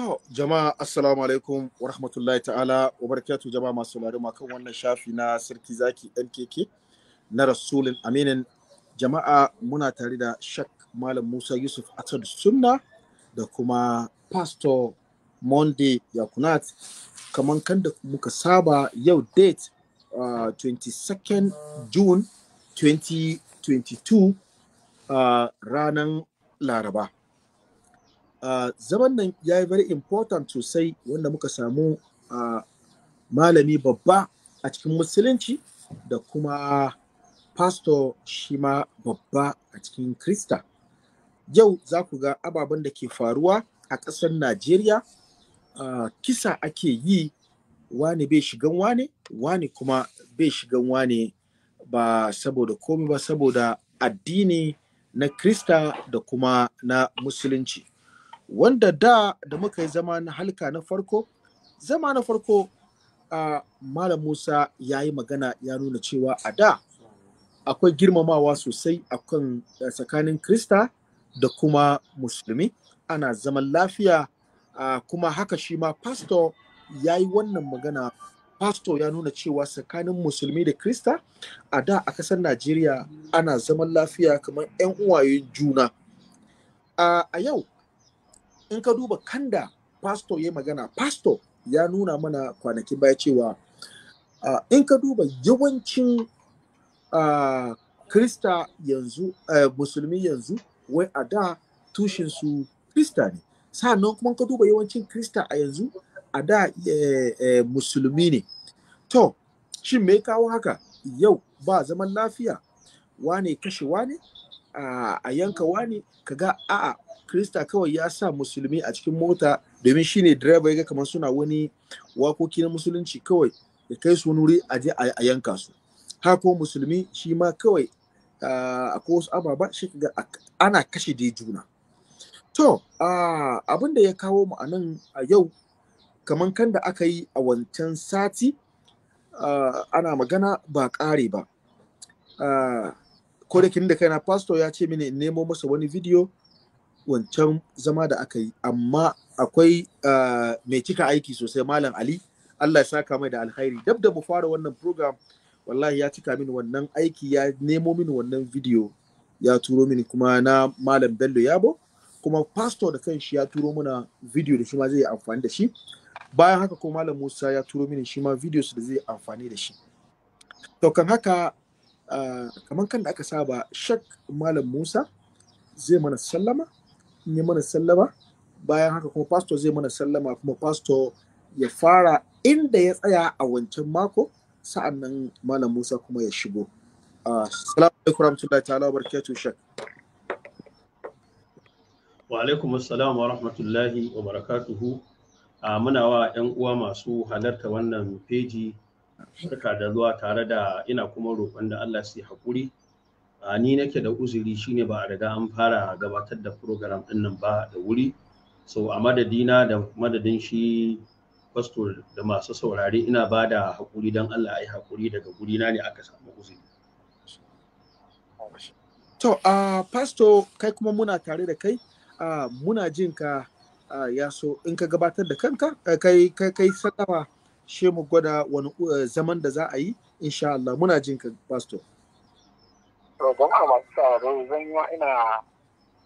To, jama'a assalamu alaikum wa rahmatullahi ta'ala wa barakatu jama'a masu larima kan wannan shafi na sarki zaki NKK na rasulun aminin jama'a muna tare da shak malam Musa Yusuf Atad Sunna da kuma pastor Monday Yakunat kamar kan da muka saba yau date uh, ah, 22nd June 2022 uh, ranar Laraba. zaman nan ya yi very important sosai wanda muka samu malami babba a cikin musulunci da kuma pastor shi ma babba a cikin krista yau za ku ga ababen da ke faruwa a ƙasar najeriya kisa ake yi wane bai shigan wani wani kuma bai shigan wani ba saboda komi ba saboda addini na krista da kuma na musulunci wanda da da muka yi zama na halka na farko zama na farko uh, malam musa ya yi magana ya nuna cewa a da akwai girmamawa sosai a kan tsakanin krista da kuma musulmi ana zaman lafiya uh, kuma haka shi ma pastor ya yi wannan magana pastor ya nuna cewa tsakanin musulmi da krista a da a kasar najeriya ana zaman lafiya kamar 'yan uwayen juna uh, a yau in ka duba kanda pastor ya magana pastor ya nuna mana kwanaki baya cewa ah, in ka duba yawancin ah, krista yanzu eh, musulmi yanzu wai a da tushensu krista ne sa'annan kuma ka duba yawancin krista a yanzu a da eh, eh, musulmi ne to shin me kawo haka yau ba zaman lafiya wane kashe wane ah, a yanka wane kaga a'a krista kawai ya sa musulmi a cikin mota domin shine direba ya ga kamar suna wani wakoki na musulunci kawai ya kai su wani a je a yanka su haka kuma musulmi shi ma kawai a ah, ko wasu ababa shi ga ana kashe dai juna to ah, abin da ya kawo mu a nan a yau kamar kan da aka yi a wancan sati ah, ana magana ba kare ba kodakin da na, pastor ya ce mini nemo masa wani video wancan zama da aka yi amma akwai ah, mai cika aiki sosai malam ali allah ya saka mai da alkhairi dab da mu fara wannan program wallahi ya cika mini wannan aiki ya nemo mini wannan video ya turo mini kuma na malam bello yabo kuma pastor da kanshi ya turo mana video da shi ma zai amfani da shi bayan haka ko malam musa ya turo mini shi ma su da zai amfani da shi to kan haka ah, kamar kan da aka saba shak malam musa zai mana sallama yi mana sallama bayan haka kuma pastor zai mana sallama kuma pastor ya fara inda ya tsaya a wancan mako sa'an nan malam musa kuma ya shigo ah, salamu alaikum ta'ala wa barakatuh wa alaikum assalam wa rahmatullahi wa barakatuhu ah, muna wa yan uwa masu halarta wannan feji barka da zuwa tare da ina kuma roƙon da Allah su yi haƙuri a ni nake da uzuri shine ba a riga an fara gabatar da program din nan ba da wuri so a madadina da madadin shi pastor da masu saurare ina ba da haƙuri don Allah yi hakuri daga gurina ne aka samu uzuri to a pastor kai kuma muna tare da kai muna jin ka ya so in ka gabatar da kanka eh, kai kai kai sallama shi gwada wani eh, zaman da za a yi insha Allah muna jin ka pastor To masu sauraro zan yi ina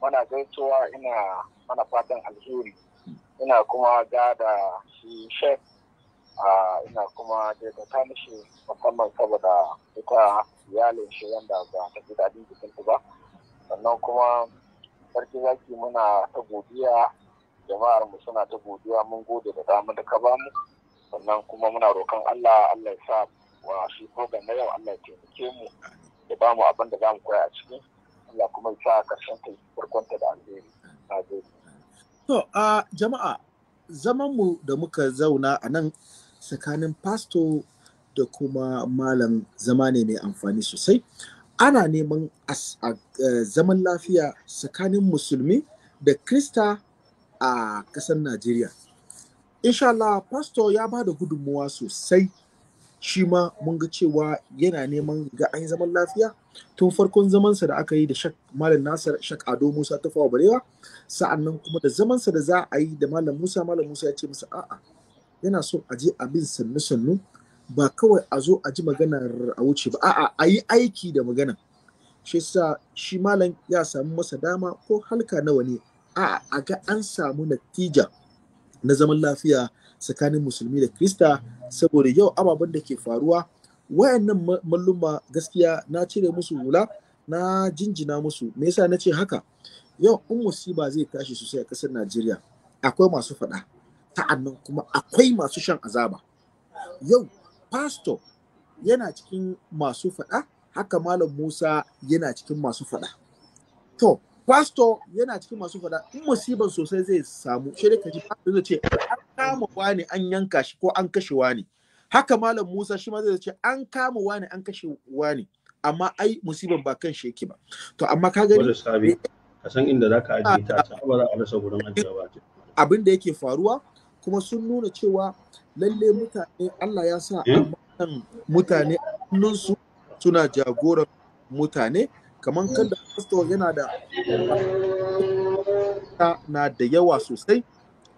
mana gaisuwa ina mana fatan alheri ina kuma gada da shi shek ina kuma daidaita mishi musamman saboda ita iyalin shi wanda ba ta ji daɗin jikinta ba sannan kuma sarki zaki muna ta godiya jama'ar mu suna ta godiya mun gode da dama da ka bamu sannan kuma muna roƙon Allah Allah ya sa wa shi program na yau Allah ya taimake mu ya ba mu abin da za mu koya a ciki Allah kuma ya sa karshen ta farkon ta da alheri na to a jama'a zaman mu da muka zauna a nan tsakanin pasto da kuma malam zama ne mai amfani sosai ana neman zaman lafiya tsakanin musulmi da krista a ƙasar najeriya insha Allah pastor ya ba da gudunmuwa sosai shi ma mun ga cewa yana neman ga an zaman lafiya tun farkon zamansa da aka yi da shak malam nasar shak ado musa ta fawa barewa sa'annan kuma da zamansa da za a yi da malam musa malam musa ya ce masa a'a yana son a je abin sannu sannu ba kawai a zo a ji magana a wuce ba a'a a yi aiki da magana shi sa shi malam ya samu masa dama ko halka nawa ne a'a a ga an samu natija na zaman lafiya tsakanin musulmi da krista saboda yau ababen da ke faruwa wayannan malluma gaskiya na cire musu hula na jinjina musu me yasa na ce haka yau in musiba zai tashi sosai a ƙasar najeriya akwai masu faɗa ta'annan kuma akwai masu shan azaba yau pastor yana cikin masu faɗa haka malam musa yana cikin masu faɗa to pastor yana cikin masu faɗa in musiban sosai zai samu shi da zai ce kama wani an yanka shi ko an kashe wani haka malam Musa shi ma zai ce an kama wani an kashe wani amma ai musibin ba kan shi ba to amma ka gani ka san inda zaka ajiye ta ta ba za a rasa gurin ajiye abin da yake faruwa kuma sun nuna cewa lalle mutane Allah ya sa kan eh? mutane su suna jagoran mutane kamar kada pastor yana da na da yawa sosai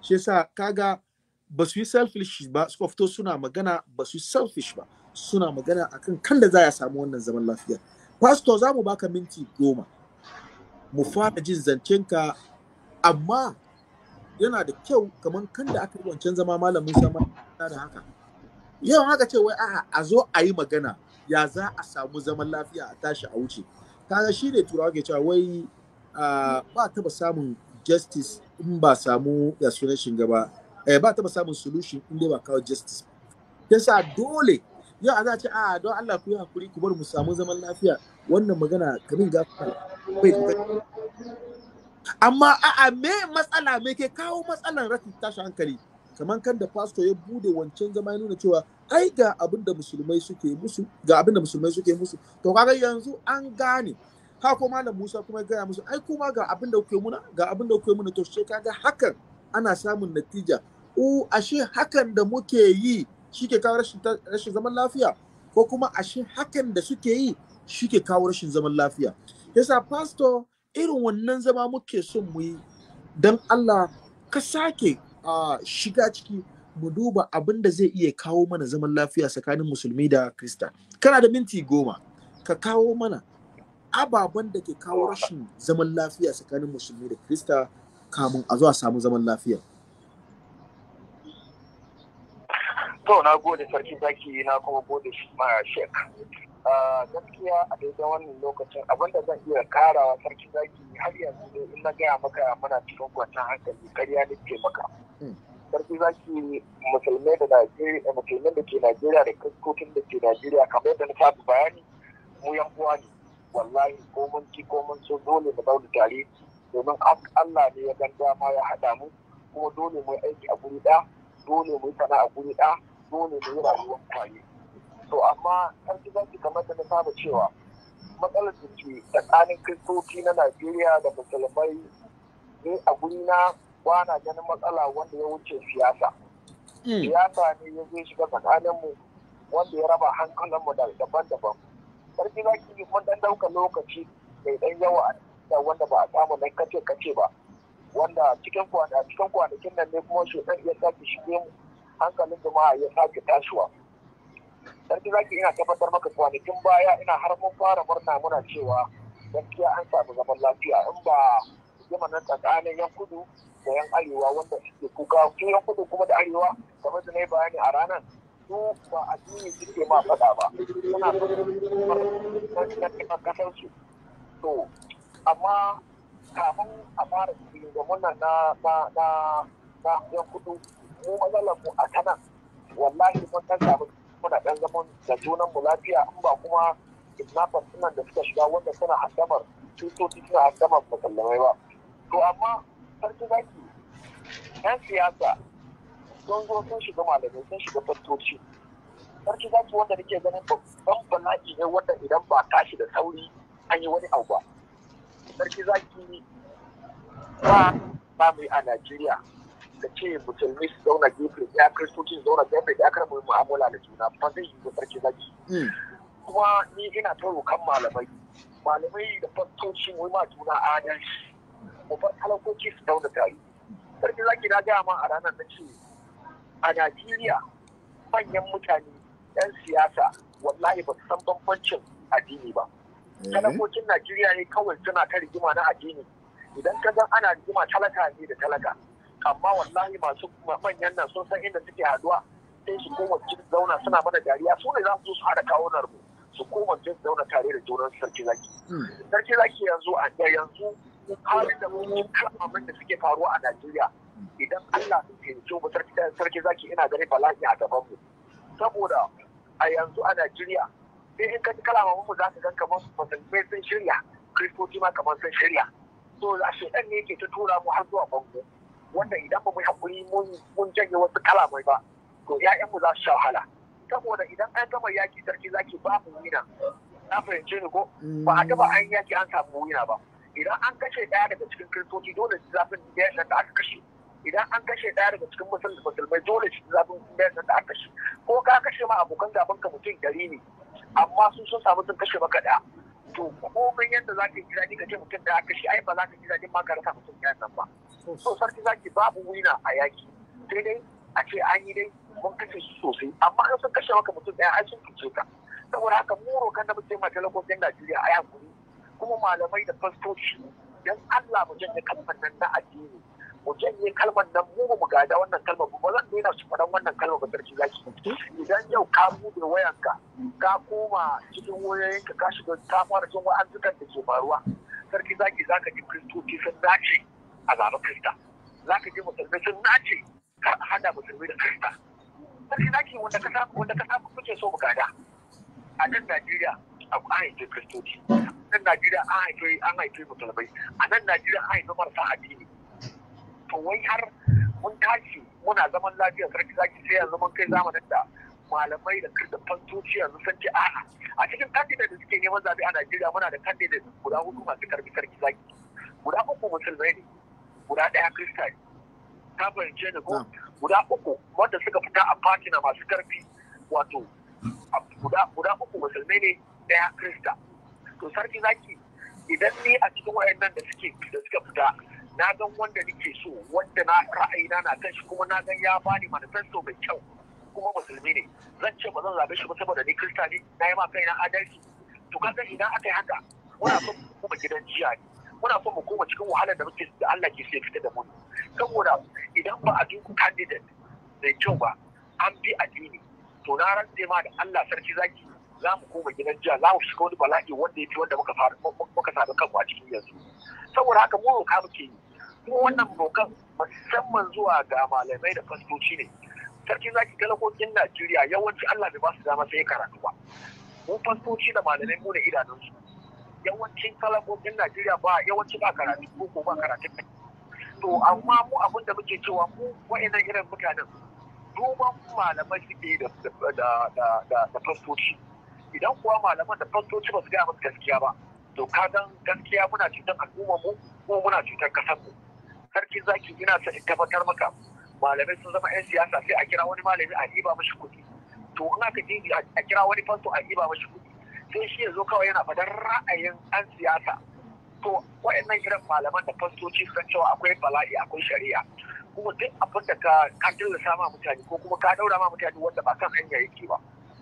shi yasa kaga ba su yi selfish ba su fito suna magana ba su yi selfish ba suna magana akan kan da za a samu wannan zaman lafiya. pastor za mu baka minti goma mu fara jin zancen ka. amma yana da kyau kamar kan da aka yi wancan zama malamin sama da haka yau haka ce wai a'a a zo a yi magana ya za a samu zaman lafiya a tashi a wuce kaga shi ne turawa ke cewa wai ah, ba taba samun justice in ba samu ya sunan shiga ba eh, ba taba samun solution in dai ba kawo justice ba yasa dole yau a za ce a ah, don Allah ku yi hakuri ku bar mu samu zaman lafiya wannan magana kamin gafara bai da amma a a me matsala me ke kawo matsalan rashin tashin hankali kamar kan da pastor ya bude wancan zama ya nuna cewa ai ga abin da musulmai suke musu ga abin da musulmai suke musu to kaga yanzu an gane ha ko malam Musa kuma ya gaya musu ai kuma ga abin da kuke muna ga abin da kuke muna to sai kaga hakan ana samun natija u ashe hakan da muke yi shi kawo rashin zaman lafiya ko kuma ashe hakan da suke yi shi kawo rashin zaman lafiya yasa pastor irin wannan zama muke son mu yi don Allah ka sake shiga ciki mu duba abin da zai iya kawo mana zaman lafiya tsakanin musulmi da krista kana da minti goma ka kawo mana ababen da ke kawo rashin zaman lafiya tsakanin musulmi da krista kamun a zuwa samu zaman lafiya To na gode sarki zaki na kuma gode shi ma shek. Ah, gaskiya a daidai wannan lokacin abinda zan iya karawa sarki zaki har yanzu ne in na gaya maka muna cikin kwanciyar hankali karya ke maka. Hmm. sarki zaki musulmai da Najeriya musulmai da ke Najeriya da kristocin da ke Najeriya kamar yadda na sabu bayani mu yan uwa ne wallahi ko mun ki ko mun so dole mu daure tare domin Allah ne ya ganda ma ya haɗa mu kuma dole mu aiki a guri ɗaya dole mu yi sana'a guri ɗaya zo ne da yi rayuwar kwaye to amma har ki zaki kamar da na saba cewa matsalar da ke tsakanin kristoci na najeriya da musulmai ne a guri na kwana ganin matsala wanda ya wuce siyasa hmm. siyasa ne ya zai shiga tsakaninmu wanda ya raba hankalinmu da daban-daban sarki zaki mun dan dauka lokaci mai dan yawa da wanda ba a samu na kace kace ba wanda cikin kwanakin nan ne kuma shi iya sake shige mu hankalin jama'a ya sake tashiwa sarki zaki ina tabbatar maka kwanakin baya ina har mun fara murna muna cewa gaskiya an samu zaman lafiya in ba rigima nan tsakanin yan kudu da yan arewa wanda suke kuka su yan kudu kuma da arewa kamar da na yi bayani a ranar su ba addini suke ma faɗa ba suna son kasar su to amma kafin a fara cikin gwamnan na na na yan kudu mu matsalar mu a kanan wallahi mun dan samu muna dan zaman da junan mu lafiya in ba kuma kidnappers suna da suka shiga wanda suna hasamar tutoci suna hasamar musallamai ba to amma sarki zaki yan siyasa sun zo sun shiga malamai sun shiga fastoci sarki zaki wanda nake ganin babban bala'i ne wanda idan ba tashi da sauri an yi wani abu ba sarki zaki ba ba mai a najeriya Da ce musulmi su zauna gefe ɗaya kristoci su zauna gefe ya kar mu mu'amala da juna ba zai yi ba sarki zaki hmm. kuma ni ina ta rokan malamai malamai da fastoci mu ma juna adalci mu bar talakoki su zauna tare sarki zaki na gaya ma a ranar na ce a Najeriya manyan mutane 'yan siyasa wallahi ba su san bambancin addini ba. Eh. Talakokin Najeriya ne kawai suna ta rigima na addini. Idan ka ga ana rigima talaka ne da talaka. amma wallahi masu manyan nan sun san inda suke haduwa sai su koma su zauna suna mana dariya su ne za su su hada kawo mu, su koma su zauna tare da junan sarki zaki hmm. sarki zaki yanzu a da yanzu halin da mun kan abin da suke faruwa a Najeriya idan Allah su fahimci mu sarki zaki ina gani bala'i a gaban mu saboda a yanzu a Najeriya sai in ka ji kalama mu za ka ga kamar musulmai sun shirya kristoci ma kamar sun shirya so a shedan ne yake ta tura mu har zuwa bango wanda idan ba mu hakuri mun janye wasu kalamai ba to 'ya'yanmu za su sha wahala saboda idan an gama yaƙi sarki zaki ba mu wina na fahimci ni ko ba a gaba an yaƙi an samu wina ba idan an kashe ɗaya daga cikin kiristoci dole su zafin ɗaya da aka kashe idan an kashe ɗaya daga cikin musulmai dole su zafin ɗaya da aka kashe ko ka kashe ma abokan gaban ka mutum ɗari ne amma su sun samu sun kashe maka ɗaya to komai yadda za ka yi jirani ka ce mutum da aka kashe ai ba za ka yi jirani ma ka rasa mutum ɗaya nan ba so sarki zaki babu wina a yaki sai dai a ce an yi dai mun kashe su sosai amma in sun kashe maka mutum ɗaya an sun fice ka saboda haka mu rokan da muke ma talakokin Najeriya a yankuri kuma malamai da fastoci dan Allah mu janye kalmar nan na addini mu janye kalmar nan mu mu gada wannan kalmar ba zan daina su faɗan wannan kalmar ba sarki zaki idan yau ka bude wayanka ka koma cikin wayoyinka ka shiga ta fara cin wa'azukan da ke faruwa sarki zaki zaka ji kristoci sun dace a zaɓen kirista za ka je musulmai sun nace ka hada musulmai da kirista sarki zaki wanda ka samu wanda ka samu kuke so mu gada a nan Najeriya a haife kristoci a nan Najeriya an haife an haife musulmai a nan Najeriya an haife marasa addini to wai har mun tashi muna zaman lafiya sarki zaki sai yanzu mun kai zamanin da malamai da kirda fantoci yanzu sun ce a'a a cikin candidate da suke neman zaɓe a Najeriya muna da da guda hudu masu karbi sarki zaki guda uku musulmai ne guda ɗaya kristal ne ta fahimce ni guda uku wanda suka fita a fatina masu karfi wato guda uku musulmi ne ɗaya krista to sarki zaki idan ni a cikin wayannan da suke da suka fita na gan wanda nake so wanda na ra'ayina na kan shi kuma na gan ya bani manifesto mai kyau kuma musulmi ne zan ce ba zan zabe shi ba saboda ni krista ne na yi ma kaina adalci to kaga idan aka yi haka wani abin kuma gidan jiya ne muna so mu koma cikin wahalar da muke da Allah ke sai fita da mu saboda idan ba a duku candidate mai kyau ba an bi addini to na rantse ma da Allah sarki zaki za mu koma gidan jiya za mu shiga wani bala'i wanda ya fi wanda muka fara muka sami a cikin yanzu saboda haka mu roka muke yi kuma wannan rokan musamman zuwa ga malamai da fastoci ne sarki zaki talakokin Najeriya yawanci Allah bai ba su dama sai karatu ba mu fastoci da malamai mu da idanunsu yawancin talabokin najeriya ba yawanci ba karatu ko ba karatun to amma mu abin da muke cewa mu wa'annan irin mutanen duban malamai suke da da fastoci idan kuwa malaman da fastoci ba su gaya masu gaskiya ba to ka kagan gaskiya muna cutar al'ummar mu ko muna cutar kasar mu sarki zaki ina sa in tabbatar maka malamai sun zama 'yan siyasa sai a kira wani malami a ɗiba mashi kuɗi to in aka je a kira wani fanto a ɗiba mashi kuɗi sai shi ya zo kawai yana faɗar ra'ayin ɗan siyasa to waɗannan irin malaman da fastoci san cewa akwai bala'i akwai shari'a kuma duk abin da ka da ma mutane ko kuma ka daura ma mutane wanda ba kan hanya yake ba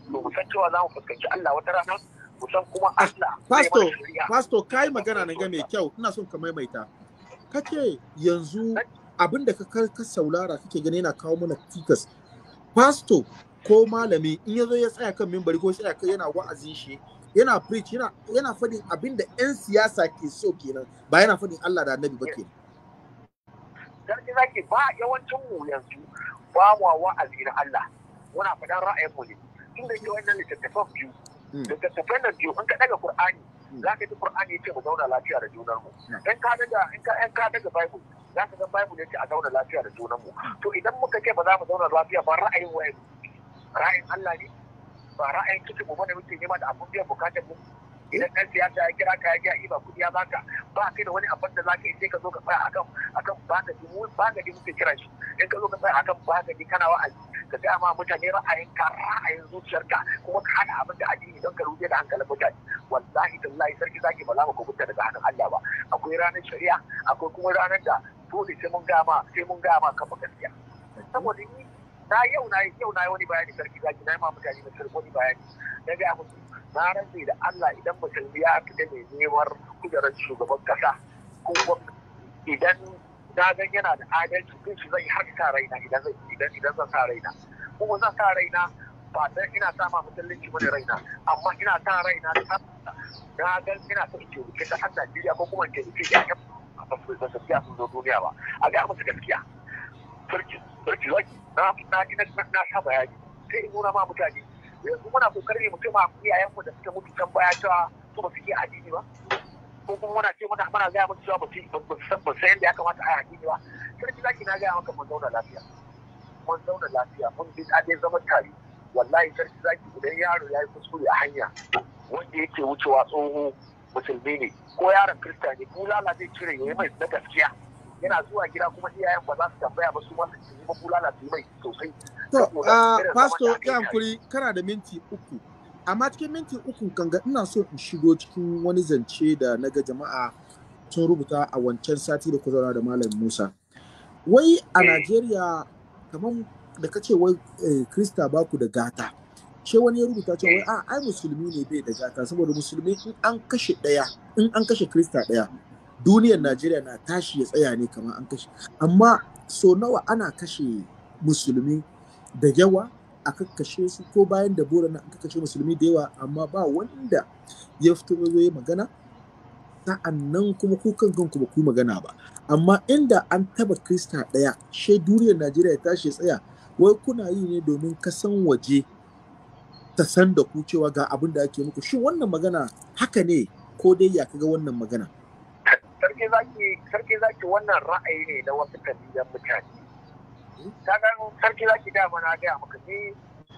to mu san cewa za mu fuskanci Allah wata rana mu san kuma ah, Allah pasto pasto kai magana na ga mai kyau ina son ka maimaita kace yanzu abin da ka ka saulara kake gani yana kawo mana tikas pasto ko malami in yazo ya tsaya kan mimbari ko tsaya yana wa'azin shi yana preach yana yana fadin abin da yan siyasa ke so kenan ba yana fadin Allah da Annabi ba kenan sarki zaki ba yawancin mu yanzu ba mu wa'azi na Allah muna fadan ra'ayin mu ne tun da yawan nan littattafan biyu littattafan hmm. nan biyu in ka daga Qur'ani hmm. za ka ji Qur'ani ce mu zauna lafiya da junar mu hmm. in ka daga in ka in ka daga Bible za ka ga Bible yace a zauna lafiya da junar mu to idan muka ce ba za mu zauna lafiya ba ra'ayin waye ra'ayin Allah ne ba ra'ayin cikin mu bane muke nema da abun biyan bukatar mu idan ɗan siyasa ya kira ka ya ji a iba kuɗi ya baka ba kai da wani abin da zaka yi sai ka zo ka tsaya akan akan bagaji mu bagaji muke kira shi in ka zo ka tsaya akan bagaji kana wa'azi ka tsaya ma mutane ra'ayin ka ra'ayin zuciyarka kuma ka hana abin da addini don ka rufe da hankalin mutane wallahi tallahi sarki zaki ba za mu kubuta daga hannun Allah ba akwai ranar shari'a akwai kuma ranar da dole sai mun gama sai mun gama kafa gaskiya saboda ni na yau na yau na wani bayani sarki zaki na ma mutane na sarki wani bayani na ga musu na rantsi da Allah idan musulmi ya fita mai neman kujerar shugaban kasa ko idan na gan yana da adalci kun shi zai har sa raina idan zai idan idan zan sa raina kuma zan sa raina ba dan ina sa ma musulunci bane raina amma ina sa raina na gan ina so in ki ta har jiya ko kuma ki taimake ya ga ba su gaskiya sun zo duniya ba a ga musu gaskiya sarki sarki zaki na ji na sha bayani sai in nuna ma mutane yanzu muna kokarin ne mutum a iyayen mu da suka mutu can baya cewa su ba su iya addini ba ko kuma muna ce muna muna gaya musu cewa ba su san ba san yadda ya kamata a yi addini ba sarki zaki na gaya maka mun zauna lafiya mun zauna lafiya mun bi dai zama tare wallahi sarki zaki idan yaro ya yi kuskure a hanya wanda yake wucewa tsoho musulmi ne ko yaron kirista ne ko lala zai cire ya yi mai na gaskiya yana zuwa gida kuma iyayen ba za su tambaya ba su wanda su yi na su mai sosai. To, ah, Pastor, ya kana da minti uku. Amma cikin minti uku ganga ina so in shigo cikin wani zance da na ga jama'a sun rubuta a wancan sati da kuzaura da Malam Musa. Wai a eh. Najeriya kamar da kace wai eh, Krista baku da gata. ce wani ya rubuta cewa a eh. ah, ai musulmi ne bai da gata saboda musulmi in an kashe in an kashe krista daya duniyar najeriya na tashi ya tsaya ne kamar an kashe amma so nawa ana kashe musulmi da yawa a kakkashe su ko bayan da bora na kakashe musulmi da yawa amma ba wanda ya fito ya magana sa'an nan kuma kukan kan kanku ku magana ba amma inda an taba krista ɗaya she duniyar najeriya ya tashi tsaya wai kuna yi ne domin kasan waje ta san da ku cewa ga abin da ake muku shin wannan magana haka ne ko dai ya kaga wannan magana sarki zaki sarki wannan ra'ayi ne na wasu kabilan mutane kaga sarki zaki da mana ga maka ni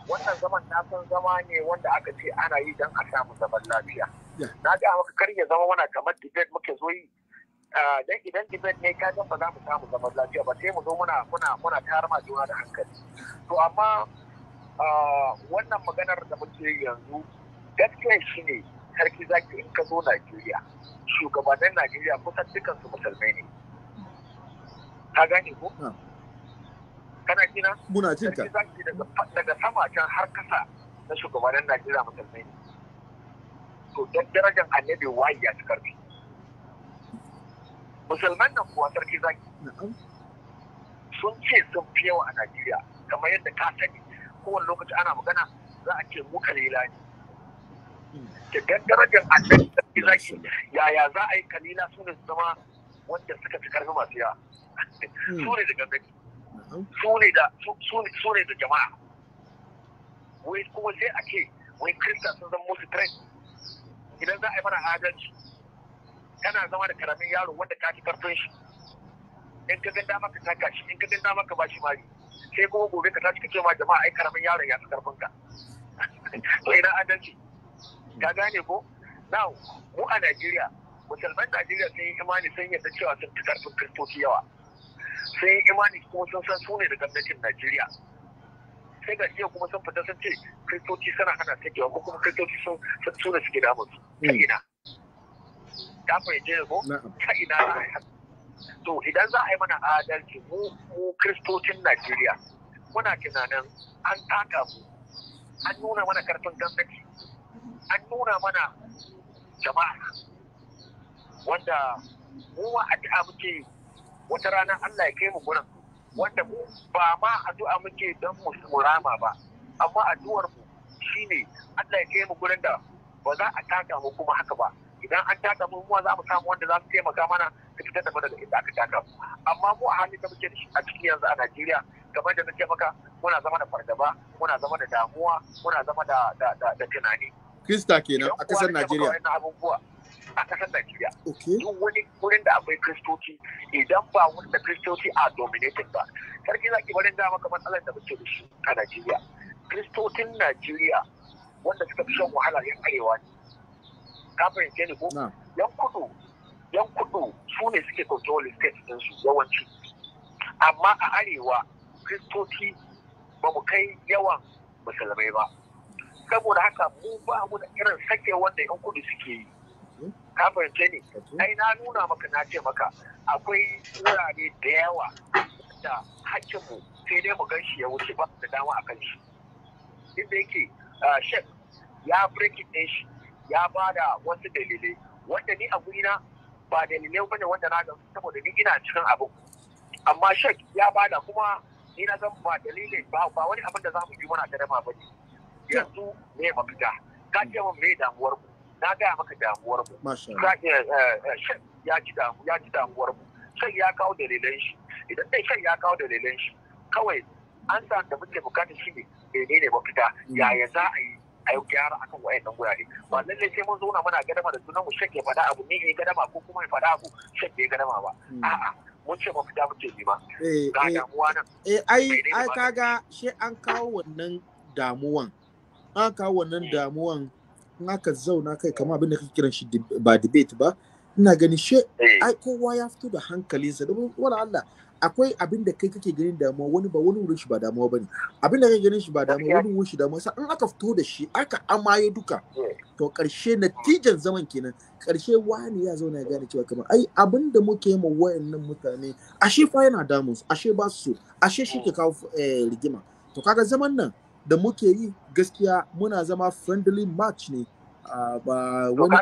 wannan zaman na san zama ne wanda aka ce ana yi don a samu zaman lafiya na ga maka kar zama wana kamar debate muke zo yi ah, dan idan debate ne ka ba za mu samu zaman lafiya ba sai mu zo muna muna muna tayar ma juna da hankali to amma ah, wannan maganar da muke yanzu gaskiya shi ne sarki zaki in ka zo Najeriya shugabannin Najeriya kusan dukan su musulmai ne ka gane ko ah. kana kina? muna jin ka sarki zaki daga sama can har kasa na shugabannin Najeriya musulmai ne to don darajar annabi wayi ya ci karfi musulman nan kuwa sarki zaki sun ce sun fi yawa a Najeriya kamar yadda ka sani kowane lokaci ana magana za a ce mu kalila ne ki ga darajar annabi da zaki yaya za a yi kalila su ne zama wanda suka fi karfi masu yawa hmm. su ne da gangani su ne da jama'a wai kuma sai a ce wai kirista sun zama musu tren idan za a yi mana adalci kana zama da karamin yaro wanda ka fi karfin shi in ka ganda maka ta gashi, in ka ganda maka ba shi mari sai kuma gobe ka tashi ka ce ma jama'a ai karamin yaron ya fi karfin ka to idan adalci ka gane ko now mu a Najeriya musulman Najeriya sun yi imani sun yadda cewa sun fi karfin kristoci yawa sun yi imani kuma sun san su ne da gwamnatin Najeriya sai ga jiya kuma sun fita sun ce kristoci suna hana sakewa ko kuma kristoci sun su ne suke damun su ta hmm. ina ta fahimce ko ta ina to idan za a yi mana adalci mu mu kristocin Najeriya muna tunanin an taka mu an nuna mana karfin gwamnati an nuna mana jama'a wanda mu ma addu'a muke wata rana Allah ya kai mu gurin wanda mu ba ma addu'a muke don mu rama ba amma addu'ar mu shine Allah ya kai mu gurin da ba za a taka mu kuma haka ba idan an taka mu mu za mu samu wanda za su taimaka mana su fitar da daga inda aka taka mu amma mu a halin da muke a cikin yanzu a Najeriya kamar da nake maka muna zama da fargaba muna zama da damuwa muna zama da tunani Krista kenan a kasar Najeriya. a kasar Najeriya. Duk wani wurin da akwai kristoci idan ba wurin da kristoci a dominated ba. Sarki zaki barin dama kamar matsalar da muke da shi a Najeriya. Kristocin Najeriya wanda suka fi shan wahala yan arewa ne. kafin fahimce ni ko? Yan kudu yan kudu su ne suke control state din su yawanci. Amma a arewa kristoci ba mu kai yawan musulmai ba. saboda haka mu ba mu da irin sake wanda yan kudu suke yi ka ne ai na nuna maka na ce maka akwai wurare da yawa da mu sai dai mu gan shi ya wuce ba da dama a kan shi inda yake shek ya break it shi ya ba da wasu dalilai wanda ni a gurina ba dalilai ba ne wanda na ga saboda ni ina cikin abu. amma shek ya ba da kuma ni na zan ba dalilai ba wani abin da za mu yi mana ta dama ba ne yanzu me mafita ka ce min me damuwar mu na gaya maka damuwar mu ka ce eh, eh, ya ci ya damuwar mu shan ya kawo dalilan shi idan dai shan ya kawo dalilan shi kawai an san da muke bukata shi ne menene mafita mm. yaya za a yi a yi gyara akan wayannan gurare ba lallai sai mun zauna muna gadama da sunan mu shake faɗa abu ni ne gadama ko kuma ya faɗa abu shake gadama ba mm. a'a mun ce mafita muke nema eh, ga damuwa nan eh ai ai kaga shi an kawo wannan damuwan An kawo wannan hmm. damuwan in aka zauna kai kama abin da kake kiran shi ba debate ba ina gani she hmm. ai kowa ya fito da hankalinsa domin wala Allah akwai abin da kai kake ganin damuwa wani ba wani wurin shi ba damuwa bane abin da kake ganin shi ba damuwa wani wurin shi damuwa in aka fito da shi aka amaye duka hmm. to karshe natijan zaman kenan karshe wani ya zauna ya gane cewa kamar ai abin da muke ma wayannan mutane ashe fa yana damus ashe ba su ashe shi ke kawo eh, rigima to kaga zaman nan da muke yi gaskiya muna zama friendly match ne ba wani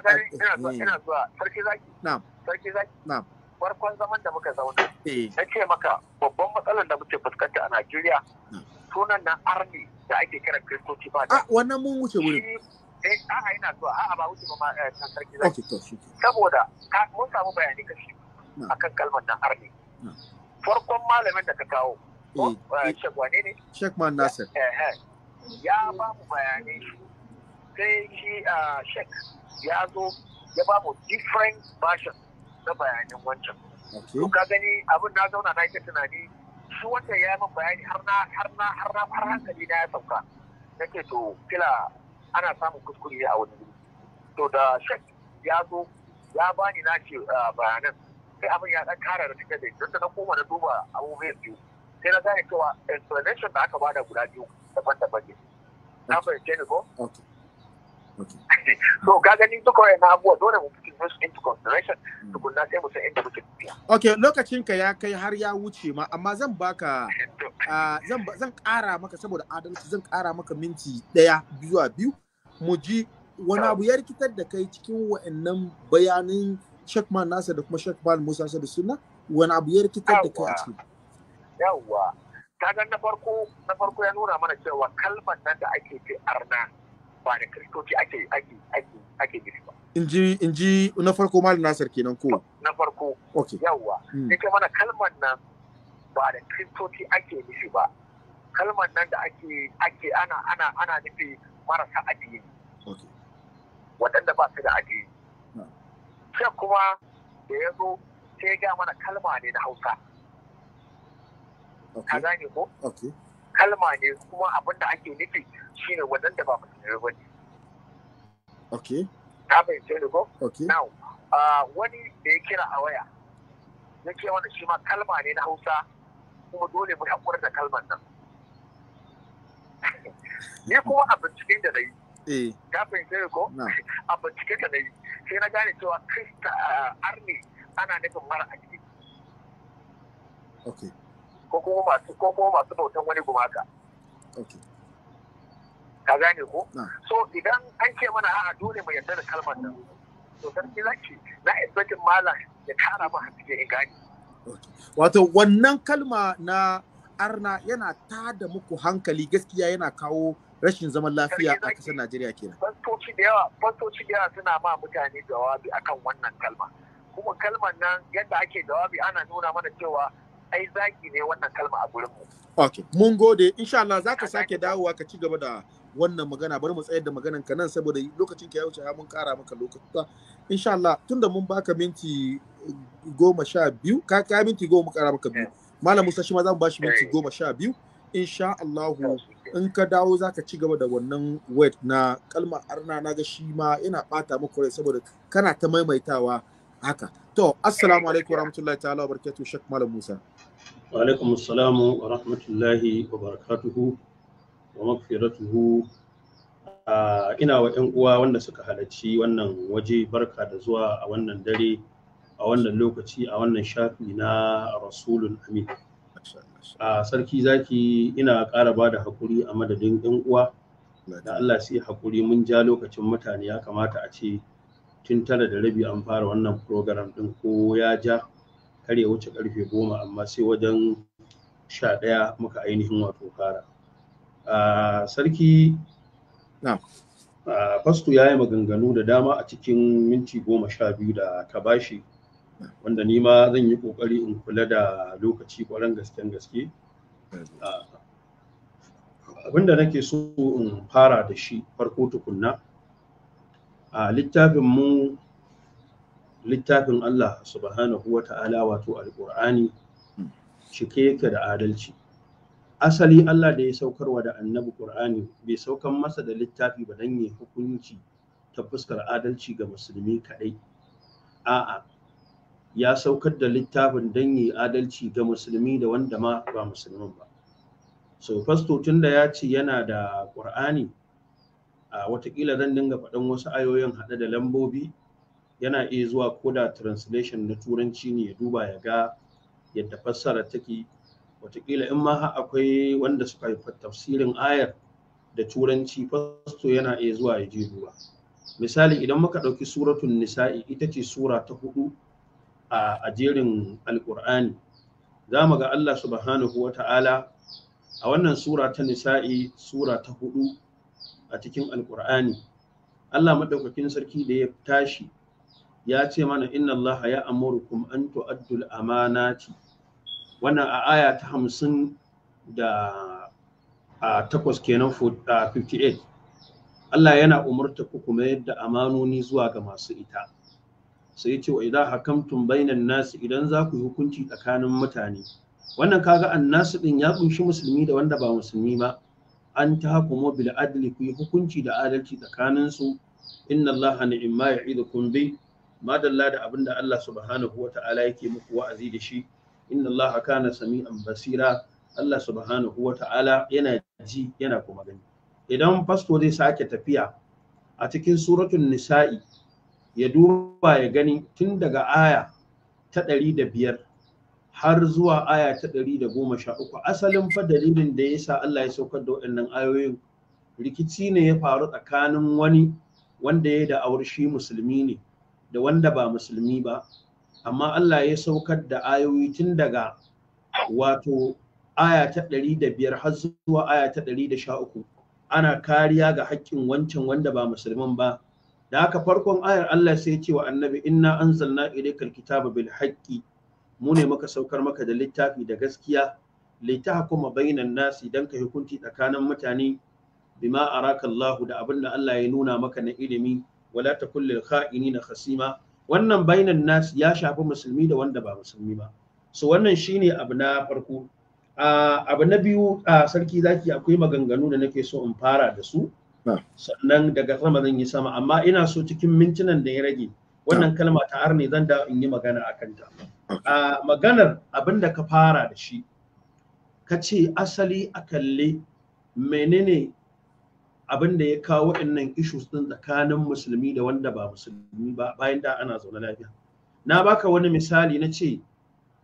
ina zuwa sarki zaki na'am sarki zaki na'am farkon zaman da muka zauna eh. na ce maka babban matsalar da muke fuskanta a Najeriya sunan na army da ake kira kristoci ba da ah, wannan mun wuce wurin eh a'a ina zuwa a'a ba wuce ba ma eh, sarki zaki saboda mun samu bayani kashi akan kalmar na army farkon malamin da ka kawo eh, Shek ne ne? Shekman Nasir. ya ba mu bayanai sai shi a shek ya zo ya ba mu different version na bayanin wancan to ka gani abin na zauna na yi tunani shi wanda ya min bayani har na har na har na har hankali na ya sauka nake to kila ana samun kuskure a wani to da shek ya zo ya bani na ce bayanan sai abin ya dan kara da take da don na koma na duba abubuwan biyu sai na gane cewa explanation da aka bada guda biyu daban okay lokacin ka ya kai har ya wuce ma amma zan baka zan zan ƙara maka saboda adalci zan kara maka minti ɗaya zuwa biyu mu ji wani abu ya rikitar da kai cikin wa'annan bayanin Shekman nasa da kuma Shekman Musa da suna wani abu ya rikitar da kai a cikin. kaga na farko na farko ya nuna mana cewa kalmar nan da ake ce arna ba da kristoci ake ake ake ake nufi ba inji inji na farko mal nasar kenan ko na farko okay yawa yake hmm. mana kalmar nan ba da kristoci ake nufi ba kalmar nan da ake ake ana ana ana nufi marasa addini okay waɗanda ba su da addini hmm. sai kuma da yazo sai ya ga mana kalma ne na Hausa ka gane ko kalma ne kuma abin da ake nufi shine da ba musulmi ba ne okay ka ce ni ko now wani da ya kira a waya ya ce wani shi ma kalma ne na hausa kuma dole mu haƙura da kalmar nan ni kuma a binciken da na yi eh. ka fahimce ni ko a binciken da na yi sai na gane cewa krista Arne ana nufin mara addini ko kuma masu ko kuma masu bautan wani gumaka ka gane ko so idan an ce mana a'a dole mu yarda da kalmar nan to sarki zaki na isbatin malam ya kara ma haske in gane wato wannan kalma na arna yana ta da muku hankali gaskiya yana kawo rashin zaman lafiya a ƙasar Najeriya kenan. Fastoci da yawa, fastoci da yawa suna ma mutane jawabi akan wannan kalma. Kuma kalmar nan yadda ake jawabi ana nuna mana cewa ai zaki ne wannan kalma a gurin mu Ok, mun gode insha Allah za ka sake dawowa ka ci gaba da wannan magana bari mu tsayar da maganan ka nan saboda lokacin ka ya wuce mun kara maka lokaci insha Allah tunda mun baka minti goma sha biyu ka ka minti goma kara maka biyu eh. malam Musa shi ma mu bashi minti eh. goma sha biyu insha Allah in ka dawo za ka ci gaba da wannan wet na kalmar arna na ga shi ma yana bata maka rai saboda kana ta maimaitawa haka to assalamu alaikum warahmatullahi ta'ala wa barakatuh Sheikh malam Musa وعليكم السلام ورحمة الله وبركاته ومغفرته ina wa ‘yan uwa wanda suka halarci wannan waje barka da zuwa a wannan dare a wannan lokaci a wannan shafi na rasulun amin a sarki zaki ina ƙara ba da haƙuri a madadin ‘yan uwa da Allah sai haƙuri mun ja lokacin mutane ya kamata a ce tun tara da rabi an fara wannan program ɗin ko ya ja kar ya wuce karfe goma amma sai wajen sha ɗaya muka ainihin wato fara sarki fasto ya yi maganganu da dama a cikin minti goma sha biyu da ta bashi wanda ni ma zan yi ƙoƙari in kula da lokaci kwaran gasken gaske abinda nake so in fara da shi farko tukunna a littafin mu littafin Allah subhanahu wa ta'ala wato alƙur'ani hmm. cike yake da adalci asali Allah da ya saukarwa da annabi ƙur'ani bai saukan masa da littafi ba dan hukunci ta fuskar adalci ga musulmi kaɗai a'a ya saukar da littafin dan yi adalci ga musulmi da wanda ma ba musulmin ba so fasto tun da ya ce yana da ƙur'ani a watakila zan dinga faɗan wasu ayoyin haɗe da lambobi yana iya zuwa ko da translation na turanci ne ya duba ya ga yadda fassara take watakila in ma akwai wanda suka yi tafsirin ayar da turanci fasto yana iya zuwa ya je duba misali idan muka ɗauki suratun nisa'i ita ce sura ta hudu a jerin alkur'ani za mu ga Allah subhanahu wa ta'ala a wannan sura ta nisa'i sura ta hudu a cikin Alƙur'ani. Allah maɗaukakin sarki da ya tashi ya ce mana inna Allah ya amurukum an tu'addul amanati wannan a aya ta hamsin da a takwas kenan 58 Allah yana umurta ku kuma yadda amanoni zuwa ga masu ita sai ce wa idan hakamtum bainan nasi idan za ku yi hukunci tsakanin mutane wannan kaga annasu din ya kunshi musulmi da wanda ba musulmi ba an ta hukumo bil adli ku yi hukunci da adalci tsakanin su inna Allah ni'ma ya'idukum bi madalla da abin da Allah subhanahu wa ta'ala yake muku wa'azi da shi inna Allah kana sami'an basira Allah subhanahu wa ta'ala yana ji yana kuma gani idan fasto zai sake tafiya a cikin suratun nisa'i ya duba ya gani tun daga aya ta ɗari da biyar har zuwa aya ta ɗari da goma sha uku asalin fa dalilin da ya sa Allah ya saukar da waɗannan ayoyin rikici ne ya faru tsakanin wani wanda ya da aure shi musulmi ne da wanda ba musulmi ba amma Allah ya saukar da ayoyi tun daga wato aya ta ɗari da biyar har zuwa aya ta ɗari da sha uku ana kariya ga haƙƙin wancan wanda ba musulmin ba da haka farkon ayar Allah sai ce wa annabi inna anzalna ilaykal kitaba bil haqqi mu ne muka saukar maka da littafi da gaskiya litahkuma bainan nasi dan ka hukunci tsakanin mutane bima araka Allah da abin da Allah ya nuna maka na ilimi wala takul lil na khasima wannan bainan nas ya shafi musulmi da wanda ba musulmi ba so wannan shine abu na farko abu na biyu a sarki zaki akwai maganganu da nake so in fara da su sannan daga sama zan yi sama amma ina so cikin mintunan da ya rage wannan kalma ta har ne zan da in yi magana a kanta a maganar abin da ka fara da shi ka ce asali a kalle menene abin da ya kawo waɗannan issues din tsakanin musulmi da wanda ba musulmi ba bayan da ana zaune lafiya na baka wani misali na ce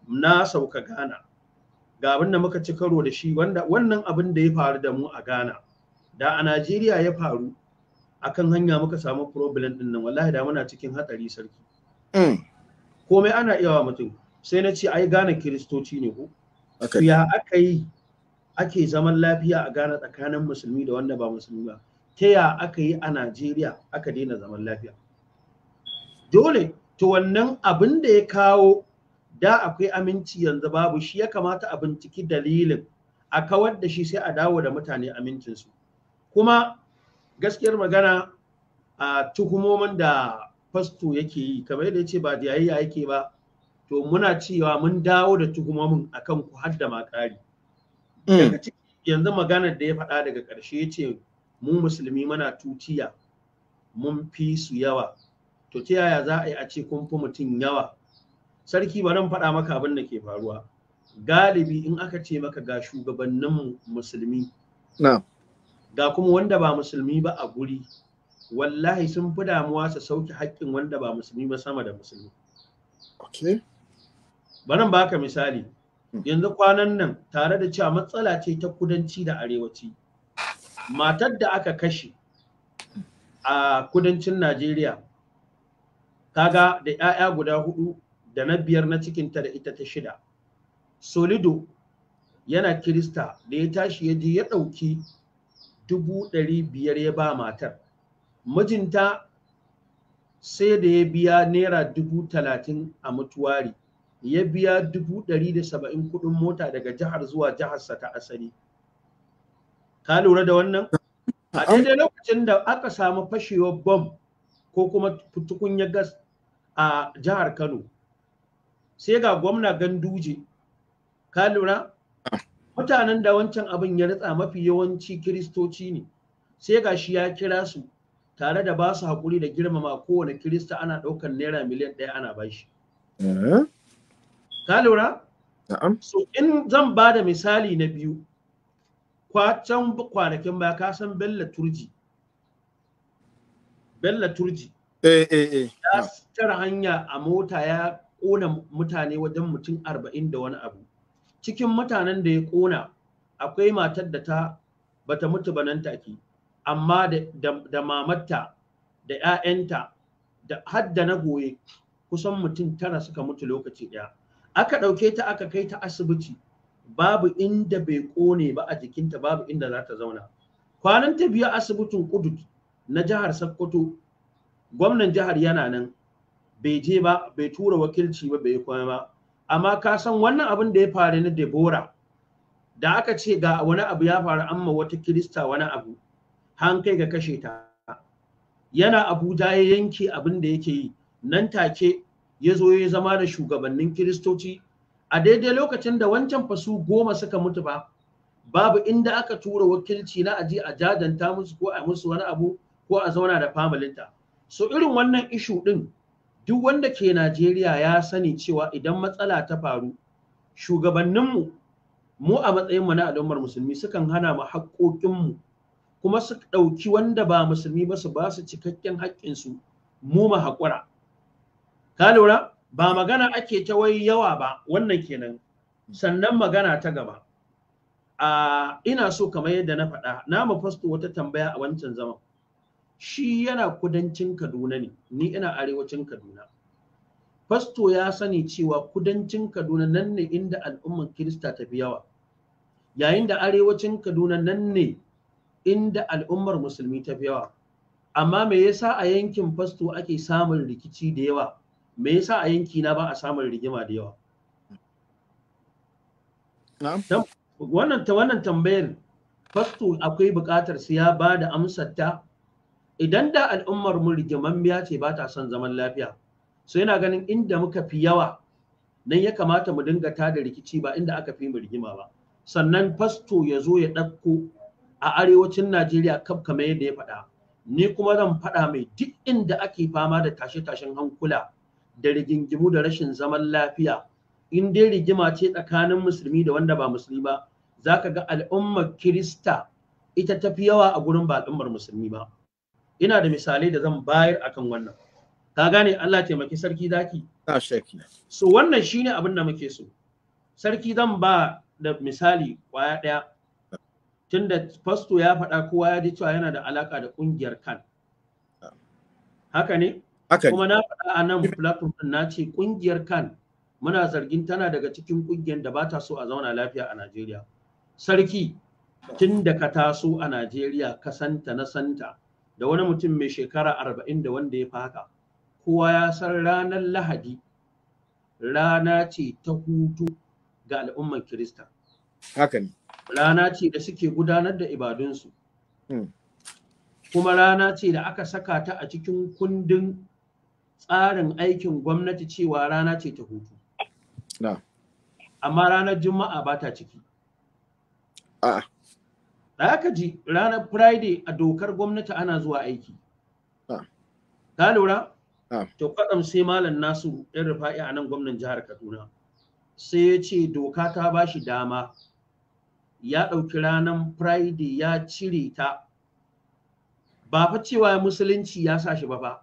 na sauka gana ga abin da muka ci karo da shi wanda wannan abin da ya faru da mu a gana da a Najeriya ya faru akan hanya muka samu problem din nan wallahi da muna cikin hatsari sarki mm. komai ana iya wa mutum sai na ce ai gana kiristoci ne ko ya aka ake zaman lafiya a gane tsakanin musulmi da wanda ba musulmi ba ta ya aka yi a Najeriya aka daina zaman lafiya dole to wannan abin da ya kawo da akwai aminci yanzu babu shi ya kamata a binciki dalilin a kawar da shi sai a dawo da mutane amincinsu kuma gaskiyar magana a tuhumomin da fasto yake yi kamar yadda ya ce ba jayayya yake ba to muna cewa mun dawo da tuhumomin akan ku hadda ƙari. Mm. yanzu maganar da ya faɗa daga ƙarshe ya ce mu musulmi mana tutiya mun fi su yawa to ta yaya za a yi a ce kun fi mutum yawa sarki ba nan faɗa maka abin da ke faruwa galibi in aka ce maka ga shugabannin musulmi ga kuma wanda ba musulmi ba a guri wallahi sun fi damuwa su sauke haƙƙin wanda ba musulmi ba sama da musulmi. Okay. baka misali, Hmm. yanzu kwanan nan tare da cewa matsala ce ta kudanci da arewaci matar da aka kashe a kudancin najeriya kaga da 'ya'ya guda hudu da na biyar na cikinta da ita ta shida solido yana kirista da ya tashi ya je ya ɗauki dubu ɗari biyar ya ba matar mijinta sai da ya biya naira dubu talatin a mutuwari ya biya dubu ɗari da saba'in kuɗin mota daga jihar zuwa jiharsa ta asali ka lura da wannan a daidai lokacin da aka samu fashewar bom ko kuma tukunya gas a jihar kano sai ga gwamna ganduje ka lura mutanen da wancan abin ya ritsa mafi yawanci kiristoci ne sai ga shi ya kira su tare da ba su haƙuri da girmama kowane kirista ana ɗaukar naira miliyan ɗaya ana bashi. Eh? ka lura so in zan ba da misali na biyu kwacan kwanakin baya ka san bella turji bella turji eh eh eh ya tara hanya a mota ya ƙona mutane wajen mutum arba'in da wani abu cikin mutanen da ya ƙona akwai matar da ta bata mutu ba nan take amma da mamatta da 'ya'yanta da hadda na goye kusan mutum tara suka mutu lokaci ɗaya aka ɗauke ta aka kai ta asibiti babu inda bai ƙone ba a jikinta babu inda za ta zauna kwanan ta biya asibitin Kudu na jihar sokoto gwamnan jihar yana nan bai je ba bai tura wakilci ba bai kwaya ba amma ka san wannan abin da ya faru na debora da aka ce ga wani abu ya faru amma wata kirista wani abu han kai ga kashe ta yana abuja ya yanke abin da yake yi nan take ya zo ya zama da shugabannin kiristoci a daidai lokacin da wancan fasu goma suka mutu ba babu inda aka tura wakilci na aji a jajanta musu ko a musu wani abu ko a zauna da familinta so irin wannan ishu din duk wanda ke Najeriya ya sani cewa idan matsala ta faru shugabanninmu mu a matsayinmu na al'ummar musulmi sukan hana mu haƙoƙinmu kuma su ɗauki wanda ba musulmi ba su ba su cikakken haƙƙinsu mu mu haƙura ka lura ba magana ake ta wai yawa ba wannan kenan sannan magana ta gaba a ina so kamar yadda na faɗa na fasto wata tambaya a wancan zaman shi yana kudancin kaduna ne ni ina arewacin kaduna fasto ya sani cewa kudancin kaduna nan ne inda al'umman kirista ta fi yawa yayin da arewacin kaduna nan ne inda al'ummar musulmi ta fi yawa amma me yasa a yankin fasto ake samun rikici da yawa me yasa a yanki na ba a samun rigima da yawa wannan ta wannan tambayar fasto akwai buƙatar su ya ba da amsar ta idan da al'ummar mu rigiman biya ce ba ta son zaman lafiya so yana ganin inda muka fi yawa nan ya kamata mu dinga ta da rikici ba inda aka fi mu rigima ba sannan fasto ya zo ya ɗauko a arewacin Najeriya kaf kamar yadda ya faɗa ni kuma zan faɗa mai duk inda ake fama da tashe-tashen hankula da rigingimu da rashin zaman lafiya in dai rigima ce tsakanin musulmi da wanda ba musulmi ba za ka ga al'ummar kirista ita tafi yawa a gurin ba al'ummar musulmi ba ina da misalai da zan bayar akan wannan ka gane Allah taimaki sarki zaki so wannan shine abin da muke so sarki zan ba da misali kwaya ɗaya tunda fasto ya faɗa kowa ya ji cewa yana da alaka da ƙungiyar kan haka ne kuma na faɗa a nan platform din na ce ƙungiyar kan muna zargin tana daga cikin ƙungiyar da ba ta so a zauna lafiya a Najeriya sarki tun da ka taso a Najeriya ka santa na santa da wani mutum mai shekara arba'in da wanda ya fi haka kowa ya san ranar lahadi rana ce ta hutu ga al'ummar kirista haka ne rana ce da suke gudanar da ibadunsu hmm. kuma rana ce da aka saka ta a cikin kundin tsarin aikin gwamnati cewa rana ce ta hutu. Amma ranar Juma'a ba ta ciki. A. Da aka ji ranar Friday a dokar gwamnati ana zuwa aiki. Ta lura? To kwaɗam sai Malam Nasu ɗan rufa'i a nan gwamnan jihar Kaduna. Sai ya ce doka ta ba shi dama ya ɗauki ranar Friday ya cire ta. Ba fa cewa musulunci ya sa shi ba ba.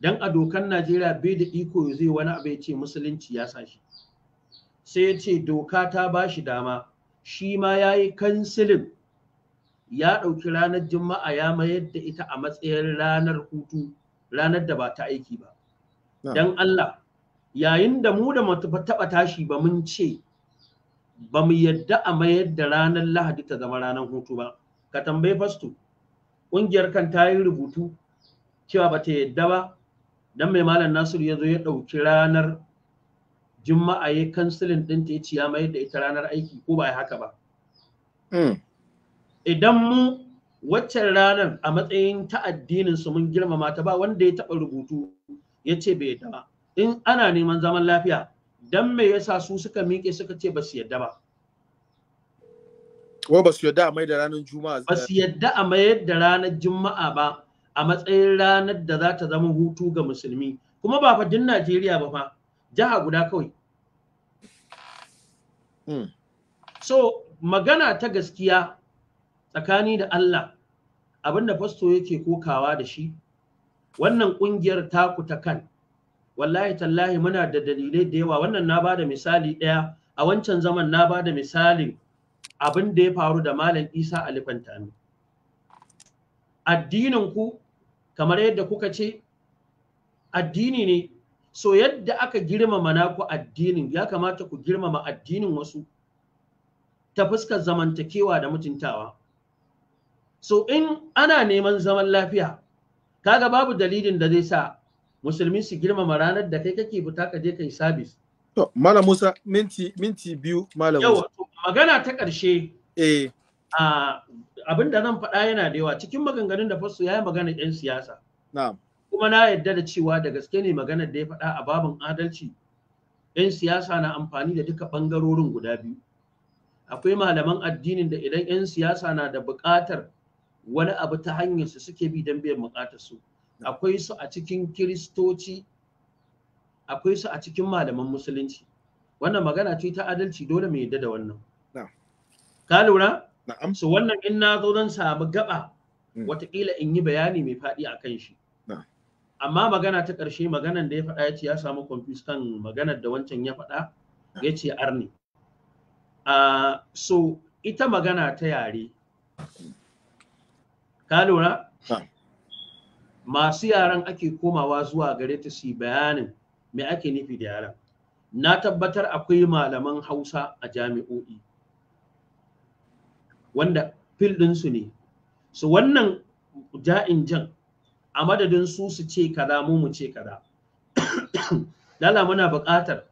dan a dokan Najeriya bai da iko zai wani abu ya ce musulunci ya sa shi sai ya ce doka ta ba shi dama shi ma ya yi kansilin ya ɗauki ranar juma'a ya mayar da ita a matsayin ranar hutu ranar da ba ta aiki ba don Allah yayin da mu da taɓa tashi ba mun ce ba mu yadda a mayar da ranar lahadi ta zama ranar hutu ba ka tambayi fasto ƙungiyar kan ta yi rubutu cewa ba ta yadda ba dan mai malam nasiru ya zo ya ɗauki ranar juma'a ya kansilin ɗinta ya ciya mayar da ita ranar aiki ko ba haka ba hmm. idan mu waccan ranar a matsayin ta addinin su mun girmama ta ba wanda ya taɓa rubutu ya ce bai yadda ba in ana neman zaman lafiya dan me yasa su suka miƙe suka ce ba su yadda ba ko ba su yadda a mai da ranar juma'a ba su yadda a mayar da ranar juma'a ba a matsayin ranar da za ta zama hutu ga musulmi kuma ba fadin Najeriya ba fa jiha guda kawai. Hmm. So magana ta gaskiya tsakani da Allah abinda fasto yake kokawa da shi wannan ƙungiyar taku ta kan wallahi tallahi muna da dalilai da yawa wannan na bada misali ɗaya a wancan zaman na bada misalin abin da ya faru da malam isa alifantami addinin ku kamar yadda kuka ce addini ne so yadda aka girmama naku addinin ya kamata ku girmama addinin wasu ta fuskar zamantakewa da mutuntawa so in ana neman zaman lafiya kaga babu dalilin da zai sa musulmi su girmama ranar da kai kake fita ka je kai sabis to malam Musa minti minti biyu malam Musa magana ta ƙarshe eh a abin da zan faɗa yana da yawa cikin maganganun da fasu ya yi magana 'yan siyasa. Kuma na yadda da cewa da gaske ne maganar da ya faɗa a babin adalci 'yan siyasa na amfani da duka ɓangarorin guda biyu. Akwai malaman addinin da idan 'yan siyasa na da buƙatar wani abu ta hanyar su suke bi don biyan buƙatar su. Akwai su a cikin kiristoci, akwai su a cikin malaman musulunci. Wannan magana ce ta adalci dole mu yadda da wannan. Ka lura? So wannan in na zo don samu gaba hmm. watakila in yi bayani mai faɗi a kan shi. Amma magana ta ƙarshe maganan da ya faɗa ya ce ya samu confuse kan maganar da wancan ya faɗa ya ce ah, so ita magana ta yare. Ka lura? Masu yaren ake komawa zuwa gare ta su bayanin me ake nufi da yaren. Na tabbatar akwai malaman Hausa a jami'o'i. wanda fil ɗinsu ne su wannan ja'in jan a madadin su su ce kaza mu mu ce kaza lala muna buƙatar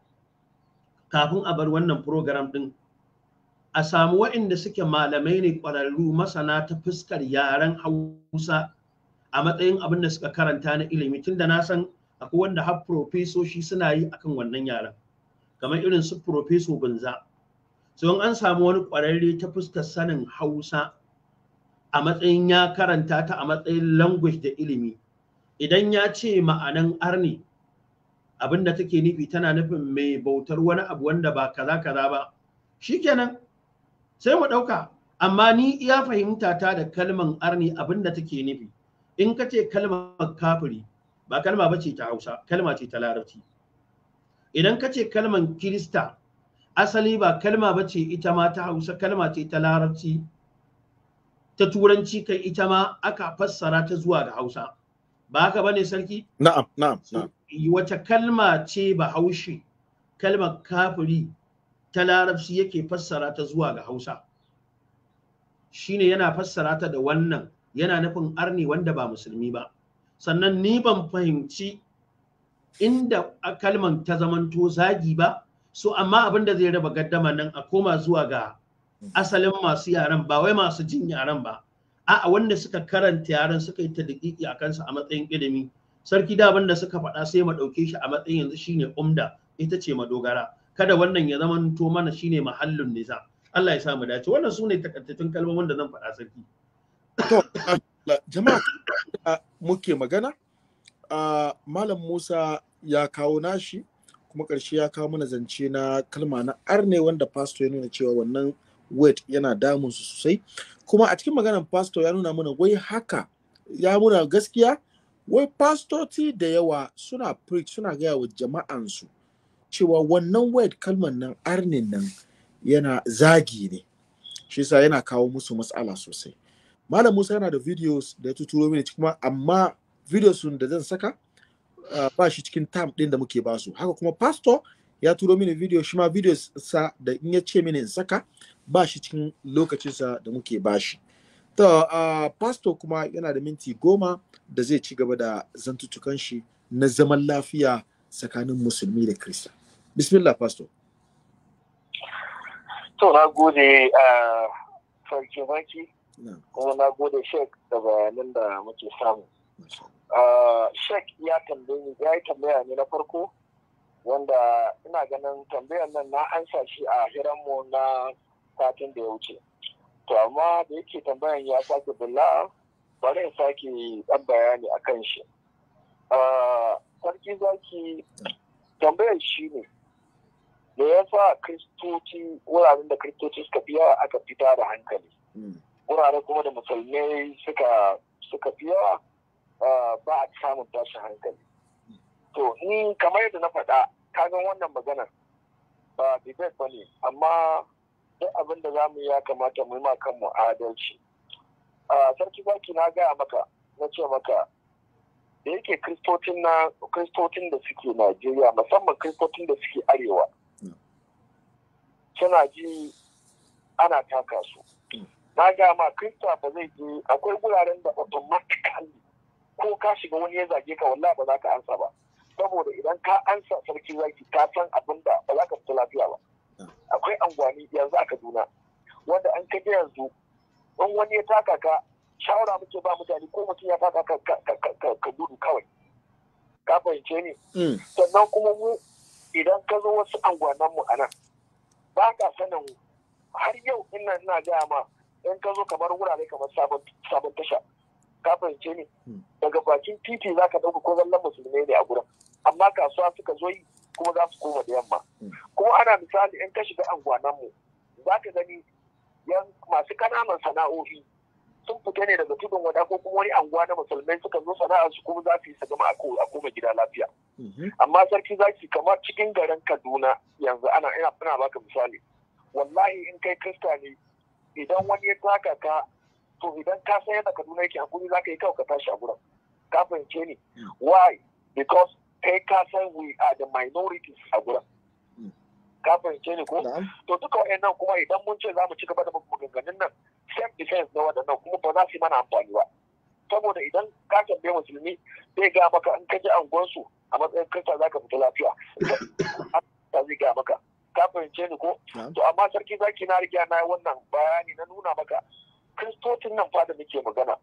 kafin a bar wannan program ɗin a samu waɗanda suke malamai ne ƙwararru masana ta fuskar yaren hausa a matsayin abin da suka karanta na ilimi tunda na san akwai wanda har profesoshi suna yi akan wannan yaren kamar irin su profeso banza so an samu wani ƙwararre ta fuskar sanin hausa a matsayin ya karanta ta a matsayin language da ilimi idan ya ce ma'anan arni abin da take nufi tana nufin mai bautar wani abu wanda ba kaza kaza ba shikenan sai mu ɗauka amma ni iya fahimta ta da kalman arni abin da take nufi in ka ce kalmar kafiri ba kalma ba ce ta hausa kalma ce ta larabci idan ka ce kalmar kirista asali ba kalma ba ce ita ma ta hausa kalma ce ta larabci ta turanci kai ita ma aka fassara ta zuwa da hausa ba haka bane sarki na'am na'am na'am kalma ce ba haushi kalmar kafiri ta larabci yake fassara ta zuwa ga hausa shine yana fassara ta da wannan yana nufin arni wanda ba musulmi ba sannan ni ban fahimci inda kalman ta zamanto zagi ba so amma abin da zai raba gaddama nan a koma zuwa ga asalin masu yaren ba wai masu jin yaren ba a'a wanda suka karanta yaren suka yi ta daƙiƙi a kansa a matsayin ilimi sarki da abin da suka faɗa sai mu ɗauke shi a matsayin yanzu shine umda ita ce madogara kada wannan ya zama to mana shine mahallin nisa Allah ya sa mu dace wannan su ne takaitattun kalmomin da zan faɗa sarki to jama'a muke magana ah, malam Musa ya kawo nashi kuma ƙarshe ya kawo mana zance na kalma na arne wanda pasto ya nuna cewa wannan wet yana damun su sosai kuma a cikin maganar pasto ya nuna mana wai haka ya muna gaskiya wai pastoti da yawa suna preach suna gaya wa jama'ansu cewa wannan wet kalman nan arne nan yana zagi ne shi yasa yana kawo musu matsala sosai malam musa yana da videos da ya tuturo mini kuma amma videos da zan saka Eh, ba shi cikin tam din da muke basu haka kuma pastor ya turo mini video shi ma video sa da in ya ce mini in saka ba shi cikin lokacin sa da muke bashi to eh, pastor kuma yana da minti goma da zai ci gaba da zantutukan shi na zaman lafiya tsakanin musulmi da krista bismillah pastor to na gode farke eh, baki kuma na gode shek da bayanan da muke samu Ah, shek ya tambaye ya yi tambaya ne na farko wanda ina ganin tambayar nan na ansa shi a hiranmu na satin da ya wuce to amma da yake tambayan ya sake billa bari in sake dan bayani a kan shi ah, sarki zaki tambayar shi ne da ya sa kristoci wuraren da kristoci suka fiya aka fita da hankali hmm. wuraren kuma da musulmai suka fiya ba a samun tashin hankali to ni kamar yadda na faɗa kagan wannan maganar ba debate ba ne amma duk abin da za mu ya kamata mu yi ma kanmu adalci sarki baki, na gaya maka na ce maka da yake kristotin da suke najeriya musamman kristotin da suke arewa suna ji ana taka su mm. na gama krista ba zai je akwai guraren da automatically ko ka shiga wani ya zage ka wallahi ba za ka ansa ba saboda idan ka ansa sarki zaki ka san abin da ba za ka fita lafiya ba akwai angwani yanzu a kaduna wanda an kaje yanzu in wani ya taka ka shawara muke ba mutane ko mutum ya taka ka gudu kawai ka fahimce ni mm. sannan kuma mu idan ka zo wasu angwanan mu anan ba ka sanin har yau ina ina gaya ma in ka zo kamar wurare kamar sabon tasha ka fahimce ni hmm. daga bakin titi za ka ɗauka ko zallan musulmai ne a gurin amma kasuwa suka zo yi kuma za su koma da yamma hmm. kuma ana misali in ka shiga mu, za ka gani yan masu kananan sana'o'i sun fita ne daga tudun wada ko kuma wani anguwa na musulmai suka zo sana'ar su kuma za su yi su gama a koma gida lafiya hmm. amma sarki za zaki kamar cikin garin kaduna yanzu ana ina baka misali wallahi in kai kristani ne idan wani ya taka ka to idan ka san yadda kaduna yake hakuri za ka yi kawai ka tashi a gurin ka fahimce ni hmm. why because kai ka san we are the minorities a gurin hmm. ka fahimce ni ko to duka wayannan kuma idan mun ce za mu ci gaba da maganganun nan self defense na waɗannan kuma ba za su yi mana amfani ba saboda idan ka tambaye musulmi zai ga maka in ka ji angonsu a matsayin kirista za ka fita lafiya zai ga maka ka fahimce ni ko to amma sarki zaki na riga na wannan bayani na nuna maka kristocin nan fa da muke magana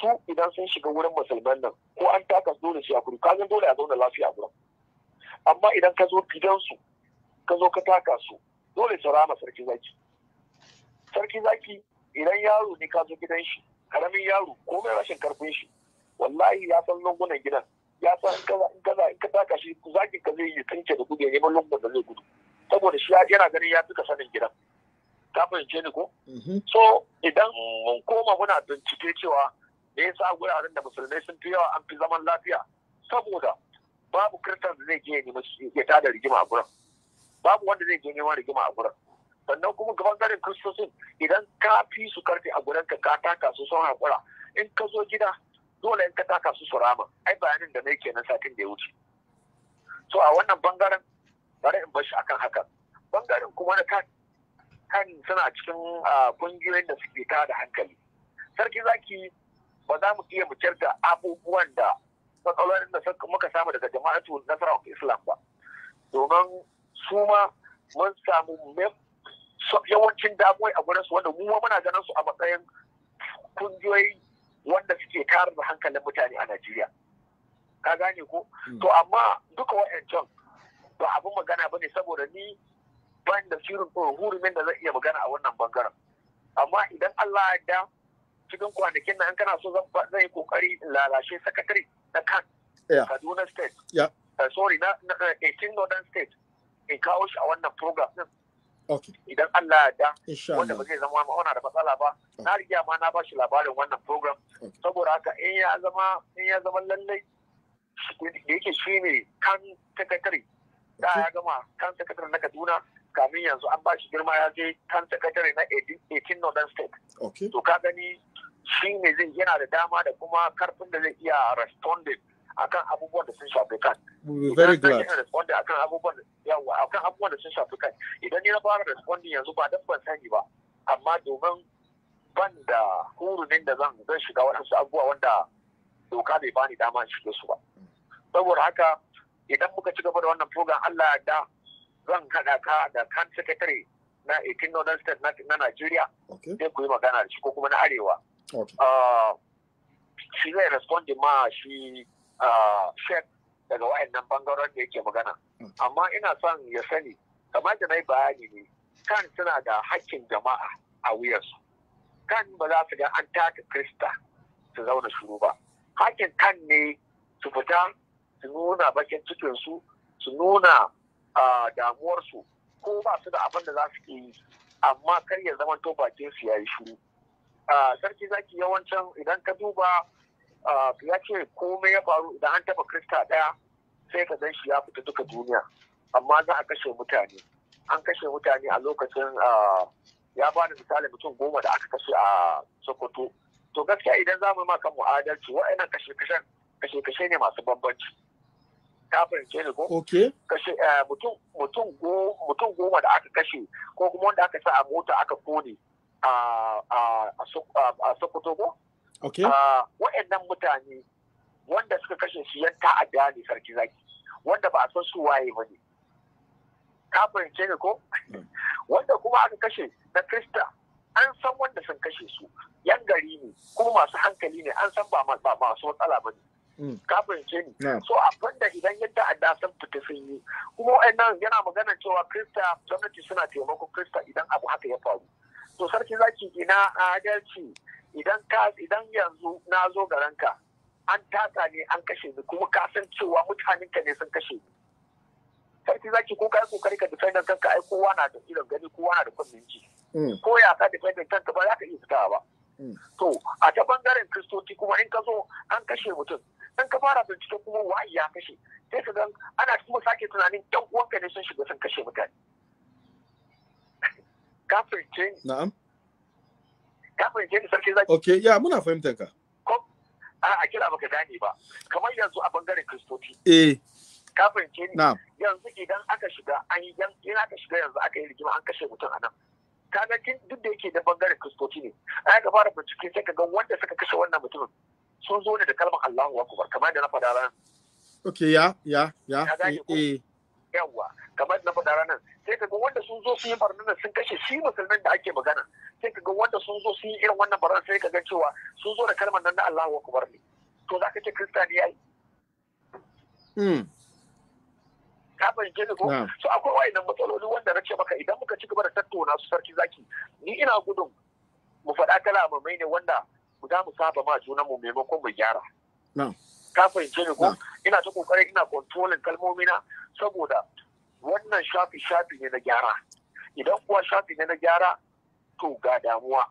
su idan sun shiga wurin musulman nan ko an taka su dole su ya kuri kaga dole a zauna lafiya gurin amma idan ka zo gidansu ka zo ka taka su dole su rama sarki zaki sarki zaki idan yaro ne ka zo gidan shi karamin yaro ko mai rashin karfin shi wallahi ya san lungunan gidan ya san in kaza in kaza in ka taka shi zakin ka zai yi tsinke da gudu ya neman lungun da zai gudu saboda shi yana ganin ya fi sanin gidan ka fahimce ni ko mm-hmm. so idan mun koma muna bincike cewa me yasa guraren da musulmai sun fi yawa an fi zaman lafiya saboda babu kirtan da zai je ya nemi ya tada rigima a gurin babu wanda zai je neman rigima a gurin sannan kuma ga bangaren kristosin idan ka fi su karfi a gurin ka ka taka su son haƙura, in ka zo gida dole in ka taka su su rama ai bayanin da nake na satin da ya wuce so a wannan bangaren bari in bashi akan hakan bangaren kuma na kan suna cikin kungiyoyin da suke ta da hankali sarki zaki ba za mu iya mucar da abubuwan da matsalolin da muka samu daga jama'atu nasarar islam ba domin su ma mun samu yawancin damuwai a gurinsu wanda mu muna ganin su a matsayin kungiyoyi wanda suke karar da hankalin mutane a najeriya ka gane ko hmm. to amma duka wa'yancan ba abin magana ba ne saboda ni Bani da shirin hurumin da zai iya magana a wannan bangaren amma idan Allah ya da cikin kwanakin nan kana so zan yi kokari lalashe sakatare na kan Kaduna State uh, sorry na 18 uh, Northern State in kawo shi a wannan program din idan Allah ya da wanda ba zai zama ma'auna da matsala ba na riga ma na ba shi labarin wannan program saboda haka in ya zama in ya zama lallai da yake shi ne kan sakatare da ya gama kan sakatare na Kaduna kamin yanzu an ba shi girma ya je kan sakatare na 18 northern state to ka gani shi ne zai yana da dama da kuma karfin da zai iya responding akan abubuwan da sun shafi kan very glad akan abubuwan yawa akan abubuwan da sun shafi kan idan ni na fara responding yanzu ba dan ban sani ba amma domin ban da hurumin da zan zan shiga wasu abubuwa wanda doka bai bani dama shige su ba mm. saboda haka idan muka ci gaba da wannan program Allah ya da zan haɗa ka da kan secretary na 18 northern state na Najeriya zai ku yi magana da shi ko kuma na arewa. Ah, shi zai responde ma shi shek ah, daga nan bangaren da yake magana. Amma ina son ya sani kamar da na yi bayani ne kan suna da hakkin jama'a a wuyarsu. Kan ba za su ga an taka Krista su zauna shuru ba. Hakkin kan ne su fita su nuna bakin cikinsu su nuna a damuwarsu ko ba su da abin da za su yi amma kar ya zama to bakin su yayi shiru sarki zaki yawancin idan ka duba ya ce komai ya faru idan an taba krista daya sai ka dan shi ya fita duka duniya amma za a kashe mutane an kashe mutane a lokacin ya ba da misali mutum goma da aka kashe a sokoto to gaskiya idan za mu yi maka mu'adalci wa'annan kashe-kashe ne masu bambanci ta fahimce ni ko kashe eh, mutum goma da aka kashe ko kuma wanda aka sa a mota aka kone a sokoto ko ah, wa'annan mutane wanda suka kashe su yan ta'adda ne sarki zaki wanda ba a san su waye ba ne ka fahimce ni ko hmm. wanda kuma aka kashe na krista an san wanda sun kashe su yan gari ne kuma masu hankali ne an san ba masu matsala ba ne Mm. kafin ce ne so a fanda idan yadda ta'adda sun fita sun yi kuma wa'annan yana magana cewa krista gwamnati suna taimako krista idan abu haka ya faru to sarki zaki ina adalci idan ka idan yanzu na zo garanka an tasa ne an kashe ni kuma ka san cewa mutanen ka ne sun kashe ni sarki zaki ko kai kokari ka defendant kanka ai kowa na da irin gani kowa na da kunnin ji mm. ko ya ka defendant kanka ba za ka iya fitawa ba mm. to a ta bangaren kristoci kuma in ka zo an kashe mutum sun ka fara bincike kuma wa'i ya kashe sai ka gan ana kuma sake tunanin yan uwanka ne sun shiga sun kashe mutane ka fahimce na'am ka fahimce sarki zaki okay ya muna fahimtar ka a kira baka gane ba kamar yanzu a bangaren kristoci eh ka fahimce ni yanzu idan aka shiga an yi yan aka shiga yanzu aka yi rigima an kashe mutum anan kaga duk da yake da bangaren kristoci ne ai ka fara bincike sai ka ga wanda suka kashe wannan mutumin sun zo ne da kalmar Allahu akbar kamar da na faɗa ranar Ok, ya ya ya eh, eh. yawa kamar na faɗa ranar sai ka ga wanda sun zo sun yi barnan sun kashe shi musulmin da ake magana sai ka ga wanda sun zo sun yi irin wannan barnan sai ka ga cewa sun zo da kalmar nan na Allahu akbar ne to za ka ce kristani yayi hmm. ka fahimce ni ko so akwai wayannan matsaloli wanda na ce maka idan muka ci gaba da tattauna su sarki zaki ni ina gudun mu faɗa kalamai ne wanda mu da mu saba ma junan mu maimakon mu gyara ka fahimce ni ko ina ta kokarin ina kontrolin kalmomi na saboda wannan shafi shafi ne na gyara idan kuwa shafi ne na gyara to ga damuwa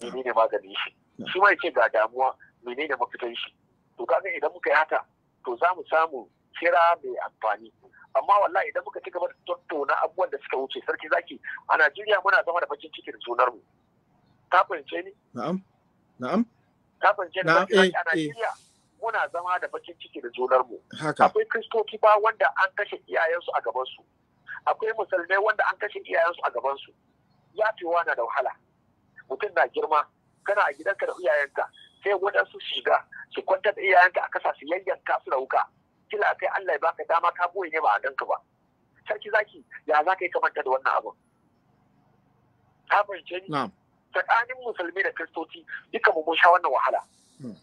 menene maganin shi shi ma yake ga damuwa menene mafitan shi to kaga idan muka yi haka to za mu samu kira mai amfani amma wallahi idan muka ci gaba da tattauna abubuwan da suka wuce sarki zaki a Najeriya muna zama da bakin cikin junar mu ka fahimce ni na'am Na'am. Kafin ce da eh, a eh. Najeriya muna zama da bakin ciki da junar mu. Akwai kristoci ba wanda an kashe iyayensu a gabansu. Akwai musulmai wanda an kashe iyayensu a gabansu. Ya fi na da wahala. Mutum na girma kana a gidanka da iyayenka sai waɗansu shiga su kwantar da iyayenka a kasa su yayyanka su rauka. Kila kai Allah ya baka dama ka boye ne ba a ganka ba. Sarki zaki ya za ka yi kamanta da wannan abin. Ka fahimce ni? tsakanin musulmi da kristoci duka mu mun sha wannan wahala hmm.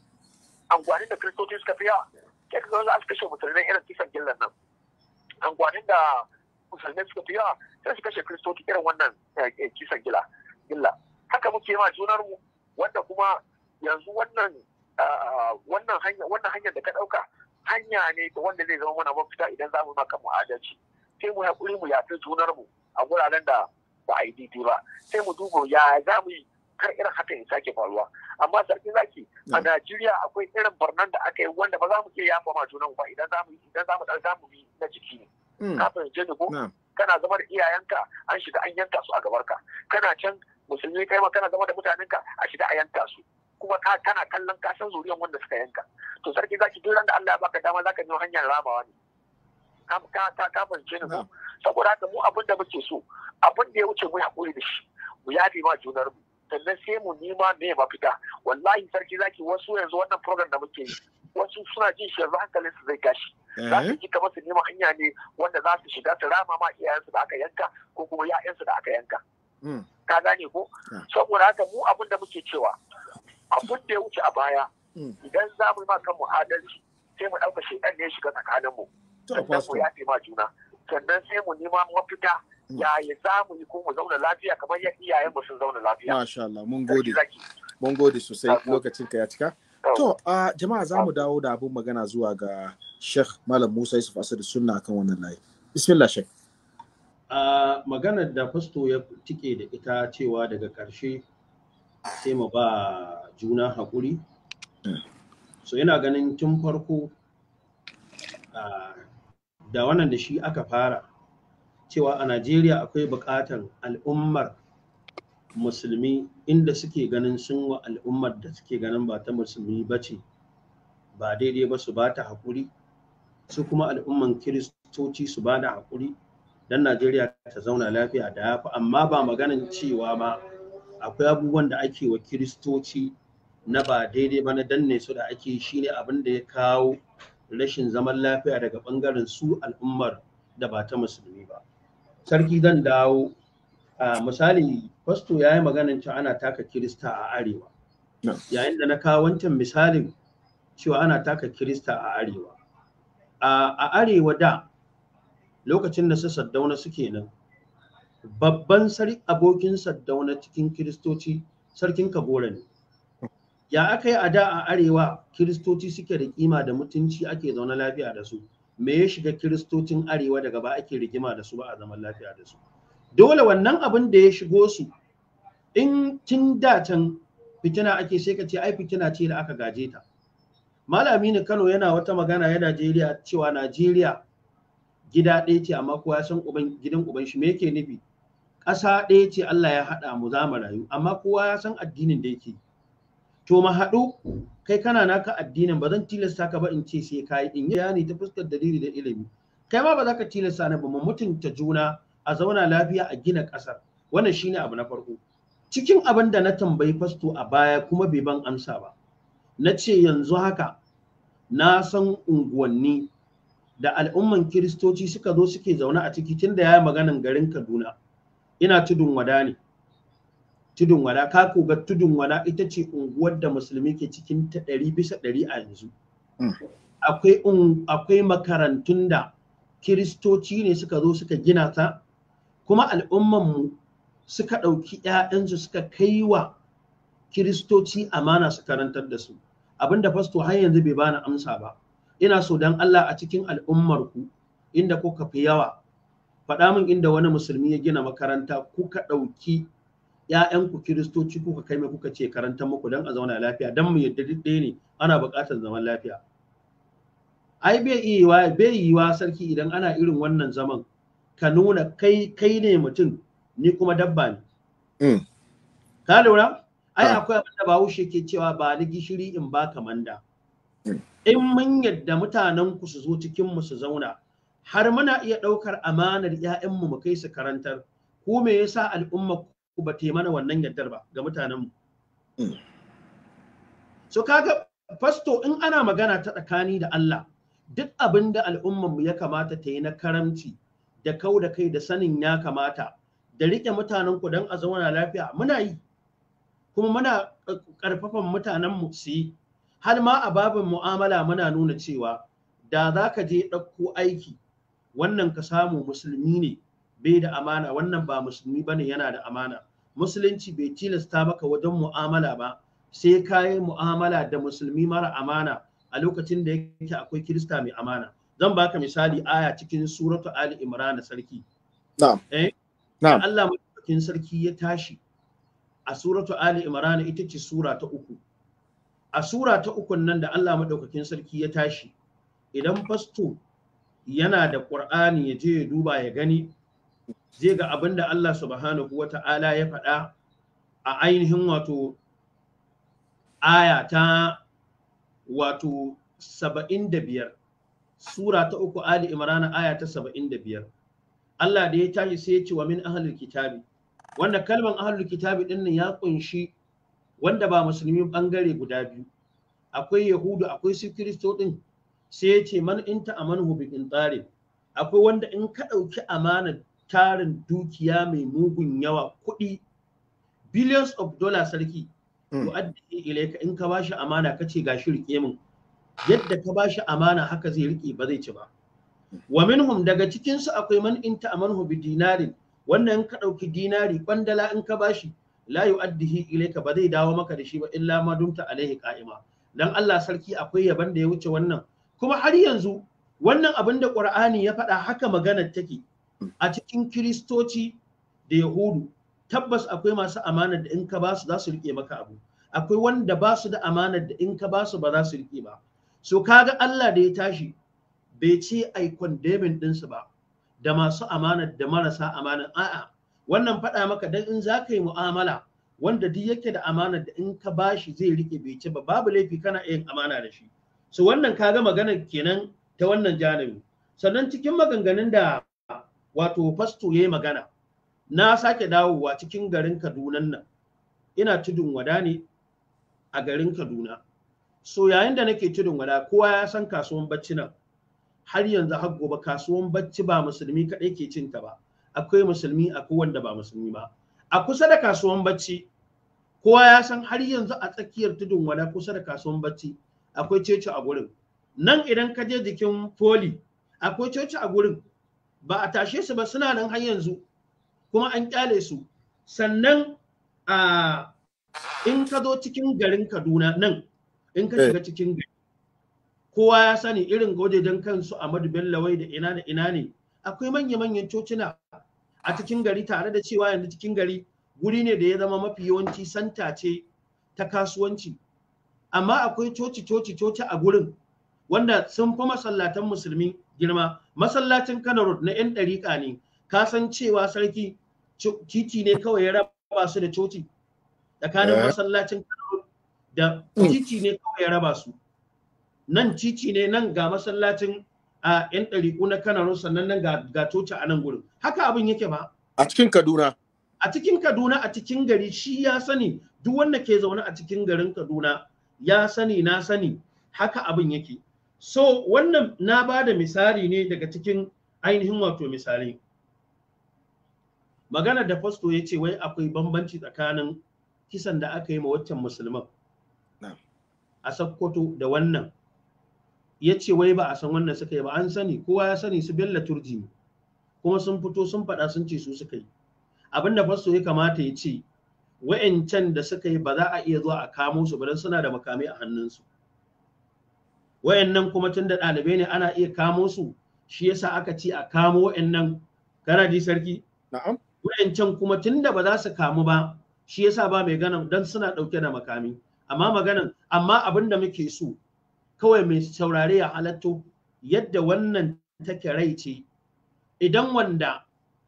angwanin da kristoci suka fiya, kai ka za su kashe musulmai irin kisan gillan nan angwanin da musulmai suka fiya, yawa sai su kashe kristoci irin wannan eh, eh, kisan gila gilla haka muke ma junar mu wanda kuma yanzu wannan ah, wannan hanya wannan hanyar da ka dauka hanya ne da wanda zai zama mana mafita idan za mu maka mu adalci sai mu haƙuri mu yafi junar mu a wuraren da ba a yi daidai ba sai mu duba ya za mu yi kar irin haka ya sake faruwa amma sarki zaki a Najeriya akwai irin barnan da aka yi wanda ba za mu iya yafa ma junan ba idan za mu idan za mu dan za mu yi na jiki ne hmm. kafin je ko kana zama da iyayenka an shiga an yanka su a gabar Ka kana can musulmi kai ma kana zama da mutanenka a shiga a yanka su kuma ka kana kallon kasan zuriyan wanda suka yanka to sarki zaki duk ran da Allah ya baka dama zaka nemi hanyar ramawa ne ka fahimce ni ko saboda haka mu abin da muke so abin da ya wuce mu hakuri da shi mu yafe ma junar mu sannan sai mu nima me mafita wallahi sarki zaki wasu yanzu wannan program da muke yi wasu suna jin shi yanzu hankalin su zai gashi za su eh? ji kamar su nema hanya ne wanda za su shiga su rama ma iyayensu da aka yanka ko kuma ya'yansu da aka yanka hmm. ka gane ko saboda haka mu abin da muke cewa abin da ya wuce a baya hmm. idan za mu yi ma kanmu adalci sai mu ɗauka shaidan ne ya shiga tsakaninmu sannan mu sai mu nema mafita mm. ya ya samu yi ko zauna lafiya kamar yadda iyayen mu sun zauna lafiya masha Allah mun gode sosai lokacin ka ya cika to a jama'a za mu dawo da abin magana zuwa ga Sheikh Malam Musa Yusuf Asad Sunna kan wannan layi bismillah Sheikh maganar da fasto ya tike da ita cewa daga karshe sai mu ba juna haƙuri eh. so yana ganin tun farko da wannan da shi aka fara cewa a najeriya akwai buƙatar al'ummar musulmi inda suke ganin sun wa al'ummar da suke ganin ba ta musulmi ba ce ba daidai ba su ba ta haƙuri su kuma al'ummar kiristoci su ba da haƙuri don najeriya ta zauna lafiya da yafi amma ba maganin cewa ba akwai abubuwan da ake wa kiristoci na ba daidai ba na danne su da ake shi ne abin da ya kawo rashin zaman lafiya daga ɓangaren su al'ummar da ba ta musulmi ba sarki zan dawo a misali fasto ya yi maganin cewa ana taka kirista a arewa yayin da na kawo wancan misalin cewa ana taka kirista a arewa a arewa da lokacin da su saddauna suke nan babban abokin saddauna cikin kiristoci sarkin kabora ne ya aka yi a da a arewa kiristoci suke da da mutunci ake zaune lafiya da su me ya shiga kiristocin arewa daga ba ake rigima da su ba a zaman lafiya da su dole wannan abin da ya shigo su in tun da can fitina ake sai ka ce ai fitina ce da aka gaje ta malami ne kano yana wata magana ya najeriya cewa najeriya gida ɗaya ce amma kowa san uban gidan uban shi me yake nufi ƙasa ɗaya ce allah ya haɗa mu za mu rayu amma kowa ya san addinin da yake yi to mahaɗu haɗu kai kana naka addinin ba zan tilasta ka ba in ce sai ka yi in yi ta fuskar dalili da ilimi kai ma ba za ka tilasta na ba mu mutunta juna a zauna lafiya a gina ƙasar wannan shine abu na farko cikin abin da na tambayi fasto a baya kuma bai ban amsa ba na ce yanzu haka na san unguwanni da al'umman kiristoci suka zo suke zaune a ciki tun da ya maganan garin kaduna ina tudun wada ne tudun wada ka ga tudun wada ita ce unguwar da musulmi ke cikin ta ɗari bisa ɗari a yanzu hmm. akwai akwai makarantun da kiristoci ne suka zo suka gina ta kuma al'umman mu suka ɗauki ‘ya'yansu suka kai wa kiristoci amana su karantar da su abinda fasto har yanzu bai bani amsa ba ina so dan Allah a cikin al'ummar ku inda kuka fi yawa faɗa min inda wani musulmi ya gina makaranta kuka ɗauki ‘ya'yanku kiristoci kuka kai mai kuka ce karanta muku don a zauna lafiya don mu yadda duk ne ana buƙatar zaman lafiya ai bai yiwa bai yiwa sarki idan ana irin wannan zaman ka nuna kai kai ne mutum ni kuma dabba ne mm. ka lura ai ah. akwai abin da bahaushe ke cewa ba ni gishiri in ba manda mm. in mun yadda mutanen ku su zo cikin mu su zauna har muna iya ɗaukar amanar ‘ya'yanmu mu kai su karantar ko me yasa al'umma ba ta mana wannan yardar ba ga mutanenmu. Hmm. So kaga fasto in ana magana ta tsakani da Allah duk abin da al'ummanmu ya kamata ta yi na karamci da kau da kai da sanin ya kamata da riƙe ku don a zauna lafiya muna yi kuma muna eh, ƙarfafan mutanenmu su yi har ma a babin mu'amala muna nuna cewa da za ka je ɗauko aiki wannan ka samu musulmi ne bai da amana wannan ba musulmi bane yana da amana musulunci bai tilasta maka wajen mu'amala ba sai ka yi mu'amala da musulmi mara amana a lokacin da yake akwai kirista mai amana zan baka misali aya cikin suratu ali imran sarki eh? Allah madaukakin sarki ya tashi a suratu ali imran ita ce sura ta uku a sura ta ukun nan da Allah madaukakin sarki ya tashi idan fasto yana da qur'ani ya je ya duba ya gani zai ga abin da Allah subhanahu wa ta'ala ya faɗa a ainihin wato aya ta wato saba'in da biyar sura ta uku ali imrana aya ta saba'in da biyar Allah da ya tashi sai ya ce wa min ahalul kitabi wanda kalman ahalul kitabi din nan ya ƙunshi wanda ba musulmi bangare guda biyu akwai yahudu akwai su kristo din sai ya ce man in ta amanu bi in akwai wanda in ka ɗauki amanar tarin dukiya mai mugun yawa kuɗi billions of dollars sarki yu'addi hmm. ilayka in ka bashi amana kace gashi rike min yadda ka bashi amana haka zai rike ba zai ci ba wa minhum daga cikin su akwai man inta amanhu bi dinarin wannan in ka dauki dinari bandala in ka bashi la yu'addihi ilayka ba zai dawo maka da shi ba illa ma dumta alaihi qa'ima dan Allah sarki akwai yaban da ya wuce wannan kuma har yanzu wannan abin da Qur'ani ya faɗa haka maganar take a cikin kiristoci da yahudu tabbas akwai masu amana da in ka ba su za su rike maka abu akwai wanda ba su da amanar da in ka ba su ba za su rike ba so kaga Allah da ya tashi bai ce ai condemning ɗinsu ba da masu amanar da marasa amana a'a wannan faɗa maka dan in za ka yi mu'amala wanda duk yake da amanar da in ka ba shi zai rike bai ce ba babu laifi kana yin amana da shi so wannan kaga magana kenan ta wannan janibi sannan cikin maganganun da wato fasto ya yi magana na sake dawowa cikin garin kaduna nan ina tudun wada ne a garin kaduna so yayin da nake tudun wada kowa ya san kasuwan bacci nan har yanzu har gobe kasuwan bacci ba musulmi kaɗai ke cin ta ba akwai musulmi akwai wanda ba musulmi ba a kusa da kasuwan bacci kowa ya san har yanzu a tsakiyar tudun wada kusa da kasuwan bacci akwai cece a gurin nan idan ka je jikin foli, akwai coci a gurin ba a tashe su ba suna nan har yanzu kuma an kyale su sannan a in ka zo cikin garin kaduna nan in ka shiga eh. cikin gari kowa ya sani irin wajejen kansu a bello da ina da ina ne akwai manya-manyan cocina a cikin gari tare da cewa yanzu cikin gari guri ne da ya zama mafi yawanci santa ce ta kasuwanci amma akwai coci coci coci a gurin wanda sun fi masallatan musulmi girma masallacin Kano Road na 'yan ɗariƙa ne ka san cewa sarki titi ne kawai ya raba su da coci tsakanin eh. masallacin Kano da oh. titi ne kawai ya raba su nan titi ne nan ga masallacin a 'yan ɗariƙu na Kano Road sannan nan ga coci a nan gurin haka abin yake ba a cikin Kaduna a cikin Kaduna a cikin gari shi ya sani duk wanda ke zaune a cikin garin Kaduna ya sani na sani haka abin yake so wannan na ba da misali ne daga cikin ainihin wato misali magana da fasto ya ce wai akwai bambanci tsakanin kisan da aka yi ma waccan musulman a sakkwato da wannan ya ce wai ba a san wannan suka yi ba an sani kowa ya sani su bella turji ne kuma sun fito sun faɗa sun ce su suka yi abin da fasto ya kamata ya ce wa'yancan da suka yi ba za a iya zuwa a kamo su ba don suna da makamai a hannunsu wayannan kuma tun da ɗalibai ne ana iya kamo su shi yasa aka ce a kamo wayannan kana ji sarki na'am wayancan kuma tun da ba za su kamu ba shi yasa ba mai ganin dan suna ɗauke da makami amma maganan amma abin da muke so kawai mai saurare ya halatto yadda wannan take rai ce idan wanda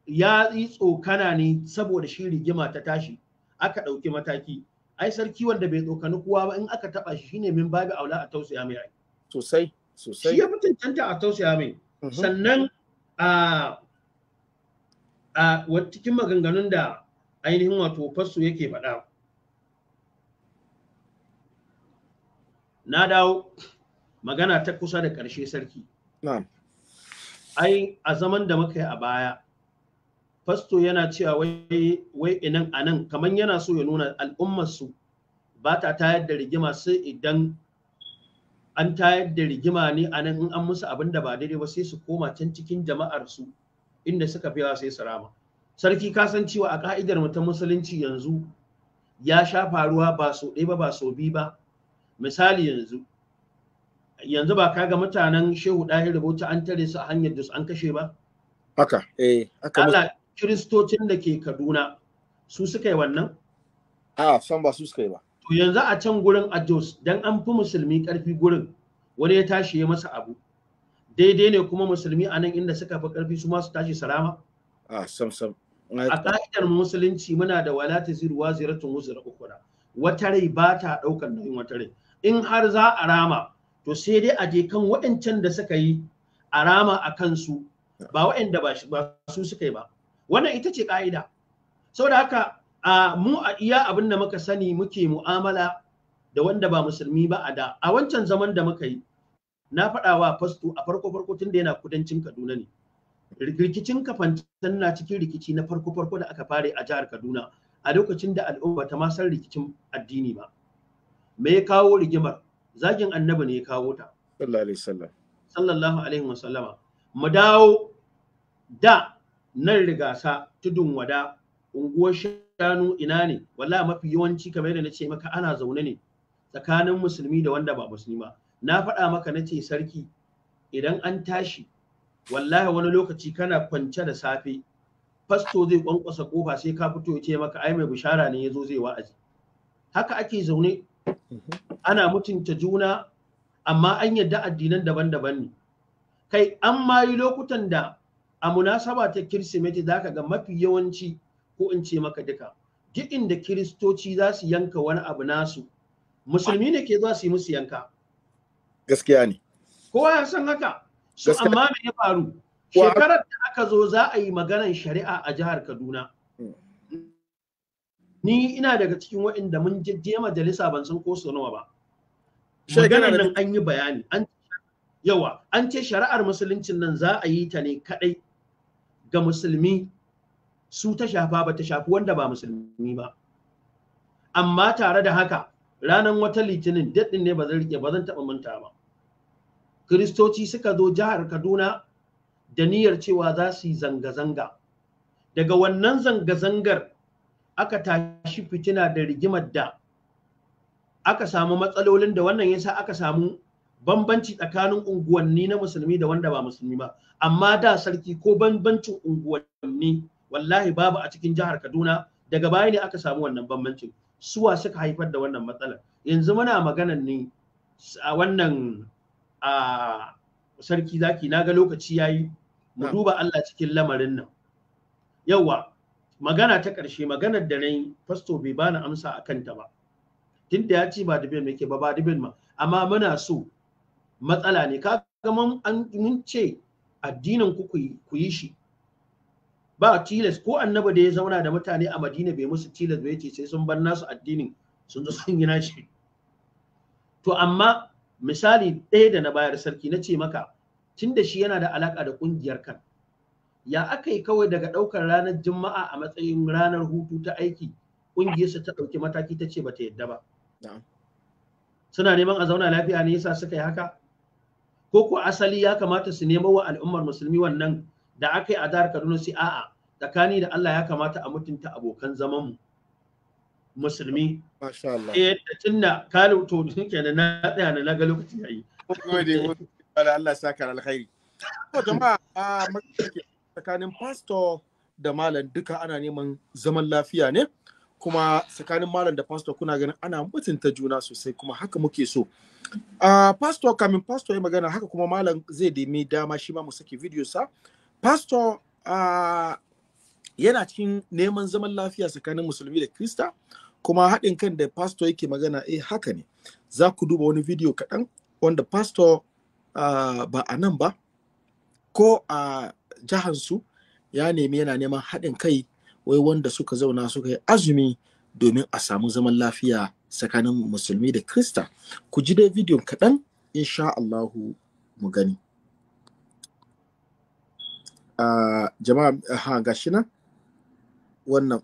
ya yi tsokana ne saboda shi rigima ta tashi aka ɗauki mataki ai sarki wanda bai tsokani kowa ba in aka taɓa shi shine min babu aula a tausaya mai rai sosai sosai shi ya mutuntanta a tausaya mai mhm. sannan a a cikin maganganun da ainihin wato fasu yake faɗa na dawo magana ta kusa da ƙarshe sarki ai a zaman da muka yi a baya fasto yana cewa wai wai inan anan kamar yana so ya nuna al'ummar su ba ta tayar da rigima sai idan an tayar da rigima ne a nan in an musu abin da ba daidai ba sai su koma can cikin jama'ar su inda suka fi sai su rama sarki ka san cewa a ka'idar mu ta musulunci yanzu ya sha faruwa ba so ɗaya ba ba so biyu ba misali yanzu yanzu ba kaga mutanen shehu ɗaya rubuta an tare su a hanyar da su an kashe ba haka eh haka Allah kiristocin da ke Kaduna su suka yi wannan a san ba su suka yi ba ku yanzu a can gurin a Jos dan an fi musulmi karfi gurin wani ya tashi ya masa abu daidai ne kuma musulmi a nan inda suka fi karfi su masu tashi salama a sam a ka'idar musulunci muna da wala taziru ziratun wuzra ukura wata rai ba ta ɗaukar nauyin wata rai in har za a rama to sai dai a je kan waɗancan da suka yi a rama a kansu ba waɗanda ba su suka yi ba wannan ita ce ƙa'ida. Sau da haka a mu a iya abin da muka sani muke mu'amala da wanda ba musulmi ba a da a wancan zaman da muka yi na faɗa wa fasto a farko farko tun da yana kudancin kaduna ne rikicin kafantan na cikin rikici na farko farko da aka fare a jihar kaduna a lokacin da al'umma ta ma san rikicin addini ba me ya kawo rigimar zagin annabi ne ya kawo ta sallallahu alaihi wasallama mu dawo da nan rigasa tudun wada unguwar shanu ina ne wallahi mafi yawanci kamar yadda nace maka ana zaune ne tsakanin musulmi da wanda ba musulmi ba na faɗa maka nace sarki idan an tashi wallahi wani lokaci kana kwance da safe fasto zai kwankwasa kofa sai ka fito ya ce maka ai mai bishara ne yazo zai wa'azi haka ake zaune ana mutunta juna amma an yadda addinan daban-daban ne kai an ma yi lokutan da a munasaba ta kirsimeti zaka ga mafi yawanci ko in ce maka duka duk inda kiristoci za su yanka wani abu nasu musulmi ne ke zuwa su yi musu yanka gaskiya ne kowa ya san haka su amma me ya faru shekarar da aka zo za a yi maganar shari'a a jihar kaduna hmm. ni ina daga cikin waɗanda mun je majalisa ban san ko nawa ba maganar nan an yi bayani an yawa an ce shari'ar musuluncin nan za a yi ta ne kaɗai ga musulmi su ta shafa ba ta shafi wanda ba musulmi ba amma tare da haka ranar wata litinin daɗin ne ba zan rike ba zan taɓa manta ba kiristoci suka zo jihar kaduna da niyyar cewa za su yi zanga-zanga daga wannan zanga-zangar aka tashi fitina da rigimar da aka samu matsalolin da wannan yasa aka samu bambanci tsakanin unguwanni na musulmi da wanda ba musulmi ba amma da sarki ko bambancin unguwanni wallahi babu a cikin jihar Kaduna daga baya ne aka samu wannan bambancin suwa suka haifar da wannan matsalar yanzu muna maganan ne a wannan a sarki zaki naga lokaci yayi mu duba Allah cikin lamarin nan yawa magana ta ƙarshe maganar da nayi fasto bai bani amsa a kanta ba tunda ya ce ba dubin ke ba ba dubin ma amma muna so matsala ne ka mun an mun ce addinin ku ku yi shi ba tilas ko annaba da ya zauna da mutane a madina bai musu tilas bai ce sai sun bar nasu addinin sun zo sun yi nashi to amma misali ɗaya da na bayar sarki na ce maka tun da shi yana da alaka da ƙungiyar kan ya aka yi kawai daga ɗaukar ranar juma'a a matsayin ranar hutu ta aiki ƙungiyarsa ta ɗauki mataki ta ce ba ta yadda ba suna neman a zauna lafiya ne yasa suka yi haka ko ko asali ya kamata su nemo wa al'ummar musulmi wannan da aka yi a jihar kaduna si a'a tsakani da Allah ya kamata a mutunta abokan zaman mu musulmi masha Allah eh tunda ka to kenan na tsaya na ga lokaci yayi gode Allah saka alkhairi to jama'a a tsakanin pastor da malam duka ana neman zaman lafiya ne kuma tsakanin malam da pastor kuna ganin ana mutunta juna sosai kuma haka muke so uh, pastor kamin pastor ya magana haka kuma malam zai nemi dama shi ma mu saki video sa pastor uh, yana cikin neman zaman lafiya tsakanin musulmi da krista kuma haɗin kan da pastor yake magana eh haka ne za ku duba wani bidiyo kaɗan wanda pastor uh, ba a nan ba ko a uh, jihansu ya nemi yana neman haɗin kai wai wanda suka zauna suka yi azumi domin a samu zaman lafiya tsakanin musulmi da krista ku ji dai video kaɗan insha Allahu mu gani uh, jama'a ha gashi nan wannan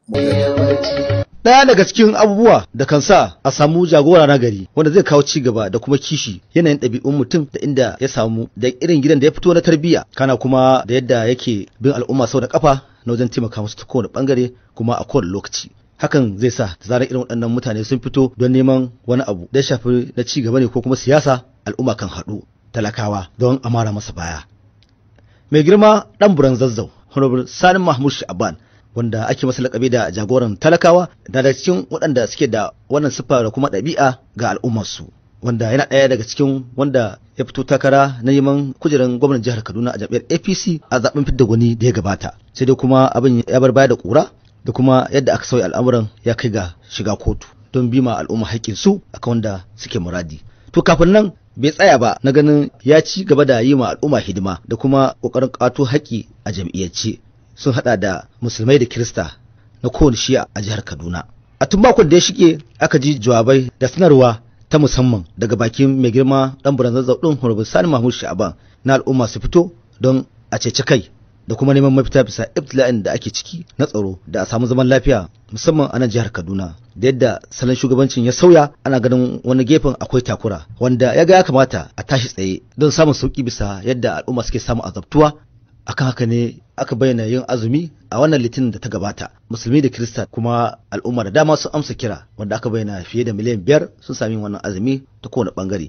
Daya daga cikin abubuwa da kan sa a samu jagora na gari wanda zai kawo ci gaba da kuma kishi yanayin ɗabi'un mutum da inda ya samu da irin gidan da ya fito na tarbiyya kana kuma da yadda yake bin al'umma sau da kafa na wajen taimaka musu ta kowane bangare kuma a kowane lokaci. hakan zai sa ta zarar irin waɗannan mutane sun fito don neman wani abu da shafi na ci gaba ne ko kuma siyasa al'umma kan haɗu talakawa don amara masa baya mai girma ɗan buran zazzau honorable Sanin mahmud shaban wanda ake masa lakabi da jagoran talakawa da daga cikin waɗanda suke da wannan siffa da kuma ɗabi'a ga al'ummarsu wanda yana ɗaya daga cikin wanda ya fito takara na neman kujerar gwamnan jihar Kaduna a jam'iyyar APC a zaben fidda gwani da ya gabata sai dai kuma abin ya bar baya da kura da kuma yadda aka sauya al'amuran ya kai ga shiga kotu don bima al'umma haƙƙin su kan wanda suke muradi to kafin nan bai tsaya ba na ganin ya ci gaba da yi ma al'umma hidima da kuma ƙoƙarin ƙato haƙƙi a jam'iyyance sun hada da musulmai da kirista na kowane shi a jihar kaduna a tun makon da ya shige aka ji jawabai da sanarwa ta musamman daga bakin mai girma ɗan buran zazzau ɗin hurbin sani mahmud sha'aban na al'umma su fito don a ceci kai da kuma neman mafita bisa ibtila'in da ake ciki na tsaro da a samu zaman lafiya musamman a nan jihar kaduna da yadda salon shugabancin ya sauya ana ganin wani gefen akwai takura wanda ya ga ya kamata a tashi tsaye don samun sauki bisa yadda al'umma suke samun azabtuwa akan haka ne aka bayyana yin azumi a wannan litinin da ta gabata musulmi da kirista kuma al'umma da dama sun amsa kira wanda aka bayyana fiye da miliyan biyar sun sami wannan azumi ta kowane bangare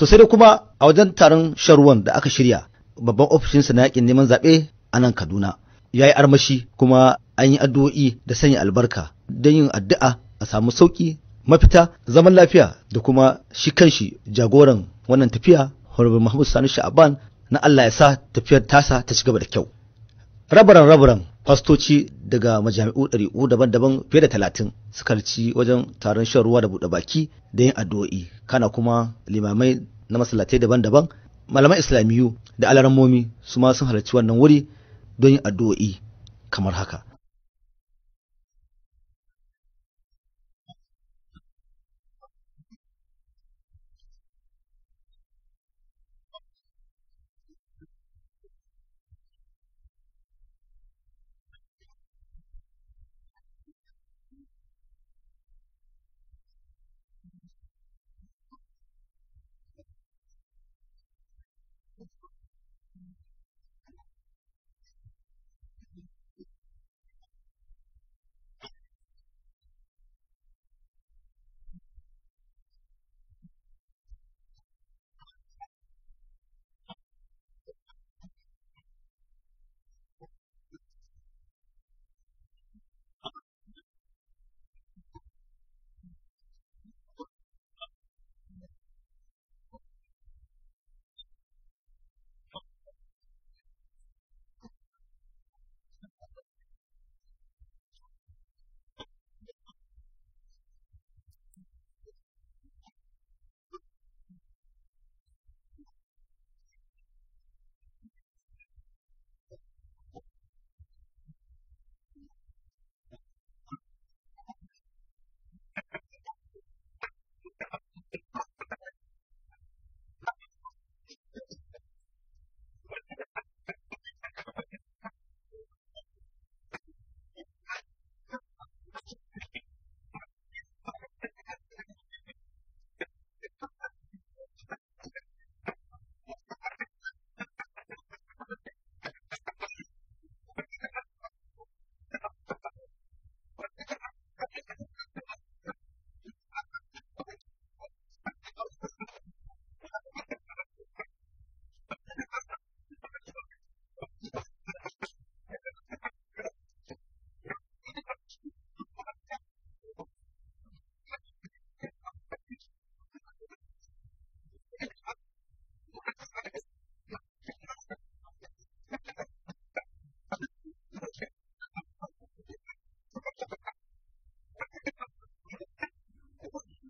to sai dai kuma a wajen taron sharuwan da aka shirya babban ofishinsa na yakin neman zaɓe a nan kaduna ya yi armashi kuma an yi addu'o'i da sanya albarka don yin addu'a a samu sauki mafita zaman lafiya da kuma shi kanshi jagoran wannan tafiya Honorable Mahmud Sani Sha'aban na Allah ya sa tafiyar tasa ta ci gaba da kyau rabaran rabaran fastoci daga majami'u ɗari'u daban-daban fiye da talatin suka ci wajen taron shan ruwa da buɗe baki da yin addu'o'i kana kuma limamai na masallatai daban-daban malaman islamiyu da alarammomi su ma sun halarci wannan wuri don yin addu'o'i kamar haka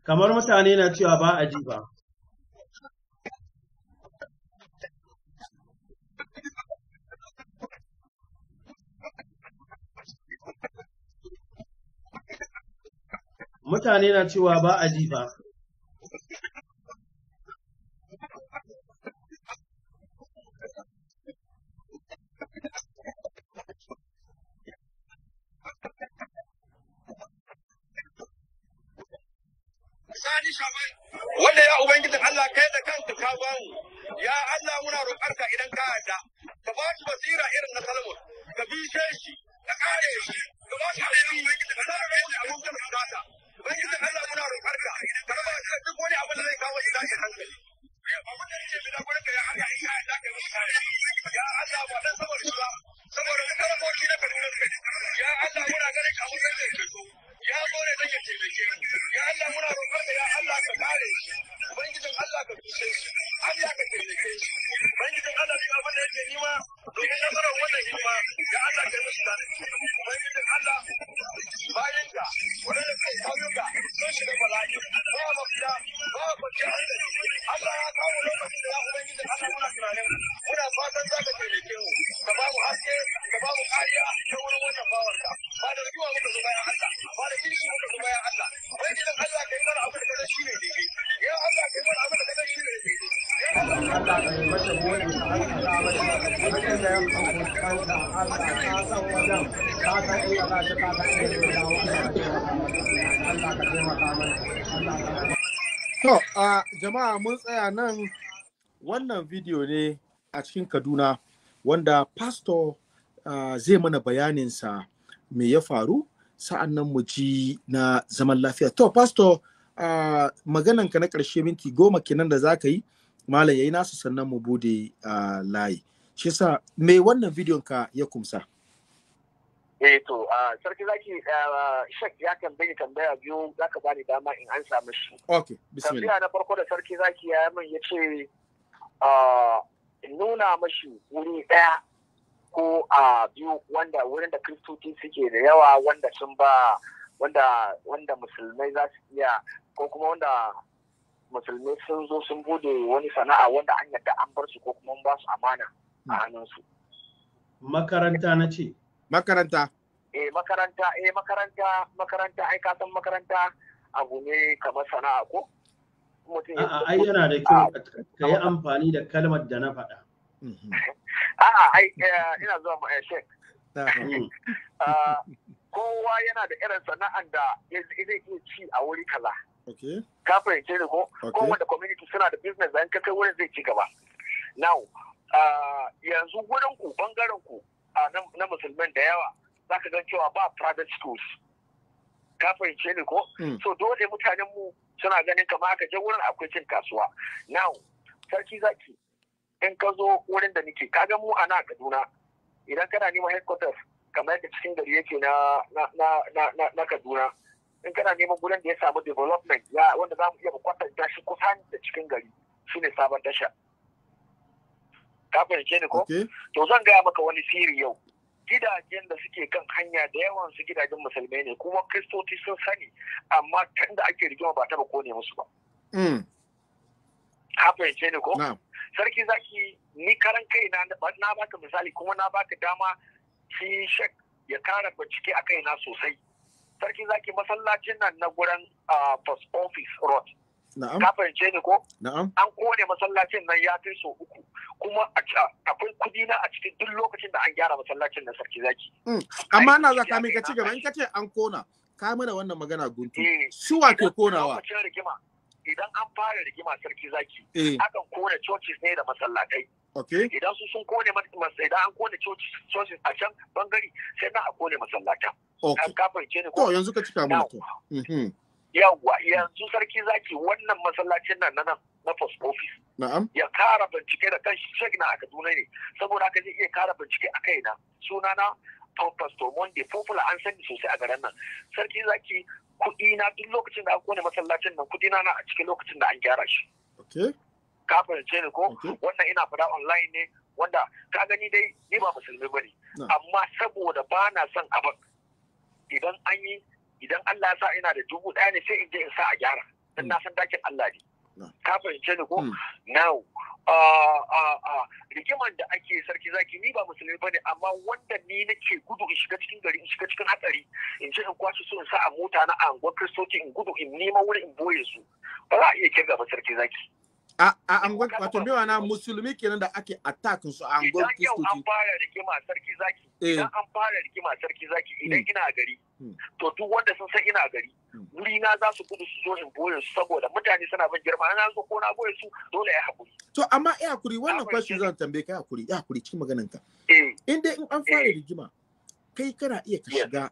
kamar mutane na cewa ba a ji ba. Mutane na cewa ba a ji ba. nan wannan video ne a cikin kaduna wanda pastor uh, zai mana bayaninsa me ya faru sa'annan mu ji na zaman lafiya to pastor uh, magananka na ƙarshe minti goma kenan da za ka yi malam yayi nasu sannan mu bude uh, layi shi sa me wannan bidiyon ka ya kumsa zaki eh, shek ya bani tambaya biyu zaka bani dama in an samu shi. Ok, bismillah. Tambaya na farko da sarki zaki ya min ya ce ah, nuna mashi wuri ɗaya ko a biyu wanda wurin da kristoci suke da yawa wanda sun ba wanda wanda musulmai za su iya ko kuma wanda musulmai sun zo sun bude wani sana'a wanda an yadda an bar su ko kuma ba su amana a hmm. hannunsu. Makaranta na ce. Makaranta. eh makaranta eh makaranta makaranta ai ka san makaranta abu ne kamar sana'a ko a'a ai yana da kyau ah. ka yi amfani da kalmar da na faɗa mm-hmm. a'a ai eh, ina zuwa ma eh, shek mm. ah, kowa yana da irin sana'an da zai iya ci a wuri kaza ka fahimce ni ko kowanne community suna da business da ka kai wurin zai ci gaba now ah, yanzu wurin ku bangaren ku na musulman da yawa za ka gan cewa ba private schools ka fahimce ni ko hmm. so dole mutanen mu suna ganin kamar aka je wurin akwai cin kasuwa now sarki zaki in ka zo wurin da nake kaga mu a na Kaduna idan kana neman headquarters kamar yadda cikin gari yake na na Kaduna in kana neman gudan da ya samu development ya wanda za mu iya kwatanta shi kusan da cikin gari shine sabon tasha ka fahimce ni ko to zan gaya maka wani siri yau gidajen da suke kan hanya da yawan su gidajen musulmai ne kuma kristoci sun sani amma kan da ake rigima ba taba kone musu ba hmm. ce ne ko sarki zaki ni karan kai na baka misali kuma na baka dama shi shek ya kara bincike a kaina sosai sarki zaki masallacin nan na guran post office road ka fahimce ni ko an kone masallacin nan ya kai so uku kuma akwai kudi na a cikin duk lokacin da an gyara masallacin na sarki zaki hmm. amma na za ka mai ka ci gaba in ka ce an kona ka mana wannan magana guntu eh, su wa ke konawa idan an fara rigima sarki zaki eh. akan kona churches ne da masallatai idan su sun kone idan an kone churches a can bangare sai na a kone masallata to yanzu ka cika mana to mhm. yawwa yanzu sarki zaki wannan masallacin nan na nan na post office ya kara bincike da kanshi shek na a Kaduna ne saboda haka zai iya kara bincike a na, sunana Pastor Monday Popular an sani sosai a garin nan sarki zaki kuɗi na duk lokacin da aka kone masallacin nan kuɗi na na a cikin lokacin da an gyara shi ka fahimce ni ko wannan ina fada online ne wanda ka gani dai ni ba musulmi bane amma saboda ba na son abin idan an yi idan Allah ya sa ina da dubu ɗaya ne sai in je in sa a gyara dan hmm. na san dakin Allah ne ka fahimce ni ko hmm. now rigiman da ake sarki zaki ni ba musulmi ba ne amma wanda ni nake gudu in shiga cikin gari in shiga cikin hatsari in ce in kwashi su in sa a mota na anguwar kristoci in gudu in nema wuri in boye su ba za a iya kirga ba sarki zaki a anguwar wato bewa na musulmi kenan da ake attack su a anguwar kristoci eh. idan an fara rigima sarki zaki idan an fara rigima sarki zaki idan ina gari Hmm. to duk wanda sun san ina gari hmm. wuri na za su gudu su zo in boye su saboda mutane suna bin girma na zo ko na boye su dole ya hakuri to amma ya hakuri wannan kwashi zan tambaye ka hakuri ya hakuri cikin maganar ka eh. in dai in an fara eh. rigima kai kana iya ka shiga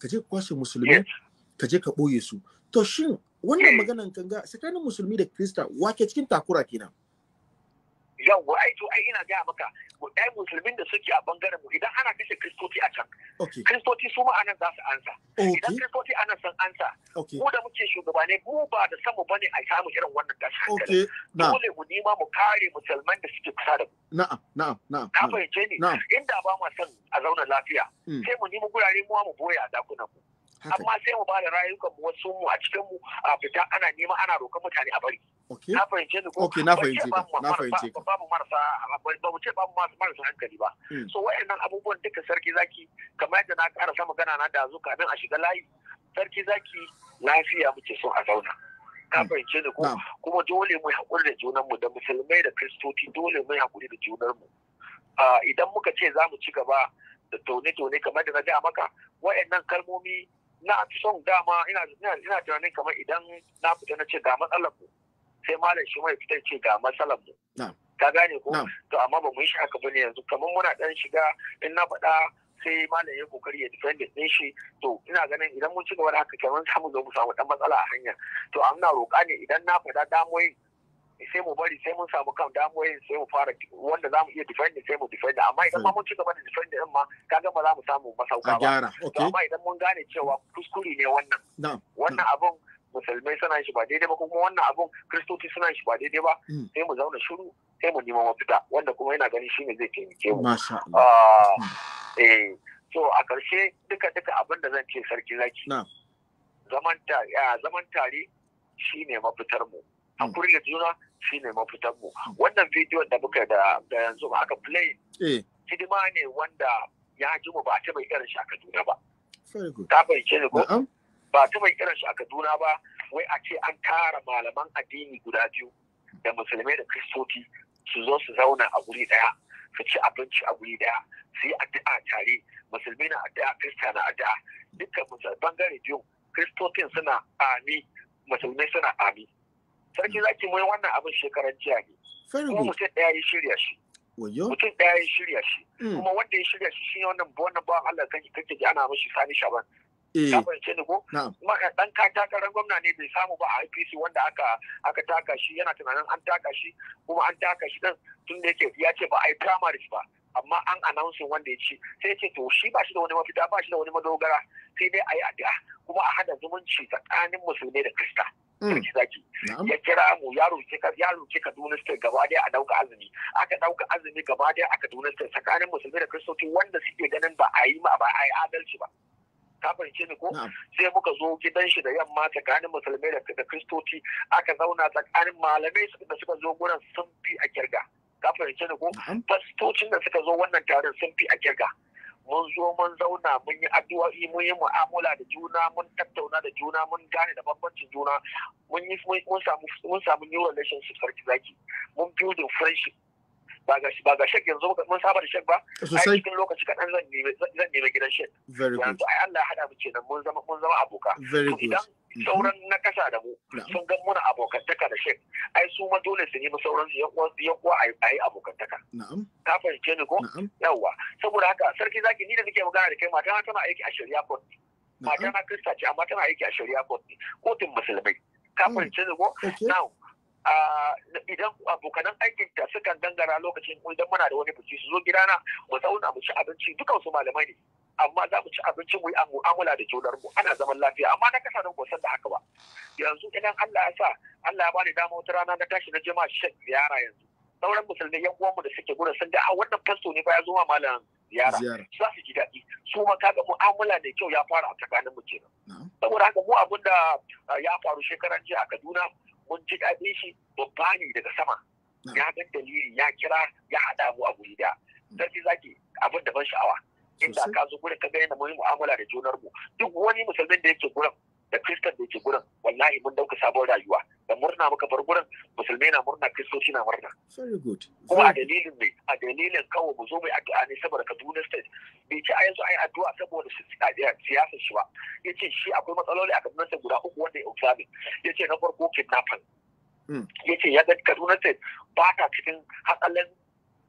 ka je kwashe musulmi ka je ka boye su to shin wannan eh. maganan kanga tsakanin musulmi da krista wake cikin takura kenan yawwa ai to ai ina gaya maka ai musulmin da suke a bangaren mu idan ana kashe kristoci a can kristoci su ma anan za su ansa idan kristoci anan san ansa mu da muke shugabane mu ba da samu bane a samu irin wannan gashi hankali dole mu nima mu kare musulman da suke kusa da mu na'am na'am na'am ka fahimce ni inda ba mu son a zauna lafiya hmm. sai mu nemi gurare mu mu boya dakunan mu amma sai mu bada rayukan mu wasu mu a cikin mu a fita ana nema ana roƙon mutane a bari na fahimce ni ko na fahimce ka na fahimce ka babu marasa ba mu ce babu marasa hankali ba hmm. so wayannan abubuwan duka sarki zaki kamar yadda na ƙara sama gana na da zuka a shiga layi sarki zaki lafiya muke so a zauna ka hmm. fahimce ni ko kuma dole mu haƙuri da junanmu da musulmai da kristoci dole mu haƙuri da junanmu idan muka ce za mu ci gaba da tone-tone kamar da na ja maka wayannan kalmomi na fi son dama ina tunanin kamar idan na fita na ce ga matsalar mu sai malam shi mai fitar ce ga matsalar mu ka gane ko to amma ba mu yi shi haka bane yanzu kamar muna dan shiga in na fada sai malam ya kokari ya defend din shi to ina ganin idan mun ci gaba da haka kamar samu zo mu samu dan matsala a hanya to amma roƙa ne idan na faɗa damoyin sai mu bari sai mun samu kan damuwayin eh, sai mu fara wanda za mu iya defending sai mu defend amma idan ma hmm. mun ci gaba da defending din ma kaga ba za mu samu masauka ba amma idan mun gane cewa kuskure ne wannan wannan abun musulmai suna shi ba daidai ba kuma wannan abun kristoci suna shi ba daidai ba hmm. sai mu zauna shiru sai mu neman mafita wanda kuma yana ganin shine zai taimake mu ah, hmm. eh so a karshe duka duka abin da zan ce sarki zaki ah, zaman tare shine mafitar mu hakuri da juna shine mafitan mu wannan bidiyon da muka da yanzu aka play hidima eh. ne wanda ya ji mu ba ta bai irin shi a Kaduna ba ta bai ne ko ba ta bai irin shi a Kaduna ba wai a ce an tara malaman addini guda biyu da musulmai da kristoci su zo su zauna a guri daya su ci abinci a guri daya su yi addu'a tare musulmi na addu'a Kirista na addu'a dukkan bangare biyu kristocin suna ami musulmai suna ami sarki zaki mun wannan abin shekaran jiya ne kuma mutum ɗaya ya shirya shi mutum ɗaya ya shirya shi mm. kuma wanda ya shirya shi shine wannan wannan bawan Allah kan kake ji ana mishi sani shaban eh. ka ce ni ko kuma ɗan ka ran gwamna ne bai samu ba a IPC wanda aka aka taka shi yana tunanin an taka shi kuma an taka shi dan tun da yake ya ce ba a yi primaries ba amma an announcing wanda ya ci sai ce to shi ba shi da wani mafita ba shi da wani madogara sai dai a yi addu'a kuma a hada zumunci tsakanin musulmai da kirista. sarki mm. zaki ya kira mu ya roke ka ya roke Kaduna State gaba daya a dauka azumi aka dauka azumi gaba daya a Kaduna tsakanin musulmi da kristoci wanda suke ganin ba a yi ma ba a yi adalci ba ka fahimce ni ko sai muka zo gidan shi da yamma tsakanin musulmi da kristoci aka zauna tsakanin malamai da suka zo gurin sun fi a kirga ka fahimce ni ko fastocin da suka zo wannan taron sun fi a kirga mun zo mun zauna mun yi addu'o'i mun yi mu'amala da juna mun tattauna da juna mun gane da bambancin juna mun yi mun samu mun samu new relationship sarki zaki mun building friendship ba ga ba ga shek yanzu mun saba da shek ba a cikin lokaci kaɗan zan nemi zan nemi gidan shek yanzu ai Allah ya hada mu kenan mun zama mun zama aboka very Mhm. sauran na kasa da mu sun gan muna abokantaka da shek ai su ma dole su mu sauran su yan uwa a yi abokantaka ka fahimce ni ko yawwa saboda haka sarki zaki ni da nake magana da kai mata tana aiki a shari'a court mata na krista ce amma tana aiki a shari'a court kotun musulmai ka hmm. fahimce ni ko now idan abokanan aikin ta sukan dangara lokacin idan muna da wani biki su zo gidana mu zauna mu ci abinci dukansu malamai ne amma za mu ci abincin mu yi mu'amala da junar mu ana zaman lafiya amma na kasa nan san da haka ba yanzu idan Allah ya sa Allah ya bani dama wata rana na tashi na jima shek ziyara yanzu sauran musulmai yan uwanmu da suke gurin sun ga a ah, wannan fasto ne ba ya zo ma malam ziyara za su ji daɗi su ma kaga mu'amala da kyau ya fara a tsakanin mu kenan saboda haka mu abin da ya faru shekaran jiya a Kaduna mun ji daɗin shi babba ne daga sama ya ga dalili ya kira ya haɗa mu a guri da mm. zaki abin da ban sha'awa inda ka zo gurin ka ga yadda mu mu'amala da junar mu duk wani musulmin da yake gurin da kristan da yake gurin wallahi mun dauka sabon rayuwa da murna muka bar gurin musulmai na murna kristoci na murna kuma a dalilin ne a dalilin kawo mu zo mai addu'a ne saboda Kaduna state bai ce a yanzu ai addu'a saboda siyasar shi ba yace shi akwai matsaloli a Kaduna state guda uku wanda ya observe yace na farko kidnapping hmm. yace ya ga Kaduna state ba ta cikin hakalan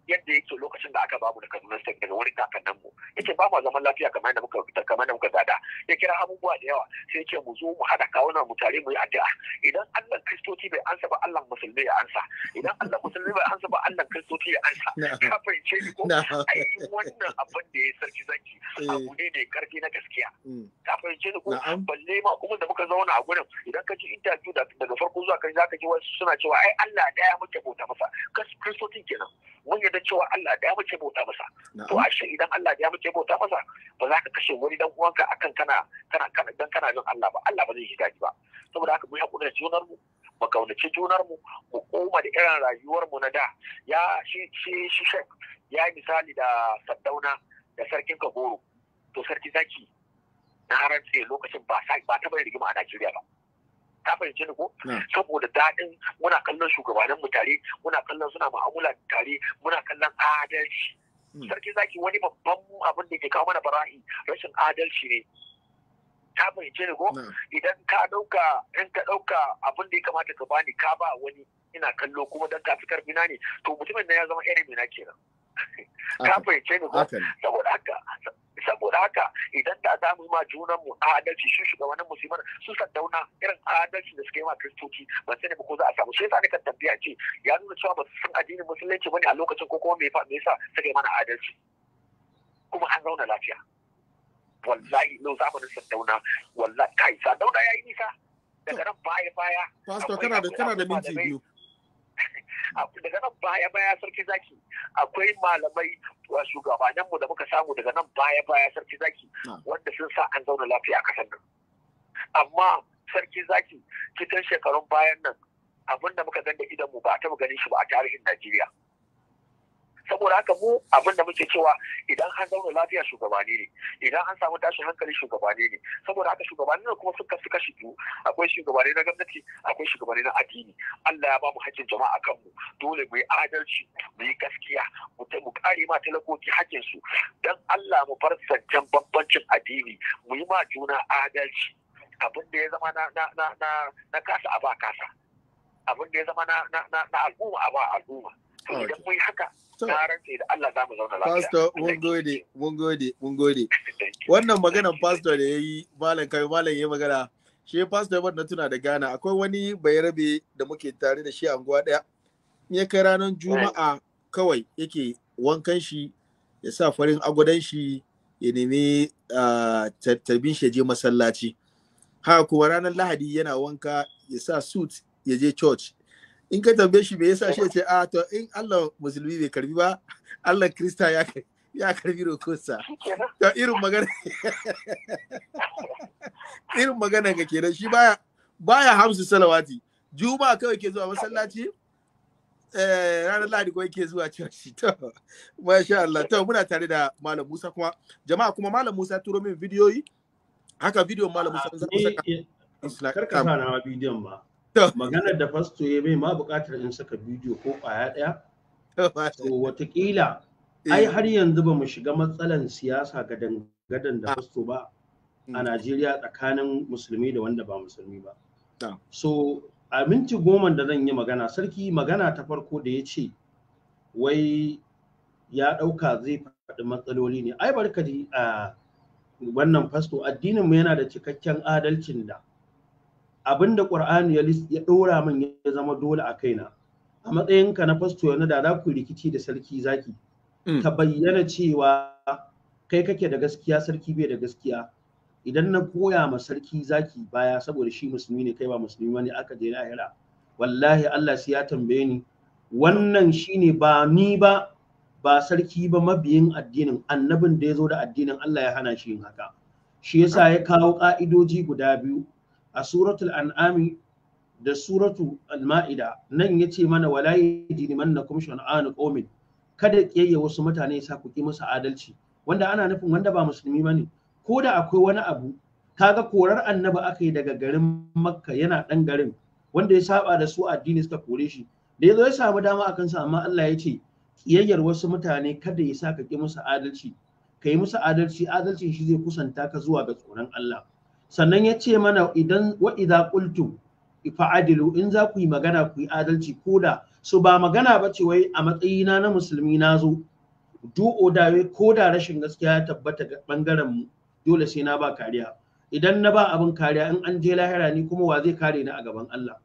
yadda yake lokacin da aka bamu da Kaduna State daga wurin kakannin mu yake ba mu zaman lafiya kamar da muka kamar da muka gada ya kira abubuwa da yawa sai yace mu zo mu hada kawunan mu tare mu yi addu'a idan Allah kristoci bai ansa ba Allah musulmi ya ansa idan Allah musulmi bai ansa ba Allah kristoci ya ansa ka fahimce ni ko ai wannan abin da ya sarki zanki eh. abu ne mai karfi na gaskiya mm. ka fahimce ni ko balle ma kuma da muka zauna a gurin idan ka ji interview daga farko zuwa kai ka ji wasu suna cewa ai Allah daya muke bauta masa kristoci kenan mun yi. san cewa Allah da ya mace bauta masa to ashe idan Allah da ya mace bauta masa ba za ka kashe wani dan uwanka akan kana kana kana dan kana jin Allah ba Allah ba zai shiga ki ba saboda haka mu hakuri da junar mu mu kaunaci junar mu mu koma da irin rayuwar mu na da ya shi shi shi ya misali da Saddauna da sarkin Kagoro to sarki zaki na rantse lokacin ba ba ta bari rigima a Najeriya ba ta fahimci ni ko saboda daɗin muna kallon shugabanin mu tare muna kallon suna mu'amala tare muna kallon adalci hmm. sarki zaki wani babban abin da ke kawo mana bara'i rashin adalci ne ta fahimci ni ko idan ka ɗauka in ka ɗauka abin da ya kamata ka bani ka ba wani ina kallo kuma dan ka fi karfi na ne to mutumin na ya zama enemy na kenan ka fahimce ni ko saboda haka saboda haka idan da za mu yi ma junan mu adalci shi shugabannin musulman su dauna irin adalci da suka yi ma kristoci ba sani ba ko za a samu shi yasa nika tambaya ce ya nuna cewa ba su san addinin musulunci bane a lokacin ko kuma me yasa suka yi mana adalci kuma an zauna lafiya wallahi no zamanin sadauna wallahi kai sadauna yi nisa daga nan baya baya pastor kana da kana da minti biyu daga nan baya baya sarki zaki akwai malamai shugabanninmu da muka samu daga nan baya baya sarki zaki wanda sun sa an zauna lafiya a kasar nan amma sarki zaki cikin shekarun bayan nan abinda muka ganda da mu ba a taɓa ganin shi ba a tarihin Najeriya. saboda haka mu abin da muke cewa idan an zauna lafiya shugabani ne idan an samu tashin hankali shugabani ne saboda haka shugabani ne kuma suka suka shi biyu akwai shugabani na gwamnati akwai shugabani na addini Allah ya ba mu hakkin jama'a kan mu dole mu yi adalci mu yi gaskiya mu ta mu kare ma talakoki hakkin su dan Allah mu bar zancen bambancin addini mu yi ma juna adalci abin da ya zama na na na na kasa a ba kasa abin da ya zama na na na al'umma a ba al'umma idan mun haka na rantse da Allah za mu zauna lafiya pastor mun gode mun gode mun gode wannan maganan pastor da yayi malam kai malam yayi magana shi pastor na tuna da Ghana akwai wani bayarabe da muke tare da shi a anguwa ɗaya. ya kai ranar juma'a kawai yake wankan shi ya sa farin agwadan shi ya nemi tarbin shi je masallaci Ha kuma ranar lahadi yana wanka ya sa suit ya je church in ka tambaye shi me yasa shi ce a ah, to in Allah musulmi bai karbi ba Allah krista ya kai ya karbi rokonsa to irin magana irin magana ga kenan shi baya baya hamsu salawati juma'a kawai ke zuwa masallaci eh, ranar ladi ko yake zuwa church to masha Allah to muna tare da malam Musa kuma jama'a kuma malam Musa turo min bidiyoyi haka bidiyon malam Musa ah, Kar saka karka sa bidiyon ba maganar da fasto ya bai ma bukatar in saka bidiyo ko kwaya ɗaya to watakila eh. ai har yanzu ba mu shiga matsalan siyasa ga dangadan da ah. fasto ba a hmm. najeriya tsakanin musulmi da wanda ba musulmi ba ah. so a minti goma da zan yi magana sarki magana ta farko da ya ce wai ya ɗauka zai faɗi matsaloli ne ai barkadi a wannan fasto addininmu yana da cikakken adalcin da abinda ƙwar'ani ya ya ɗora min ya zama dole a kaina a matsayinka na fasto na da za ku rikici da sarki zaki mm. ka bayyana cewa kai kake da gaskiya sarki bai da gaskiya idan na koya ma sarki zaki baya saboda shi musulmi ne kai ba musulmi wani aka je lahira wallahi Allah sai ya tambaye ni wannan shine ba ni ba ba sarki ba mabiyin addinin annabin da ya zo da addinin Allah ya hana shi yin haka shi yasa ya kawo ka'idoji guda biyu a suratul an'ami da suratu al-ma'ida nan yace mana wala yajrimannakum shan'anu qaumin kada kiyaye wasu mutane sa ku ki musu adalci wanda ana nufin wanda ba musulmi bane ko da akwai wani abu kaga korar annabi aka yi daga garin makka yana dan garin wanda ya saba da su addini suka kore shi da yazo ya samu dama akan sa amma Allah ya ce kiyayyar wasu mutane kada ya sa ka ki musu adalci ka musu adalci adalcin shi zai kusanta ka zuwa ga tsoron Allah sannan ya ce mana idan wa idza qultu fa'adilu in za ku yi magana ku yi adalci koda da so ba magana ba ce wai a matsayina na musulmi na zo do oda wai ko rashin gaskiya ya tabbata ga bangaren mu dole sai na ba kariya idan na ba abin kariya in an je lahira ni kuma wa zai kare ni a gaban Allah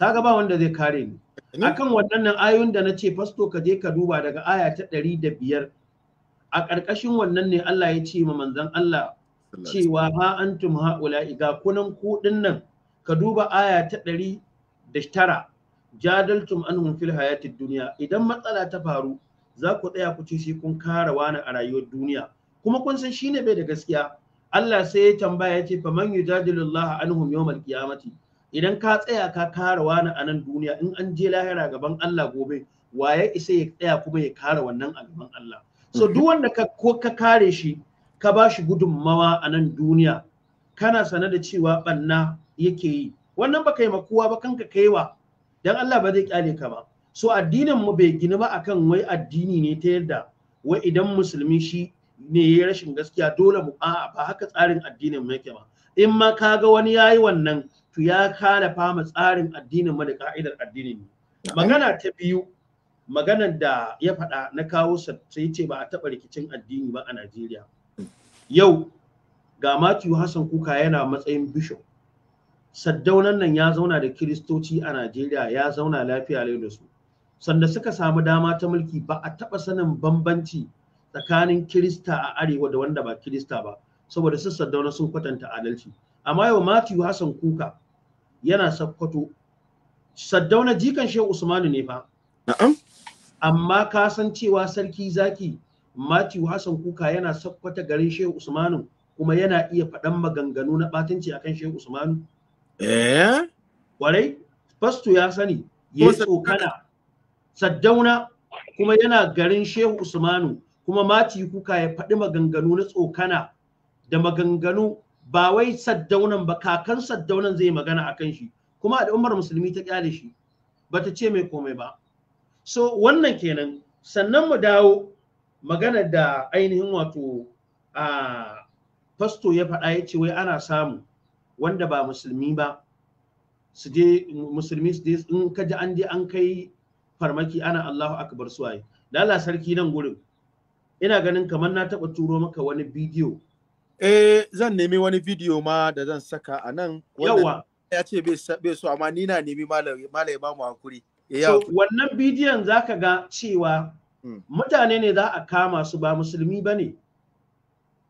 kaga ba wanda zai kare ni akan nan, ayoyin da na ce fasto ka je ka duba daga aya ta ɗari da biyar a ƙarƙashin wannan ne Allah ya ce ma manzon Allah cewa ha antum haula'i ga kunan ku nan ka duba aya ta ɗari da tara jadaltum anhum fil hayatid duniya idan matsala ta faru za ku tsaya ku ce sai kun kara wani a rayuwar duniya kuma kun san shine bai da gaskiya Allah sai ya tambaya ya ce fa man Allah anhum yawmal qiyamati idan ka tsaya ka kara wani a nan duniya in an je lahira gaban Allah gobe waye isa ya tsaya kuma ya kara wannan a gaban Allah so mhm. duk wanda ka ko ka kare shi ka ba shi gudunmawa a nan duniya kana sane da cewa banna yake yi wannan baka yi makuwa ba kanka kaiwa dan Allah ba zai kyale ka ba so addinin mu bai gina ba akan wai addini ne ta yadda wai idan musulmi shi ne ya rashin gaskiya dole mu a'a ba haka tsarin addinin mu yake ba in ma ka ga wani yayi wannan to ya kala fama tsarin addinin mu da ka'idar addinin magana ta biyu maganar da ya faɗa na kawo sai ce ba a taɓa rikicin addini ba a Najeriya yau ga Matthew Hassan Kuka yana matsayin bishop saddaunan nan ya zauna da kiristoci a Najeriya ya zauna lafiya lai da su sanda suka samu dama ta mulki ba a taɓa sanin bambanci tsakanin kirista a arewa da wanda ba kirista ba saboda su saddauna sun kwatanta adalci amma yau Matthew Hassan Kuka yana sakkwato saddauna jikan Shehu Usmanu ne fa na'am amma ka san cewa sarki zaki Matthew Hassan Kuka yana sakkwata garin Shehu Usmanu kuma yana iya faɗan maganganu na ɓatanci akan Shehu Usmanu? Eh? Kwarai, fasto ya sani, ya tsokana, saddauna kuma yana garin Shehu Usmanu kuma Matthew Kuka ya faɗi maganganu na tsokana da maganganu ba wai saddaunan ba kakan saddaunan zai magana akan shi kuma al'ummar musulmi ta kyale shi bata ce mai komai ba so wannan kenan sannan mu dawo magana da ainihin wato a fasto ya faɗa ya ce wai ana samu wanda ba musulmi ba su je musulmi su je in ka ji an je an kai farmaki ana Allahu akbar su da sarki nan gurin ina ganin kamar na taɓa turo maka wani bidiyo eh zan nemi wani bidiyo ma da zan saka a nan yawa ya ce bai so amma ni na nemi malai ba mu hakuri wannan bidiyon zaka ga cewa Hmm. mutane ne za a kama su ba musulmi ba ne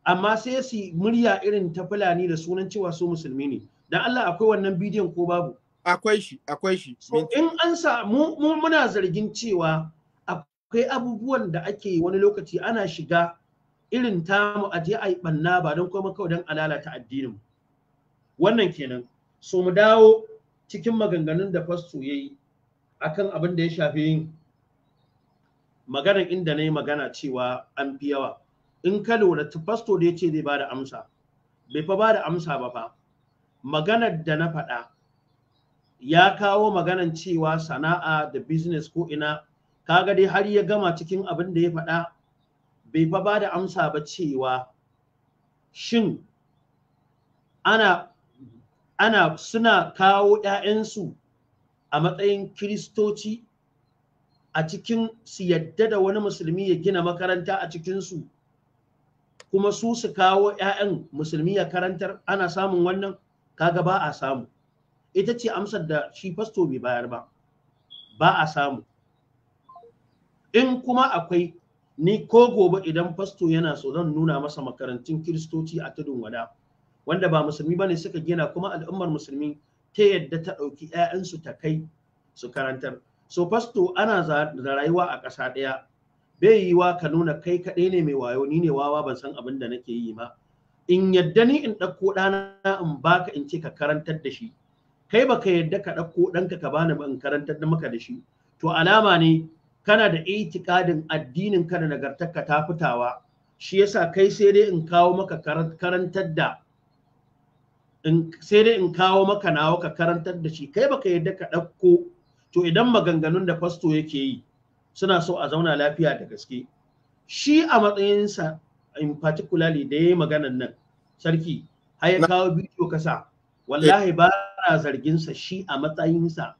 amma sai su murya irin ta fulani da sunan cewa su musulmi ne dan Allah akwai wannan bidiyon ko babu akwai shi akwai shi in an sa mu muna zargin cewa akwai abubuwan da ake wani lokaci ana shiga irin tamu a je a yi banna ba don kuma kawai don alalata addinin wannan kenan so mu dawo cikin maganganun da fasto yayi akan abin da ya shafi yin maganar inda na yi magana cewa an fi yawa in ka lura fasto da ya ce zai ba da amsa bai fa ba da amsa ba fa maganar da na faɗa ya kawo maganan cewa sana'a da business ko ina kaga dai har ya gama cikin abin da ya faɗa bai fa ba da amsa ba cewa shin ana ana suna kawo ‘ya'yansu a matsayin kiristoci a cikin su yadda da wani musulmi ya gina makaranta a cikinsu kuma su su kawo 'ya'yan musulmi ya karantar ana samun wannan kaga ba a samu ita ce amsar da shi fasto bai bayar ba ba a samu in kuma akwai ni ko gobe idan fasto yana so zan nuna masa makarantun kiristoci a tudun wada wanda ba musulmi ba ne suka gina kuma al'ummar musulmi ta yadda ta ɗauki 'ya'yansu ta kai su karantar so fasto ana da rayuwa a ƙasa ɗaya bai yi wa ka nuna kai kaɗai ne mai wayo ni ne wawa ban san abin da nake yi ma in yadda ni in ɗauko ɗana in baka in ce ka karantar da shi kai baka yadda ka ɗauko ɗanka ka bani ba in karantar da maka da shi to alama ne kana da itikadin addinin ka da nagartarka ta fitawa shi yasa kai sai dai in kawo maka karantar da sai dai in kawo maka nawa ka karantar da shi kai baka yadda ka ɗauko to idan maganganun da fasto yake yi suna so a zauna lafiya da gaske shi a matsayinsa in particularly da ya yi maganan nan sarki har ya kawo bidiyo kasa wallahi eh. ba na zarginsa shi a matsayinsa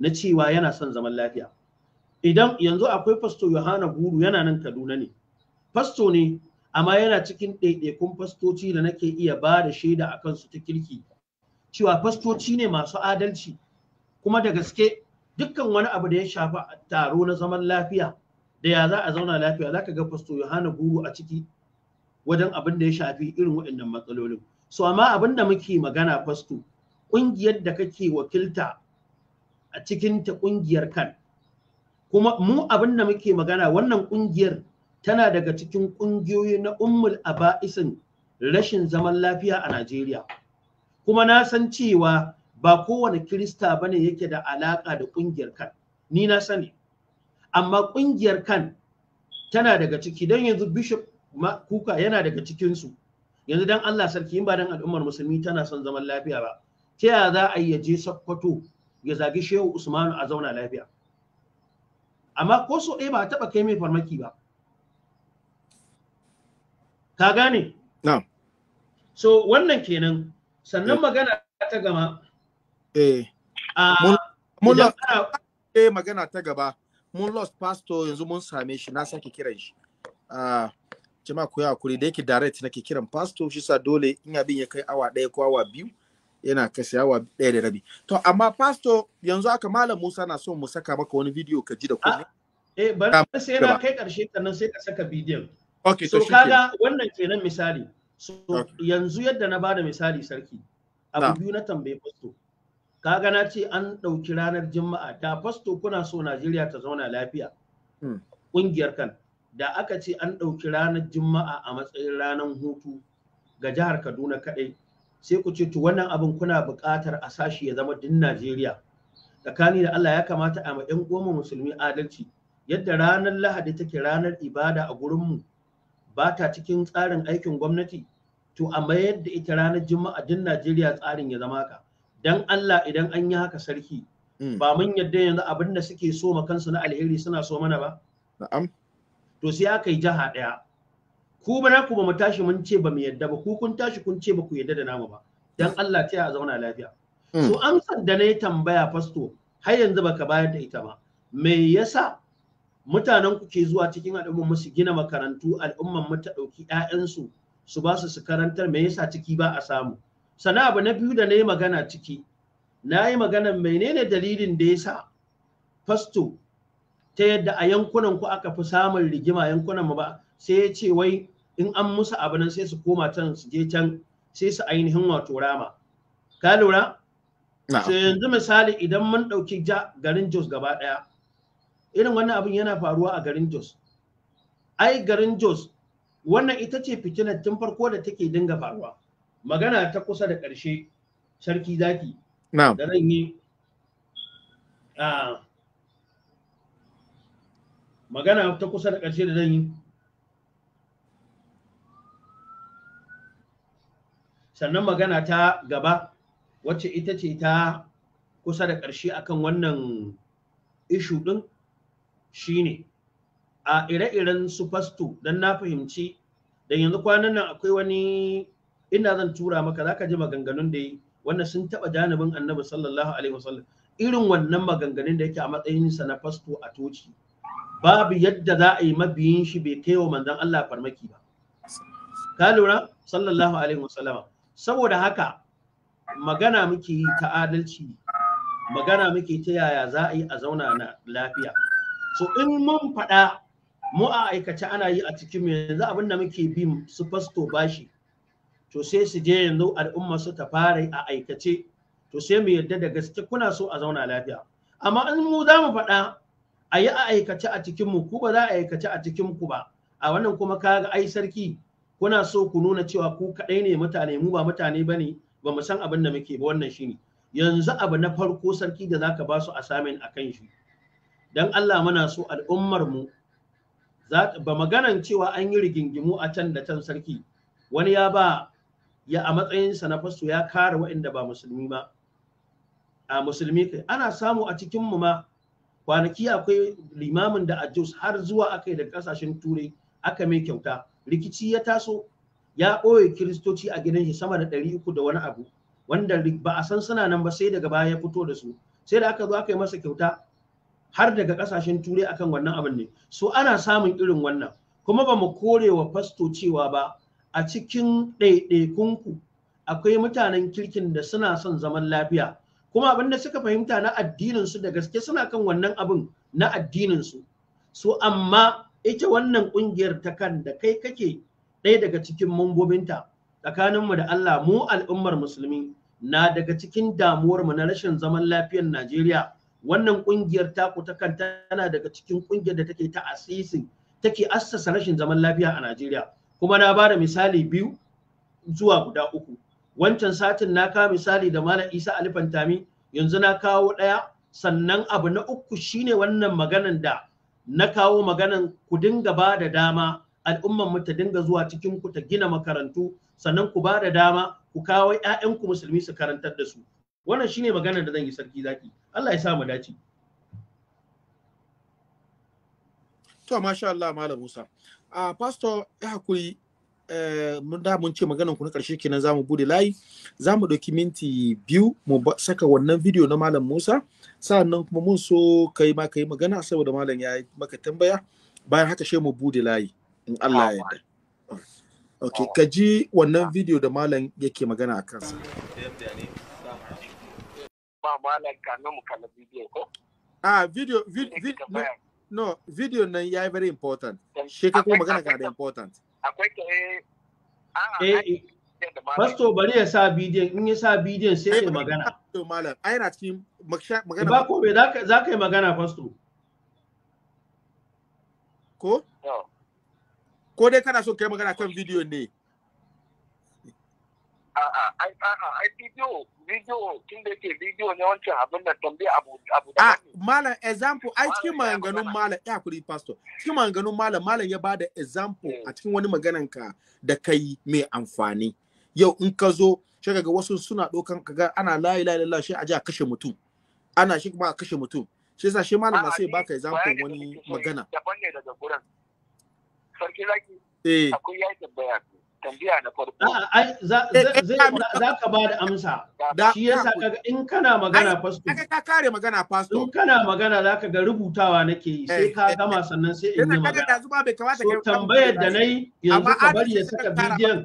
na cewa yana son zaman lafiya idan yanzu akwai fasto yohana guru yana nan kaduna ne fasto ne amma yana cikin ɗaiɗaikun fastoci da nake iya ba da shaida a kansu ta kirki cewa fastoci ne masu adalci kuma da gaske dukkan wani abu da ya shafi taro na zaman lafiya da ya za a zauna lafiya za ka ga fasto yohana guru a ciki wajen abin da ya shafi irin waɗannan matsalolin so amma abin da muke magana fasto ƙungiyar da kake wakilta a cikin ta ƙungiyar kan kuma mu abin da muke magana wannan ƙungiyar tana daga cikin ƙungiyoyi na ummul aba'isin rashin zaman lafiya a Najeriya kuma na san cewa ba kowane kirista ba ne yake da alaƙa da ƙungiyar kan ni na sani amma ƙungiyar kan tana daga ciki don yanzu bishop kuka yana daga cikin su yanzu dan Allah sarki in ba dan al'ummar musulmi tana son zaman lafiya ba ta yaya za a yi je sakkwato ya zagi shehu usmanu a zauna lafiya amma ko so ɗaya ba taɓa kai mai farmaki ba ka gane so wannan kenan sannan eh. magana ta gama Eh. Ah, mun eh magana ta gaba. Mun lost pastor yanzu mun same shi na sake kiran shi. Ah, jama'a ku yi kuri da yake direct nake kiran pastor shi sa dole in abin ya kai awa ɗaya ko awa biyu yana kashe awa ɗaya da rabi. To amma pastor yanzu aka malam Musa na son mu saka maka wani bidiyo ka ji da ah, kunne. Eh bari sai yana kai karshe sannan sai ka saka bidiyon. Okay so kaga wannan kenan misali. So yanzu yadda na bada misali sarki. Abu biyu na tambaye pastor. kaga na ce an ɗauki ranar juma'a ta fasto kuna so najeriya ta zauna lafiya hmm. ƙungiyar kan da aka ce an ɗauki ranar juma'a a matsayin ranar hutu ga jihar kaduna kaɗai sai ku ce to wannan abin kuna buƙatar a sashi ya zama din najeriya tsakani da allah ya kamata a ma'in goma musulmi adalci yadda ranar lahadi take ranar ibada a gurinmu ba ta cikin tsarin aikin gwamnati to amma yadda ita ranar juma'a din najeriya tsarin ya zama ka dan Allah idan an yi haka sarki hmm. ba mun yadda yanzu abinda suke so ma kansu na alheri suna so mana ba na'am to sai aka yi jaha daya ku ba ku ba mu tashi mun ce ba mu yadda ba ku kun tashi kun ce ba ku yadda da namu ba dan Allah ta ya zauna lafiya hmm. so amsan da nayi tambaya fasto har yanzu baka bayar da ita ba me yasa mutanen ku ke zuwa cikin al'umma musu gina makarantu al'umman mu ta dauki ƴaƴansu su ba su su karantar me yasa ciki ba a samu sana abu na biyu da na yi magana ciki na yi magana menene dalilin da ya sa fasto ta yadda a yankunan ku aka fi samun rigima yankunan mu ba sai ya ce wai in an musu abu nan sai su koma can su je can sai su ainihin wato rama ka lura sai yanzu misali idan mun ɗauki ja garin jos gaba ɗaya irin wannan abin yana faruwa a garin jos ai garin jos wannan ita ce fitinar tun farko da take dinga faruwa magana ta kusa da ƙarshe sarki zaki da zan yi magana ta kusa da ƙarshe da zan yi sannan magana ta gaba wacce ita ce ta kusa da ƙarshe akan wannan ishu ɗin shine a ire-iren su fasto don na fahimci da yanzu kwanan nan akwai wani ina zan tura maka zaka ji maganganun da yi wannan sun taba janibin annabi sallallahu alaihi wasallam irin wannan maganganun da yake a matsayin sa na fasto a toci babu yadda za a yi mabiyin shi bai kai wa manzon Allah farmaki ba ka lura sallallahu alaihi wasallam saboda haka magana muke yi ta adalci magana muke ta yaya za a yi a zauna na lafiya so in mun faɗa mu a aikace ana yi a cikin yanzu abin da muke bi su fasto bashi to sai su je yanzu al'umma su ta fara a aikace to sai mu yadda da gaske kuna so a zauna lafiya amma in mu za mu faɗa a yi a aikace a cikin mu ku ba za a aikace a cikin ku ba a wannan kuma kaga ai sarki kuna so ku nuna cewa ku kaɗai ne mutane mu ba mutane bane ba mu san abin da muke ba wannan shine yanzu abu na farko sarki da zaka ba su assignment akan shi dan Allah muna so al'ummar mu ba maganan cewa an yi rigingimu a can da can sarki wani ya ba ya a matsayinsa na fasto ya kare waɗanda ba musulmi ba a musulmi kai ana samu a cikin mu ma kwanaki akwai limamin da ajus. har zuwa akai da kasashen turai aka mai kyauta rikici ya taso ya ɓoye kiristoci a gidan shi sama da ɗari uku da wani abu wanda ba a san suna nan ba sai daga baya ya fito da su sai da aka zo aka yi masa kyauta har daga kasashen turai akan wannan abin ne so ana samun irin wannan kuma ba mu kore wa fasto cewa ba a cikin ɗaiɗaikunku akwai mutanen kirkin da suna son zaman lafiya kuma abin da suka fahimta na addininsu da gaske suna kan wannan abin na addininsu su amma ita wannan ƙungiyar ta kan da kai kake ɗaya daga cikin mambobinta tsakaninmu da Allah mu al'ummar musulmi na daga cikin damuwarmu na rashin zaman lafiyar Najeriya wannan ƙungiyar taku ta kan tana daga cikin ƙungiyar da take ta asisi take assasa rashin zaman lafiya a Najeriya kuma na ba da misali biyu zuwa guda uku wancan satin na kawo misali da malam isa alifantami yanzu na kawo ɗaya sannan abu na uku shine wannan maganan da na kawo maganan ku dinga ba da dama al'umman mu ta dinga zuwa cikin ku ta gina makarantu sannan ku ba da dama ku kawo 'ya'yanku musulmi su karantar da su wannan shine maganan da zan yi sarki zaki Allah ya sa mu dace to masha Allah malam Musa a ah, pastor ya hakuri eh, mun da mun ce maganan ku na karshe kenan zamu bude layi zamu ɗauki minti biyu mu saka wannan video na malam Musa sannan kuma mun so kai ma kai magana saboda malam ya yi, maka tambaya bayan haka sai mu bude layi in Allah ya yarda okay ka ji wannan video da malam yake magana a kansa ba malam kamin mu kalla ah, video ko a video video no video nan ya very important shi ka kuma magana ka da important akwai ke eh eh, eh. Pasto bari ya sa bidiyon in ya sa bidiyon sai ya eh, magana. To malam, ai na cikin magana. Ba ko me zaka zaka yi magana pasto. Ko? Ko dai kana so kai magana kan video ne. a'a ai a'a ai bidiyo bidiyo tun da ke bidiyo ne wancan abin da tambaya abu abu ah, da malam example ai cikin maganganun malam ya kuri pastor cikin maganganun malam malam ya bada example eh. a cikin wani maganan ka da kai mai amfani yau in ka zo shi kaga wasu suna dokan kaga ana layi layi illallah shi a ji a kashe mutum ana shi kuma a kashe mutum shi yasa shi malam na sai baka example wani magana daban ne daga gurin sarki zaki eh. akwai yayi tambaya tambaya na farko. Ai, eh, eh, eh, za ka ba da amsa. Shi yasa kaga in kana magana fasto. Kaga ka kare magana fasto. In kana magana za ka ga rubutawa nake yi sai ka gama sannan sai in yi magana. Kaga zuba bai kamata ka tambayar da nayi yanzu ka bari ya saka bidiyon.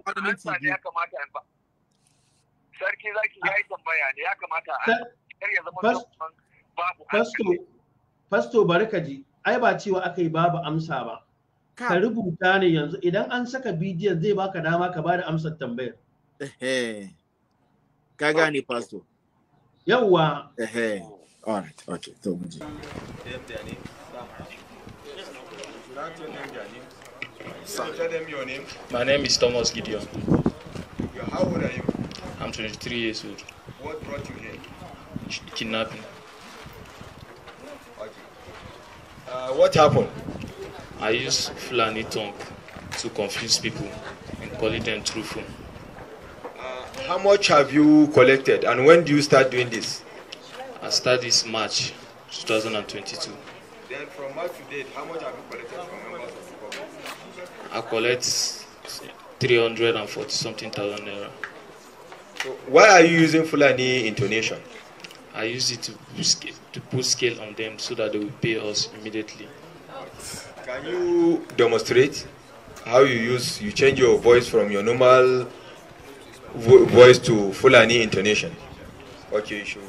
Sarki zaki yayi ah. tambaya ne ya kamata a Fasto bari ka ji, ai ba cewa aka yi babu amsa ba, ka rubuta ne yanzu idan an saka bidiyon zai baka dama ka bada amsar tambayar ka gane pastor yawwa all right okay to My name is Thomas Gideon. How old are you? I'm 23 years old. What brought you here? Kidnapping. Okay. Uh, what happened? I use Fulani tongue to confuse people and call it them truthful. Uh, how much have you collected and when do you start doing this? I start this March 2022. Then from March to date, how much have you collected from members of the public? I collect 340 something thousand naira. So why are you using Fulani intonation? I use it to to put scale on them so that they will pay us immediately. Can you demonstrate how you use, you change your voice from your normal vo voice to Fulani intonation? Okay, you should.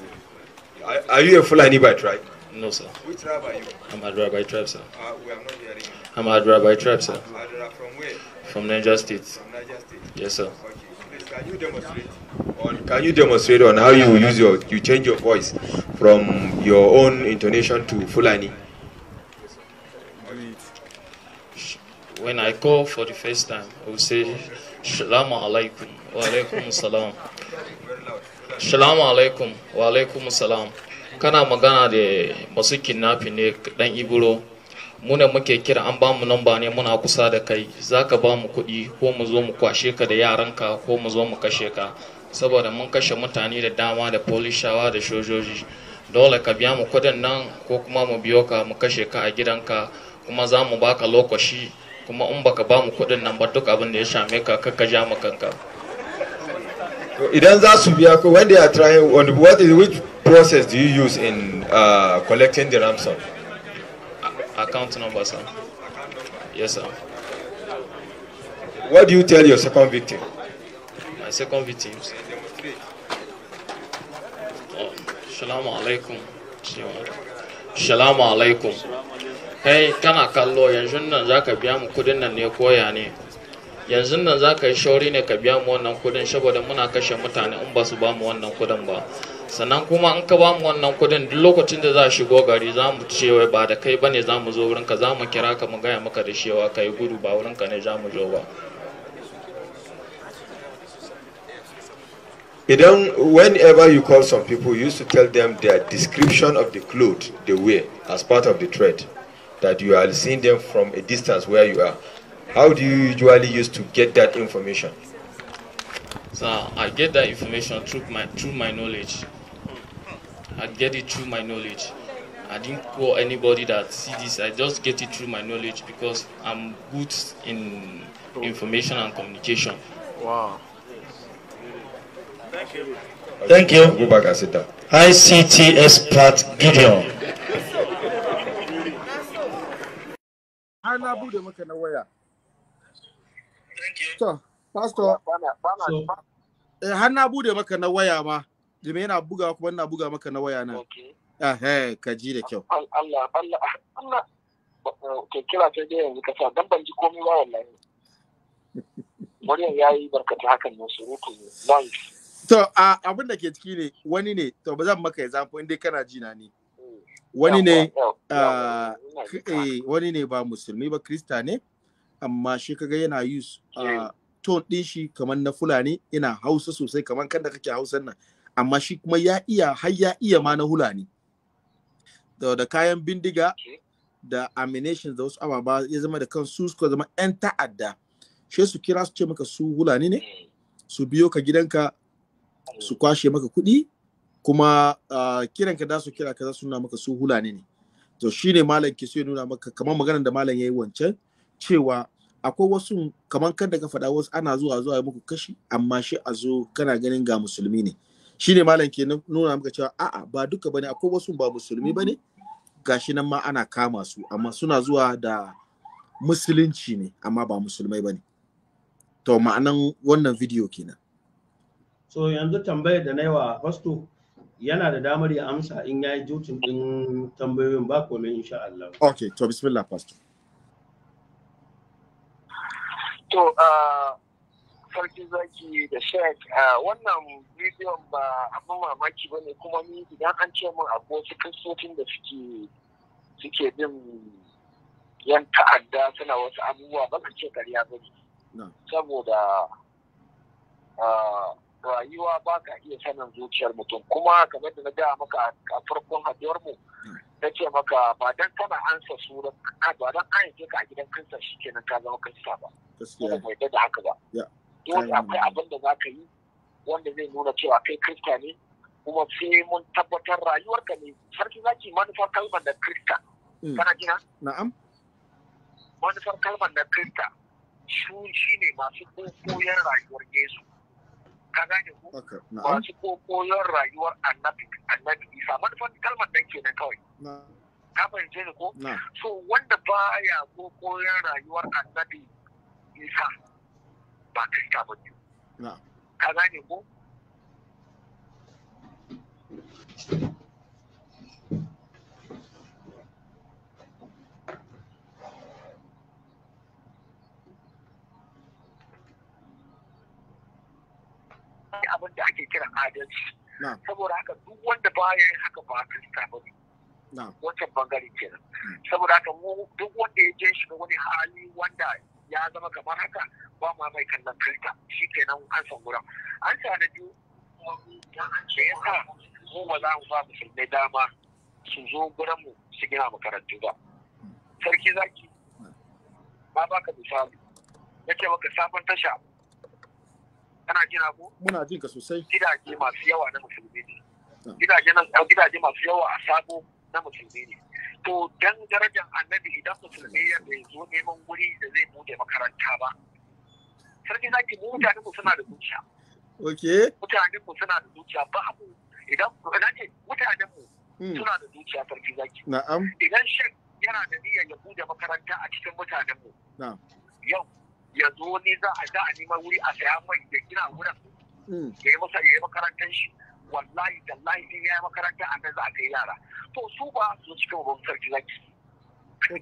Are, are you a Fulani by tribe? No, sir. Which tribe are you? I'm a by tribe, sir. Uh, we are not hearing I'm a by tribe, sir. Adra from where? From Niger State. From Niger State. Yes, sir. Okay. Please, can you demonstrate? On, can you demonstrate on how you use your, you change your voice from your own intonation to Fulani? when I call for the first time, I will say, Shalom alaikum, wa alaikum salam. Shalom alaikum, wa alaikum salam. Kana magana da masu kidnapping ne dan ibro mu ne muke kira an ba mu namba ne muna kusa da kai zaka ka ba mu kuɗi ko mu zo mu kwashe ka da yaranka ko mu zo mu kashe ka saboda mun kashe mutane da dama da polishawa da shojoji dole ka biya mu kuɗin nan ko kuma mu biyo ka mu kashe ka a gidanka kuma za mu baka lokaci kuma in baka ba mu kudin nan ba duk abin da ya shame ka kaka ja mu kanka idan za su biya ko when they are trying on what is which process do you use in uh, collecting the ransom account number sir yes sir what do you tell your second victim my second victim oh, alaikum Salamu alaikum. kai kana kallo yanzu nan za ka biya mu kudin nan ne koya ne yanzu nan za ka yi shauri ne ka biya mu wannan kudin saboda muna kashe mutane in ba su ba mu wannan kudin ba sannan kuma in ka ba mu wannan kudin duk lokacin da za a shigo gari za mu ce wai ba da kai bane za mu zo wurinka za mu kira ka mu gaya maka da cewa ka yi gudu ba wurinka ne za mu zo ba Idan, whenever you call some people, you used to tell them their description of the cloth they wear as part of the trade. that you are seeing them from a distance where you are. How do you usually use to get that information? So I get that information through my through my knowledge. I get it through my knowledge. I didn't call anybody that see this. I just get it through my knowledge because I'm good in information and communication. Wow. Thank you. Thank you. Go back and sit down. ICT expert Gideon. har na bude maka na waya to pastor eh, har na bude maka na waya ma yana buga kuma ina buga maka na waya na ah, eh ka ji da kyau Allah Allah Allah ke kira yanzu ka sa dan ban ji komai ba wallahi yayi barkata hakan ne surutu To ah, abin da ke ciki ne wani ne to ba zan maka example in dai kana jina ne. wani ne ah, eh, wani ne ba musulmi ba krista ne amma shi kaga yana use ah, tone din shi kamar na fulani yana hausa sosai kamar kanda kake hausan nan amma shi kuma ya iya har ya iya ma na hulani da, da kayan bindiga da amination da wasu ababa ya zama da kansu suka zama 'yan ta'adda she su kira su ce maka su hulani ne hmm. su biyo ka gidanka hmm. su kwashe maka kuɗi kuma kiranka da su kira kaza suna su nuna maka su hula ne to shine malam ke so ya nuna maka kamar maganar da malam yayi wancan cewa akwai wasu kamar kan da ka faɗa wasu ana zuwa zuwa muku kashi amma shi a zo kana ganin ga musulmi ne shine malam ke nuna maka cewa a'a ba duka bane akwai wasu ba musulmi bane gashi nan ma ana kama su amma suna zuwa da musulunci ne amma ba musulmai bane to ma'anan wannan video kenan so yanzu tambayar da na yi wa fasto yana da damar ya amsa in ya yi jotin ɗin tambayoyin ba komai insha Allah. Ok, to bismillah pastor. To, uh, sarki zaki da shek uh, wannan bidiyon ba abu mamaki ba ne kuma ni idan an ce min a wasu kristocin da suke bin yan ta'adda suna wasu abubuwa ba ka ce karya ba ne. Saboda uh, rayuwa ba ka iya sanin zuciyar mutum kuma kamar da na gaya maka a farkon haduwar mu na ce maka ba dan kana ansa sunan ba dan an yi ka a gidan kansa shi kenan ka zama kansa ba kuma bai da haka ba dole akwai abin da za ka yi wanda zai nuna cewa kai krista ne kuma sai mun tabbatar rayuwarka ne sarki zaki manufar kalmar da krista mm. kana gina? na'am manufar kalmar da krista shi ne masu koyon rayuwar yesu ka gane ku ko kokoyon rayuwar annabi annabi isa manufan kalmar dan kenan kawai ka fahimce ni ko so wanda ba ko kokoyon rayuwar annabi isa ba krista ba ne ka gane ko abin da ake kira adalci saboda haka duk wanda ya yin haka ba kirista ba ne wancan bangare kenan hmm. saboda haka duk wanda ya je shiga wani hali wanda ya zama kamar haka ba ma mai kallon kirista shi kenan an san wurin an sa da ya sa mu ba za mu ba musulmai dama su zo gurin mu su gina makarantu ba hmm. sarki zaki ba hmm. baka misali nake maka sabon tasha kana jina ko muna jin ka sosai gidaje masu yawa na musulmi ne ah. gidaje nan eh, gidaje masu yawa a sabo na musulmi ne to dan darajar annabi idan musulmi ya bai zo neman wuri da zai bude makaranta ba sarki zaki mu mutanen mu suna da zuciya okay mutanen mu suna da zuciya ba abu idan na ce mu hmm. suna da zuciya sarki zaki na'am idan shin yana da niyyar ya bude makaranta a cikin mutanen mu na'am yau yanzu wani za a za a neman wuri a saya mai da gina wurin hmm. ya yi masa ya yi makarantar shi wallahi tallahi in ya yi makaranta a nan za a kai yara to su ba su cikin babban sarki zaki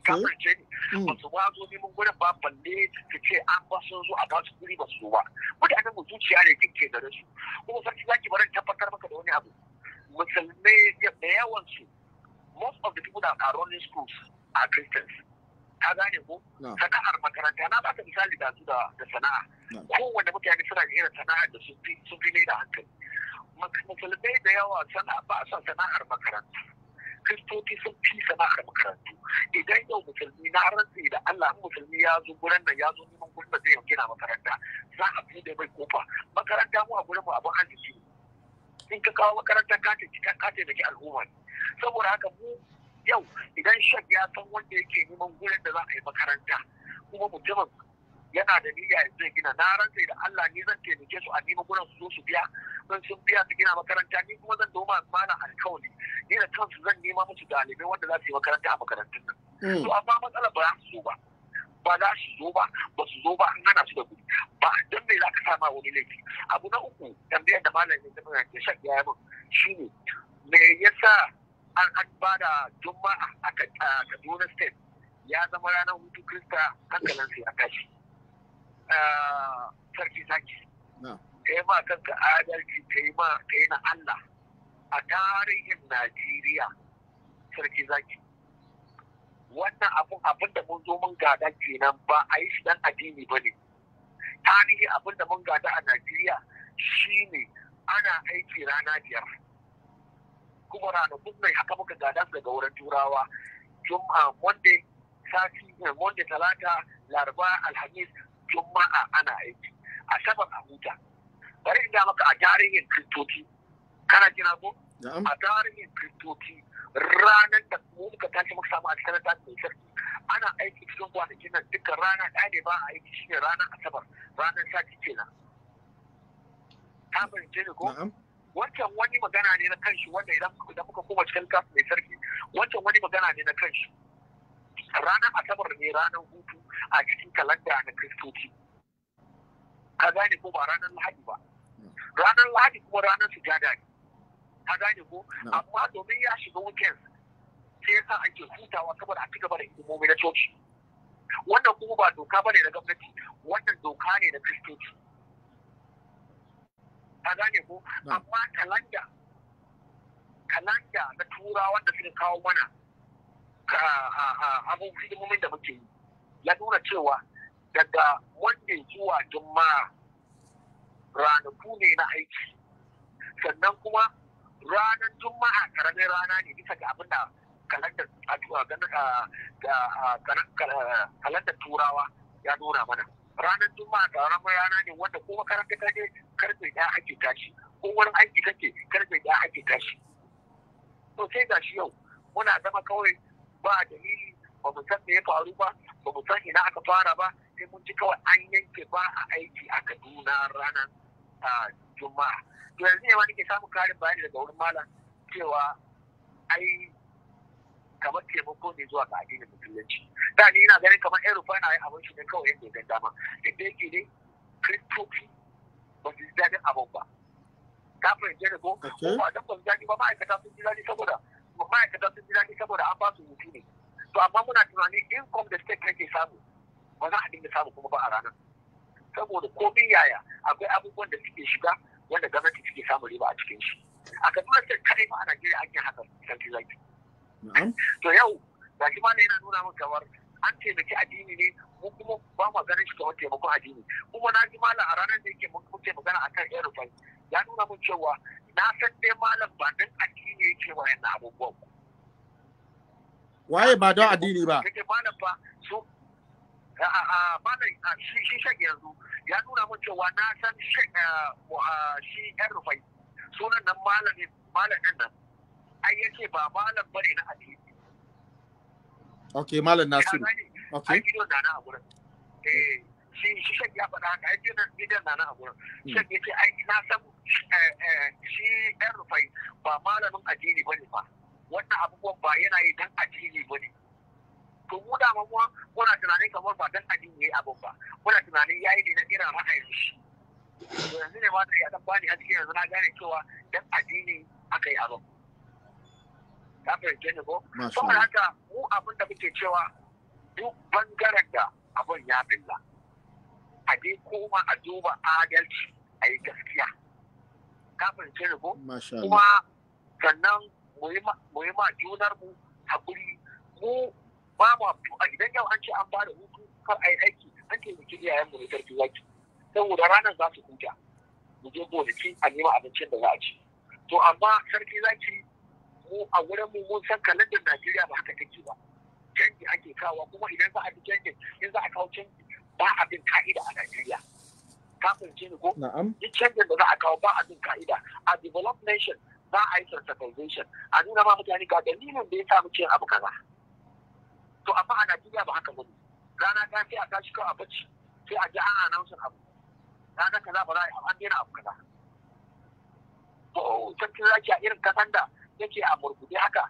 kamance ne hmm. ba su ba zo neman gurin ba balle su ce an ah, ba sun zo a ba su guri ba su zo ba mutanen mu zuciya ne kake da rasu? kuma sarki zaki bari tabbatar maka da wani abu musulmai da yawansu most of the people that are running schools are Christians ka gane ko sana'ar makaranta na baka misali da su da sana'a kowanne mutane suna da irin sana'ar da sun fi da hankali musulmai da yawa sana'a ba sa sana'ar makaranta kristoci sun fi sana'ar makarantu idan yau musulmi na rantsi da Allah musulmi ya zo gurin nan ya zo neman gurin da zai gina makaranta za a bude mai kofa makaranta mu a gurin mu abin arziki in ka kawo makaranta ka ce al'umma saboda haka mu yau idan shan ya san wanda yake neman gurin da za a yi makaranta kuma mutumin yana da niyya ya zai gina na rantse da Allah ni zan taimake su a nima gurin su zo su biya in sun biya su gina makaranta ni kuma zan doma mana alkawali ni da kansu zan nima musu dalibai wanda za su yi makaranta a makarantun nan hmm. to amma matsalar ba su zo ba ba za su zo ba ba su zo ba an hana su da gudu ba don me za ka sama wani laifi abu na uku tambayar da malamin, ya zama ya shan ya yi min ne me yasa an ba da juma'a a kaduna state ya zama ranar hutu krista a ya tashi ah, sarki saki ka yi ma kanka adalci ka yi ma ka yi na allah a tarihin najeriya sarki zaki wannan abun abin da mun zo mun gada kenan ba a yi shi dan addini ba ne tarihi abin da mun gada a najeriya shine ana aiki rana biyar kuma duk mai haka muka gada daga wurin turawa juma'a monday sati eh, monday talata laraba alhamis juma'a ana aiki a saman a huta bari in maka a tarihin kristoci kana kira ko a tarihin kristoci ranar da mu muka tashi muka samu a cikin ta mai sarki ana aiki cikin kwanakin nan dukkan rana ɗaya ne ba a aiki shine ranar asabar ranar sati kenan ta fahimce ne ko wancan wani magana ne na kanshi wanda idan muka koma cikin kafin mai sarki wancan wani magana ne na kanshi ranar asabar ne ranar hutu a cikin kalanda na kristoci ka gane ko ba ranar lahadi ba ranar lahadi kuma ranar sujada ne ka gane ko amma domin ya shiga weekend sai ya sa ake hutawa saboda a ci gaba da hidimomi na coci wannan kuma ba doka bane na gwamnati wannan doka ne na kristoci ta gane ko amma kalanda kalanda na tura wanda suka kawo mana abun hidimomin da muke yi ya nuna cewa daga monday zuwa juma'a ranaku ne na aiki sannan kuma ranar juma'a karamin rana ne bisa ga abin da kalandar turawa ya nuna mana ranar juma'a da ranar rana ne wanda ko makaranta ta karfe ɗaya ake tashi ko wurin aiki take karfe ɗaya ake tashi to sai ga shi yau muna zama kawai ba dalili ba mu san me ya faru ba ba mu san ina aka fara ba sai mun ji kawai an yanke ba a aiki a Kaduna ranar juma'a to yanzu ne ma nake samun karin bayani daga wurin malam cewa ai kamar taimako ne zuwa ga addinin musulunci da ni ina ganin kamar yan rufa na yi abin shi ne kawai yadda ya dama yadda yake ne kristofi ba su ji daɗin abin ba ta fahimce ne ko ba don ba su daɗi ba ma'aikata sun ji daɗi saboda ma'aikata sun ji daɗi saboda an ba su hutu ne to amma muna tunanin kom da state kake samu ba za a dinga samu kuma ba a ranar saboda min yaya akwai abubuwan da suke shiga wanda gwamnati suke samun riba a cikin shi a kaduna state kare ma a najeriya an yi haka sarki zaki to yau ga shi malam yana nuna min kamar an taimaki addini ne mu kuma ba mu ganin shi kamar taimakon addini kuma na ji malam a ranar da yake muke magana akan aerofan ya nuna min cewa na san dai malam ba dan addini yake abubuwa abubuwan waye ba don addini ba kake malam ba su a malam shi shi shan yanzu ya nuna min cewa na san shi eh, ah, shi yan rufai sunan nan malam malam din nan ai yace ba malam bare na hadisi okay malam nasir okay ai bidiyon na na gurin eh shi shi shek ya faɗa haka ai bidiyon na na a gurin hmm. shek ce ai na san eh, eh, shi ɗan rufai ba malamin addini ba ne ba wannan abubuwan ba yana yi dan addini ba ne. to mu da mamuwa muna tunanin kamar ba dan addini ya yi abin ba muna tunanin ya yi ne na irin ra'ayin shi yanzu ne ma da ya ɗan bani a cikin yanzu na gane cewa dan addini aka yi abin. ka fahimce ni ko saboda haka mu abin da muke cewa duk bangaren da abin ya billa a je koma a duba adalci a yi gaskiya ka fahimce ni ko kuma sannan mu yi ma junar mu hakuri mu ba mu idan yau an ce an ba da hutu kar a yi aiki an taimaki iyayen mu ne karfi zaki saboda ranar za su huta mu je gonaki a nema abincin da za a ci to amma sarki zaki mu a wurin mu mun san kalandar Najeriya ba haka take ba canji ake kawo kuma idan za a bi canji in za a kawo canji ba a bin ka'ida a Najeriya kafin ce ni ko duk canjin da za a kawo ba a bin ka'ida a develop nation za a yi sensitization a nuna ma mutane ga dalilin da ya sa muke abu kaza to amma a Najeriya ba haka bane rana ta sai a tashi kawai a bacci sai a ji an announce abu rana kaza ba za a yi an daina abu kaza to sarki zaki a irin kasan da yake a murgude haka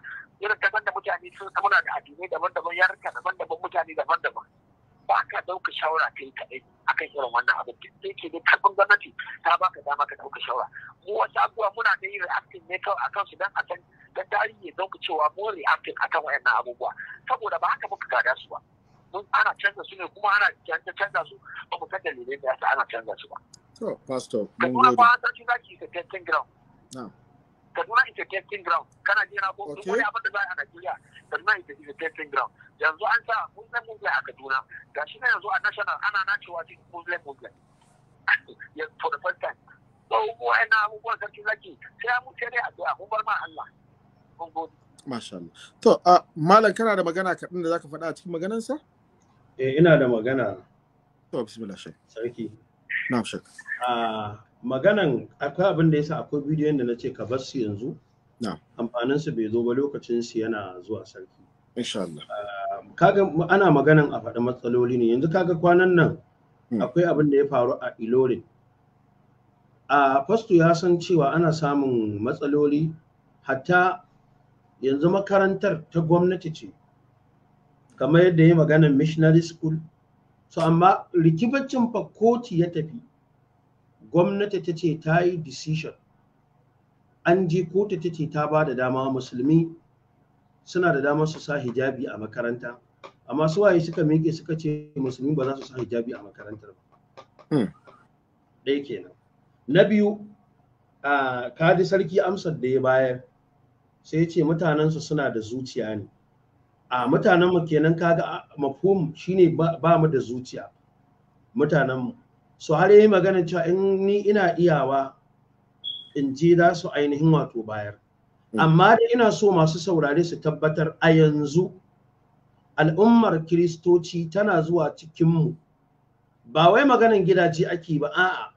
irin ta da mutane sun samuna da addinai daban-daban rika daban-daban mutane daban-daban ba ka dauka shawara kai kaɗai akan irin wannan abin sai ke da karfin gwamnati ta baka dama ka dauka shawara mu wasu abubuwa muna da yin reacting ne kawai akan su dan a san dan tarihi ya dauka cewa mu a akan wayannan abubuwa saboda ba haka muka gada su ba mun ana canza su ne kuma ana canza su ba mu san lele da yasa ana canza su ba. to pastor mun gode. ka kuma ba sarki zaki ka testing ground. Kaduna is a testing ground kana ji ko ko wani abin da za a Najeriya Kaduna is a testing ground yanzu an sa Muslim Muslim a Kaduna gashi na yanzu a national ana cewa cikin Muslim Muslim for the first time so wa'annan abubuwan sarki zaki sai mu sai dai addu'a mun bar ma Allah mun gode Masha Allah. To, uh, Malam kana da magana kaɗan da za ka faɗa a cikin maganansa? Eh, ina da magana. To, bismillah shek. Sarki. Na shek. Ah, maganan akwai abin da yasa akwai bidiyon da na ce ka bar su yanzu amfanin su bai zo ba lokacin su yana zuwa sarki insha Allah um, kaga ana maganan a faɗi matsaloli ne yanzu kaga kwanan nan hmm. akwai abin da ya faru a Ilorin a fasto ya san cewa ana samun matsaloli hatta yanzu makarantar ta gwamnati ce kamar yadda ya maganan missionary school so amma rikibaccin fakoti ya tafi gwamnati ta ce ta yi decision an ji kotu ta ce ta ba da dama musulmi suna da damar su sa hijabi a makaranta amma su waye suka miƙe suka ce musulmi ba za su sa hijabi a makarantar ba hmm. ɗaya kenan na biyu a kadi sarki amsar da ya bayar sai ya ce mutanensu suna da zuciya ne a mutanenmu kenan kaga mafhum shine ba mu da zuciya mutanenmu Su har yayi magana cewa in ni ina iyawa in ji za su ainihin wato bayar hmm. amma dai ina so masu saurare su tabbatar a yanzu al'ummar kiristoci tana zuwa cikinmu ba wai maganan gidaje ake ba a'a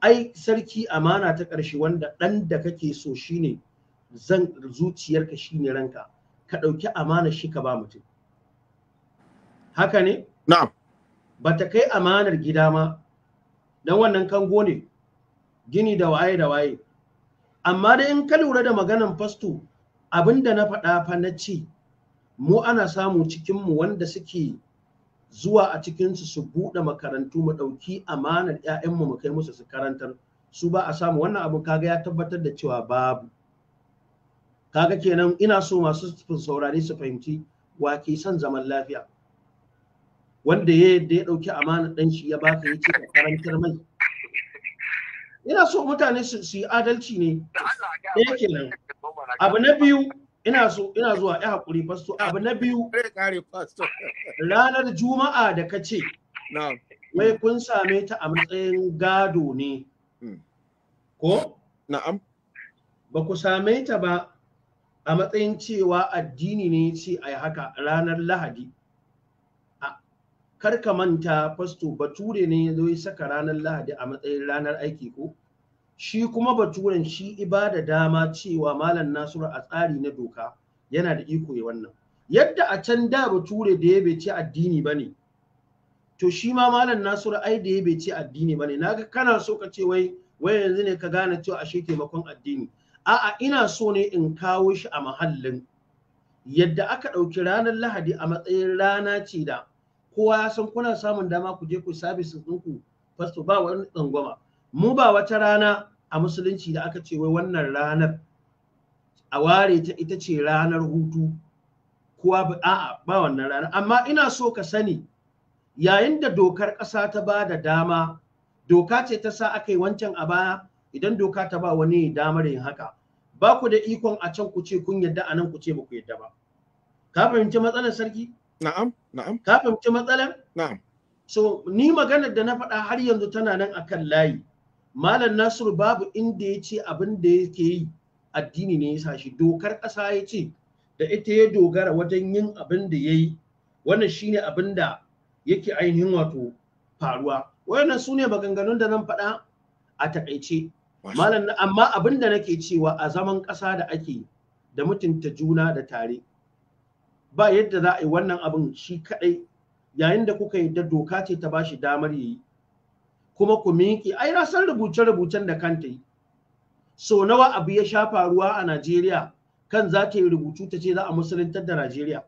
ai sarki amana ta ƙarshe wanda ɗan da kake so shine zan zuciyarka shine ranka ka ɗauki amana shi ka ba mutum haka ne na'am bata kai amanar gida ma dan wannan kango ne gini da waye da waye amma dai in ka lura da maganan fasto abinda na faɗa fa na ce mu ana samu cikinmu wanda suke zuwa a cikinsu su buɗe makarantu mu ɗauki amanar 'ya'yanmu mu kai musu su karantar su ba a samu wannan abu kaga ya tabbatar da cewa babu kaga kenan ina so masu saurare su fahimci wa ke son zaman lafiya wanda ya da ya ɗauki amana dan shi ya baka ya ce ka karantar mai ina so mutane su yi adalci ne ɗaya kenan abu na biyu ina so ina zuwa ai haƙuri fasto abu na biyu ranar juma'a da ka ce wai kun same ta a matsayin gado ne hmm. ko na'am ba ku same ta ba a matsayin cewa addini ne ce a yi haka ranar lahadi kar ka manta fasto bature ne ya zo ya saka ranar lahadi a matsayin ranar aiki ko shi kuma baturen shi ibada dama cewa malam nasiru a tsari na doka yana da iko ya wannan yadda a can da bature da ya bai ce addini ba ne to shi ma malam nasiru ai da ya bai ce addini ba ne naga kana so ka ce wai wai yanzu ne ka gane cewa ashe taimakon addini a'a ina so ne in kawo shi a mahallin yadda aka ɗauki ranar lahadi a matsayin rana ce da kowa ya san kuna samun dama ku je ku service ɗinku fasto ba wani tsangwama mu ba wata rana a musulunci da aka ce wai wannan ranar a ware ta ita ce ranar hutu kowa a'a ba wannan ranar amma ina so ka sani yayin da dokar ƙasa ta ba da dama doka ce ta sa aka yi wancan a baya idan doka ta ba wani damar yin haka ba ku da ikon a can ku ce kun yadda a nan ku ce ba ku yadda ba ka fahimci matsalar sarki Na'am, na'am. Ka fahimci matsalar? Na'am. So ni maganar da na faɗa har yanzu tana nan akan layi. Malam Nasiru babu inda ya ce abin da yake yi addini ne ya sa shi dokar ƙasa ya ce da ita ya dogara wajen yin abin da ya yi wannan shine abin da yake ainihin wato faruwa Wannan su ne maganganun da nan faɗa a takaice malam amma abin da nake cewa a zaman ƙasa da ake da mutunta juna da tare ba yadda za a yi wannan abin shi kaɗai yayin da kuka da doka ce ta bashi damar yi kuma ku miƙi ai na san rubuce-rubucen da kanta yi so nawa abu ya sha faruwa a Najeriya kan za ta yi rubutu ta ce za a musuluntar da Najeriya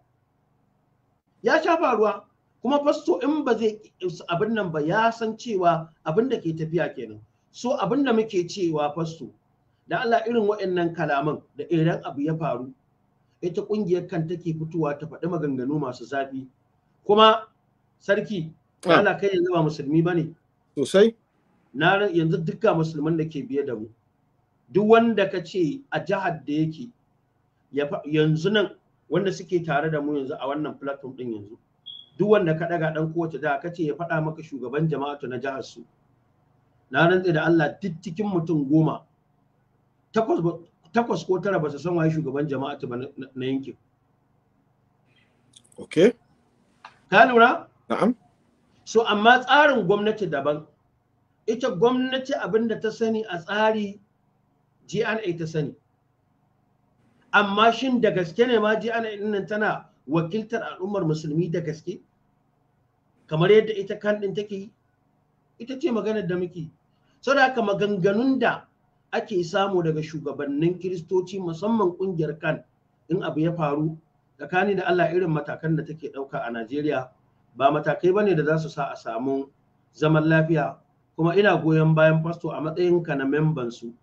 ya sha faruwa kuma fasto in ba zai abin nan ba ya san cewa abin da ke tafiya kenan so abin da muke cewa fasto da Allah irin waɗannan kalaman da idan abu ya faru ita kungiyar kan take fitowa ta faɗi maganganu masu zafi kuma sarki ah. Allah kai yanzu ba musulmi ba ne sosai na yanzu dukkan musulman da ke biye da mu duk wanda ka ce a jihar da yake yanzu nan wanda suke tare da mu yanzu a wannan platform din yanzu duk wanda ka daga dan kowace da, ka ce ya faɗa maka shugaban jama'atu na jihar su na rantse da Allah duk mutum goma takwas takwas ko tara ba su san waye shugaban jama'atu ba na yankin okay ka lura na'am so amma tsarin gwamnati daban ita gwamnati abinda ta sani a tsari GNA ta sani amma shin da gaske ne ma GNA nan tana wakiltar al'ummar musulmi da gaske kamar yadda ita kan din take yi ita ce maganar da muke saboda haka maganganun da ake samu daga shugabannin kiristoci musamman kungiyar kan in abu ya faru tsakani da Allah irin matakan da take ɗauka a Najeriya ba matakai bane da za su sa a samu zaman lafiya kuma ina goyon bayan fasto a matsayinka na memban su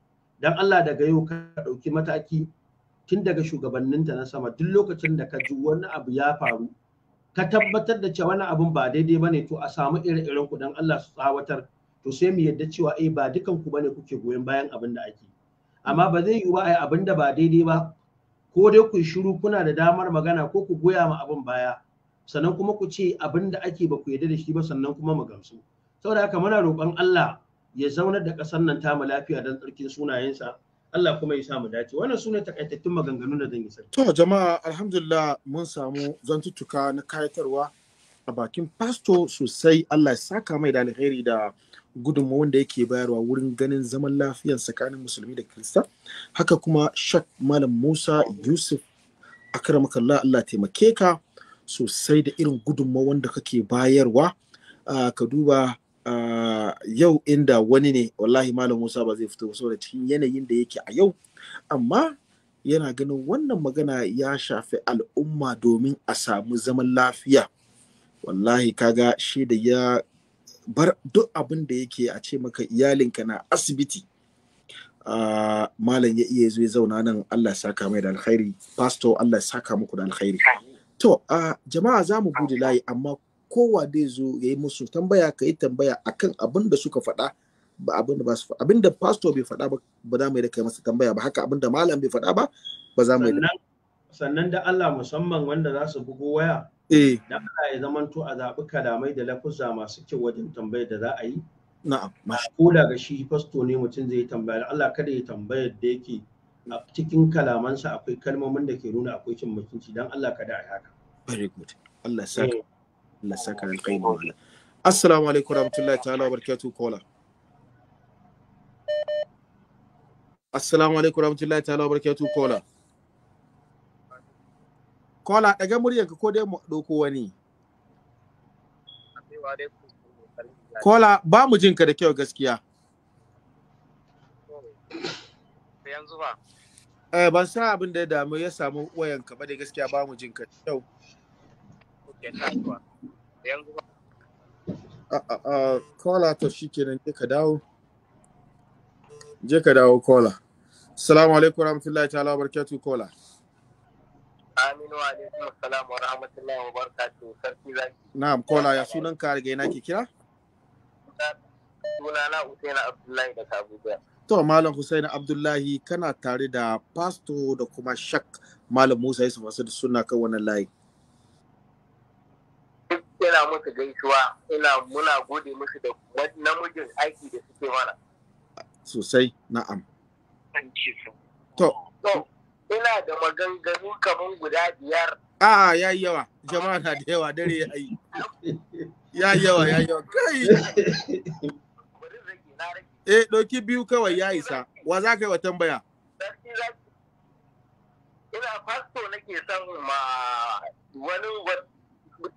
dan Allah daga yau ka ɗauki mataki tun daga shugabanninta na sama duk lokacin da ka ji wani abu ya faru ka tabbatar da cewa wani abun ba daidai ba ne to a samu ire-iren ku dan Allah su tsawatar to sai mu yadda cewa eh ba dukan ku bane kuke goyon bayan abin da ake amma ba zai yi ba ai abin da ba daidai ba ko dai ku shiru kuna da damar magana ko ku goya ma abin baya sannan kuma ku ce abin da ake ba ku yadda da shi ba sannan kuma mu gamsu saboda haka muna roƙon Allah ya zaunar da ƙasar nan ta tamu lafiya don tsarkin sunayensa Allah kuma ya sa mu dace wannan sune takaitattun maganganun da zan yi sarki to jama'a alhamdulillah mun samu zantuttuka na kayatarwa a bakin pasto sosai Allah ya saka mai da alheri da gudunmawar da yake bayarwa wurin ganin zaman lafiyan tsakanin musulmi da kirista haka kuma shak malam musa yusuf akramakallah allah taimake ka sosai da irin gudunmawar da kake bayarwa ka duba yau inda wani ne wallahi malam musa ba zai fito saboda cikin yanayin da yake a yau amma yana ganin wannan magana ya shafi al'umma domin a samu zaman lafiya wallahi kaga shi da ya bar duk abin da yake a ce maka iyalinka na asibiti malam ya iya zai zauna nan Allah saka mai da alkhairi pastor Allah saka muku da alkhairi to jama'a za mu bude layi amma kowa ya zo ya yi musu tambaya ka yi tambaya akan abin da suka faɗa ba abin da ba su abin da pastor bai faɗa ba ba za mu yi da kai masa tambaya ba haka abin da malam bai faɗa ba ba za mu yi da sannan da Allah musamman wanda za su bugo waya eh da Allah ya zamanto a zaɓi kalamai da lafuza masu kyau wajen tambayar da za a yi na'am ko da ga shi fasto ne mutum zai tambaya Allah kada ya tambayar da yake a cikin kalamansa akwai kalmomin da ke nuna akwai cin mutunci dan Allah kada a haka very good Allah saka eh. Allah saka alkhairi wala assalamu alaikum warahmatullahi ta'ala wabarakatuh kola assalamu alaikum warahmatullahi ta'ala wabarakatuh kola Kola daga muryarka ko dai mu ɗauko wani. Kola ba mu jin ka da kyau gaskiya. Yanzu ba. Eh ban san abin da ya damu ya samu wayan ka ba da gaskiya ba mu jin ka da kyau. Kola to shi kenan je ka dawo. Je ka dawo Kola. Assalamu alaikum warahmatullahi ta'ala barakatuh Kola. Aminu wa alaikum assalam wa rahmatullahi wa barakatuh sarki zaki. Na'am kola ya sunan ka daga ina ke kira? Sunana Usaina Abdullahi da Abuja. To Malam Husaini Abdullahi kana tare da pasto da kuma shak Malam Musa Yusuf Asad suna kan wannan layi. Ina musu gaisuwa, ina muna gode musu da namijin aiki da suke mana. Sosai, na'am. To, ina da maganganu kamar guda biyar. Ah, ya yi yawa, jama'a na da yawa dare ya yi. Ya yi yawa, ya yi yawa, kai! Eh, ɗauki biyu kawai ya isa, wa za ka yi wa tambaya? Ina fasto nake son ma wani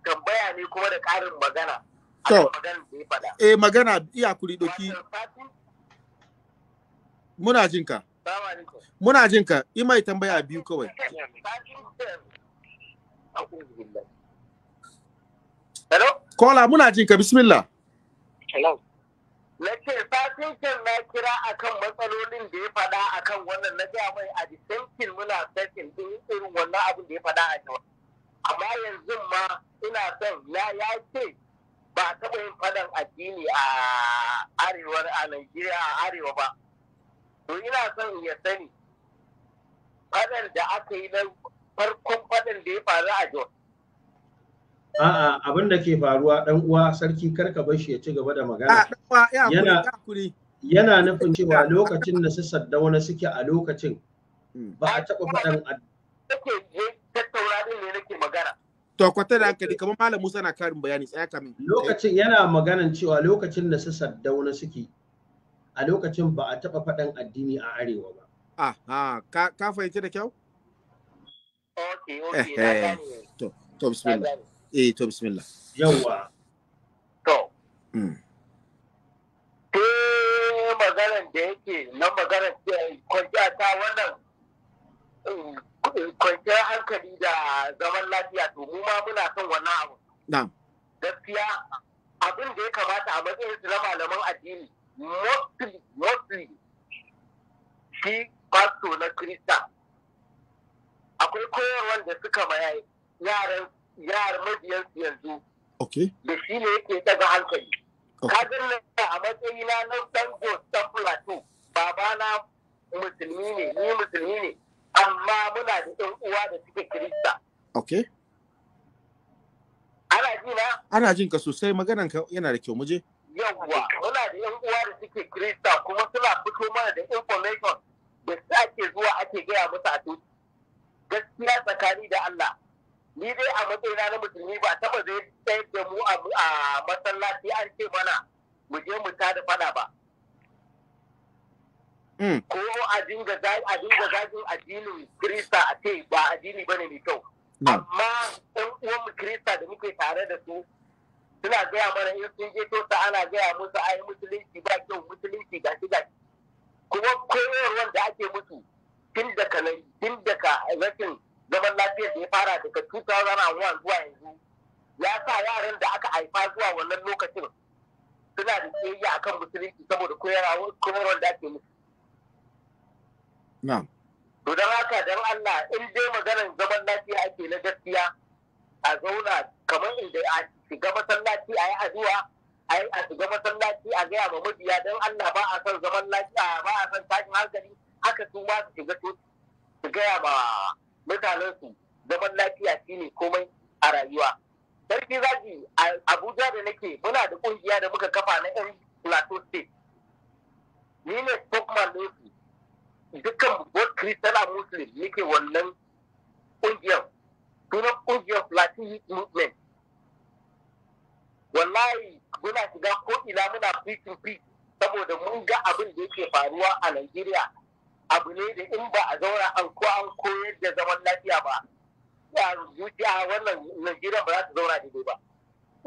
tambaya ne kuma da ƙarin magana. To, eh magana iya kuri ɗauki. Muna jinka. ka. Muna jin ka, yi mai tambaya biyu kawai. Hello? Kola, muna jin ka, bismillah. Hello. Na ce, fatin na kira akan matsalolin da ya faɗa akan wannan na ga mai a disentin muna sakin din irin wannan abin da ya faɗa a kan. Amma yanzu ma ina son na ya ce ba taɓa yin faɗan addini a arewa a Najeriya a arewa ba. to ina son ya sani fadar da aka yi na farkon fadar da ya faru a Jos. A'a abin da ke faruwa dan uwa sarki karka bar shi ya ci gaba da magana. Ah, yana yana nufin cewa lokacin da su wani suke a lokacin hmm. ba a taɓa faɗan To kwata da hankali kamar Malam Musa na karin bayani tsaya kamin. Lokacin yana maganan cewa lokacin da su wani suke a lokacin ba a taɓa faɗan addini a arewa ba. Ah, ka, ka fahimci da kyau? Ok, ok, eh, na eh, To, to bismillah. Eh, to mm. da yake ta wannan kwanciyar hankali da zaman lafiya to mu ma muna son wannan abu. Na'am. Gaskiya abin da ya kamata a matsayin su na malaman addini. mostly mostly shi pastor na krista akwai koyarwar da suka maye yaran yaran mabiyansu yanzu da shi ne yake daga hankali kagar na a matsayi na dan ta plateau babana musulmi ne ni musulmi ne amma muna da ɗan uwa da suke krista ana ji ana jin ka sosai maganan ka yana da kyau muje yawwa muna da yan uwa da suke krista kuma suna fito mana da information da su ake zuwa ake gaya musu a coci gaskiya tsakani da Allah ni dai a matsayina na musulmi ba taba zai tsayar da mu a masallaci an ce mana mu je mu tada fada ba mm. ko a dinga zagin addinin kirista a ce ba addini ba ne mai kyau mm. amma 'yan uwan krista kirista da muke tare da su suna gaya mana in sun je tota ana gaya musu ai musulunci ba kyau musulunci ga shi ga kuma koyarwar da ake musu tun daga tun daga rashin zaman lafiyar da ya fara daga 2001 zuwa yanzu ya sa yaran da aka haifa zuwa wannan lokacin suna da tsayayya akan musulunci saboda koyarwar da ake musu. Na'am. To don haka don Allah in dai maganar zaman lafiya ake na gaskiya a zauna kamar inda shiga masallaci a yi addu'a a shiga masallaci a gaya ma mabiya don Allah ba a son zaman lafiya ba a son tashin hankali haka su ma su shiga su su gaya ma mutanen su zaman lafiya shine komai a rayuwa sarki zaki Abuja da nake muna da kungiya da muka kafa na yan Plateau State ni ne ne su, dukkan both Christian Muslim nake wannan kungiyar sunan kungiyar Plateau Movement wallahi muna shiga ko ina muna free saboda mun ga abin da yake faruwa a Najeriya abu ne da in ba a zauna an ko an koyar da zaman lafiya ba ya zuciya wannan Najeriya ba za ta zauna daidai ba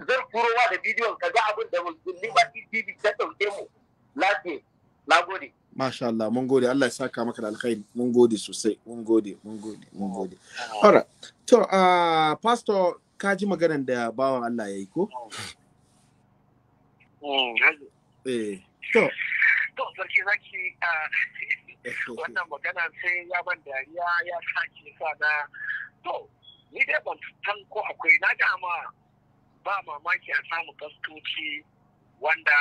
zan turowa da bidiyon ka ga abin da Liberty TV ta dauke mu lafiya na gode Masha Allah, mun gode, Allah ya saka maka da alkhairi, mun gode sosai, mun gode, mun gode, mun gode. Alright, to, uh, Pastor, ka ji maganan da bawan Allah ya yi ko? eh to to sarki zaki wannan magana sai ya ban ah, dariya ya sake sa na to ni dai ban san ko akwai na dama ba mamaki a samu gastoci wanda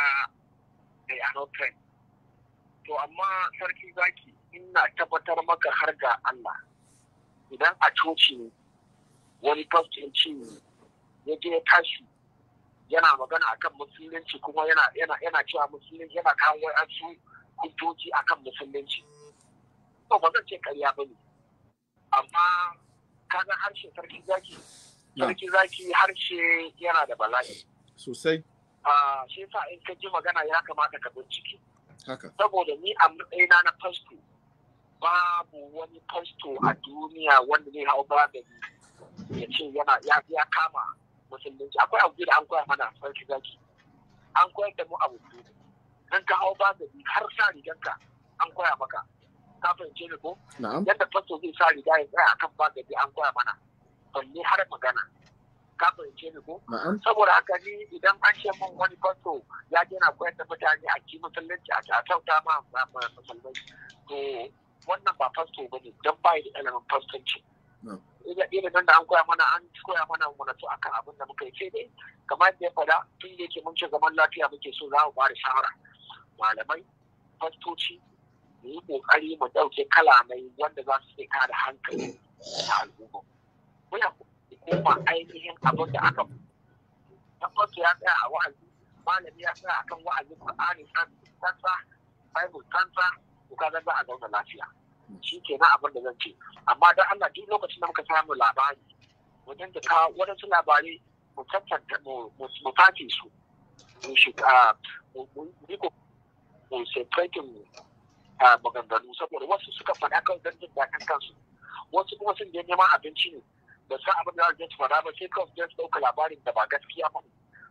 they are to amma sarki zaki ina tabbatar maka har ga Allah idan a coci ne wani fastin ci ya je tashi yana magana akan musulunci kuma yana cewa musulunci yana kawo 'yansu hujjoji akan musulunci to ba zan ce karya ba ne. amma kaga harshe sarki zaki sarki zaki harshe yana da bala'i sosai a shi yasa in ka ji magana ya kamata ka bincike saboda ni a matsayina na fasto babu wani fasto a duniya wanda zai hau ba da ya ce yana ya kama musulunci akwai abu da an koya mana sarki zaki an koyar da mu abu biyu dan ka hau ba da har sa ka an koya maka ka fahimce ni ko yadda fasto zai sa riga ya tsaya akan ba da an koya mana balle har magana ka fahimce ni ko saboda haka ni idan an ce min wani fasto ya je na koyar da mutane a ki musulunci a tauta ma musulunci to wannan ba fasto bane dan yi da ilimin fastanci ilimin da an koya mana an koya mana to akan abin da muka yi ce dai kamar da ya faɗa tun da yake mun ce zaman lafiya muke so za mu bari shawara malamai fastoci mu yi kokari mu dauke kalamai wanda za su sai da hankali da al'umma muna koma ainihin abin da aka tabbatar ya tsaya a wa'azi malami ya tsaya akan wa'azi qur'ani kansa bible kansa ko kaga za a zauna lafiya shi ke na abin da zan ce amma don Allah duk lokacin da muka samu labari wajen da kawo waɗansu labarai mu tattata mu su mu shiga mu yi ko mu maganganu saboda wasu suka faɗa kan don jin daɗin kansu wasu kuma sun je neman abinci ne da sa abin da za faɗa ba sai kawai su ɗauka labarin da ba gaskiya ba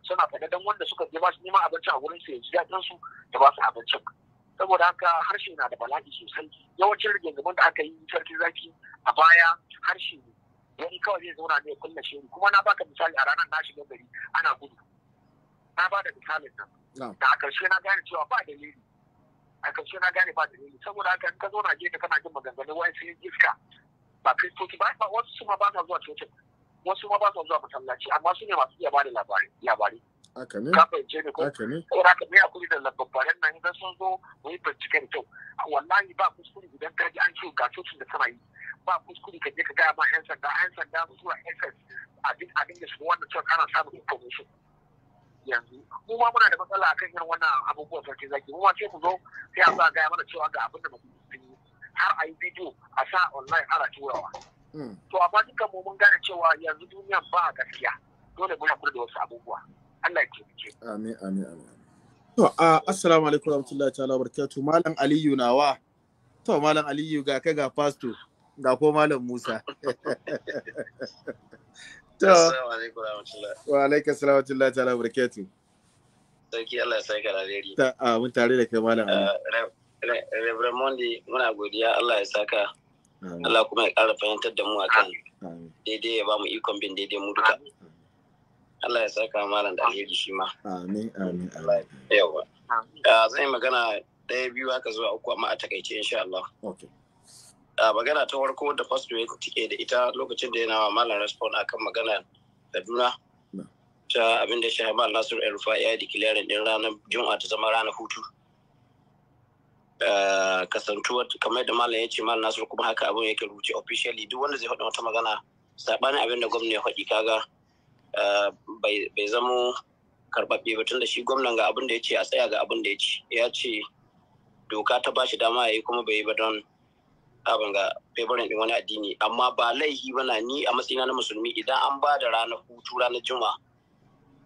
suna faɗa don wanda suka je ba su neman abinci a wurin su ya ji daɗin su da ba su abincin saboda haka harshe na da bala'i sosai yawancin rigingimin da aka yi sarki zaki a baya harshe ne wani kawai zai zauna ne kulla shiri kuma na baka misali a ranar na shiga gari ana gudu na ba da misalin nan da a karshe na gane cewa ba dalili a karshe na gane ba dalili saboda haka in ka zo Najeriya kana jin maganganun wani sai iska ba kristoci ba wasu ma ba sa zuwa cocin wasu ma ba sa zuwa masallaci amma su ne masu iya ba da labari. haka ne ka fahimce ni ko haka ne haka ne hakuri da nan idan sun zo mu yi bincike da kyau wallahi ba kuskure idan ka ji an ce ga da tana yi ba kuskure ka je ka gaya ma yan sanda yan sanda su zuwa ss abin abin da su wannan cewa ana samun information yanzu mu ma muna da matsala akan irin wannan abubuwan sarki zaki mu ma sai ku zo sai a sa gaya mana cewa ga abin da mutum har a yi bidiyo a sa online ana turawa hmm. to amma dukkan mu mun gane cewa yanzu duniyan ba gaskiya dole muna kula da wasu abubuwa Allah ya amin amin amin to assalamu alaikum warahmatullahi ta'ala barakatuh malam aliyu nawa to malam aliyu ga kai ga pastor ga ko malam musa to assalamu alaikum warahmatullahi wa alaikum assalam warahmatullahi ta'ala barakatuh sarki Allah sai ka rareri. Ta a mun tare da kai malam. Eh, Reverend Mondi muna godiya Allah ya saka. Allah kuma ya ƙara fahimtar da mu akan daidai ya ba mu ikon bin daidai mu duka. Allah ya saka malam da alheri shi ma. Amin amin amin. Yawa. Zan yi magana ɗaya biyu haka zuwa uku amma a takaice insha Allah. A magana ta farko da fasto ya tike da ita lokacin da yana wa malam respond akan magana Kaduna. Ta abin da Shahab El Rufai ya declaring ɗin ranar Juma'a ta zama ranar hutu. kasantuwa kamar da malam ya ce malam Nasiru kuma haka abin yake rubuce officially duk wanda zai faɗi wata magana saɓanin abin da gwamnati ya faɗi kaga Eh, bai zamo karɓaɓɓe ba da shi gwamnan ga abin da ya ce a tsaya ga abin da ya ce ya ce doka ta bashi dama ya yi kuma bai yi ba don abin ga favorin din wani addini amma ba laihi bana ni a matsayina na musulmi idan an ba da ranar hutu ranar juma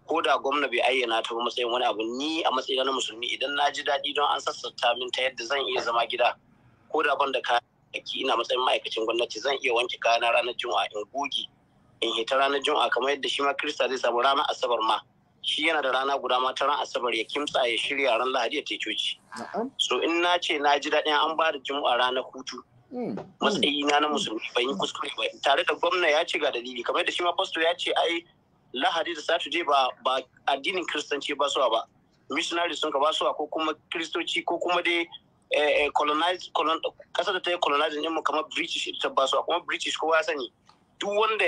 ko da gwamna bai ayyana ta ba matsayin wani abu ni a matsayina na musulmi idan na ji daɗi don an sassauta min ta yadda zan iya zama gida ko da ban da kayan ina matsayin ma'aikacin gwamnati zan iya wanke kayana ranar juma'a in goge in eh, hita ranar juma'a kamar yadda shi ma kirista zai samu ranar asabar ma shi yana da rana guda ma ta ran asabar ya kimtsa ya shirya ran lahadi ya coci. so in na ce na ji daɗin an ba da juma'a ranar hutu hmm. matsayi na na musulmi ban yi kuskure ba tare da gwamna ya ce ga dalili kamar yadda shi ma pastor ya ce ai lahadi da saturday ba ba addinin kiristanci ba suwa ba missionary sun ka ba suwa ko kuma kiristoci ko kuma dai kasar eh, eh, da ta yi colonizing mu kamar british ita ba suwa kuma british kowa ya sani duk wanda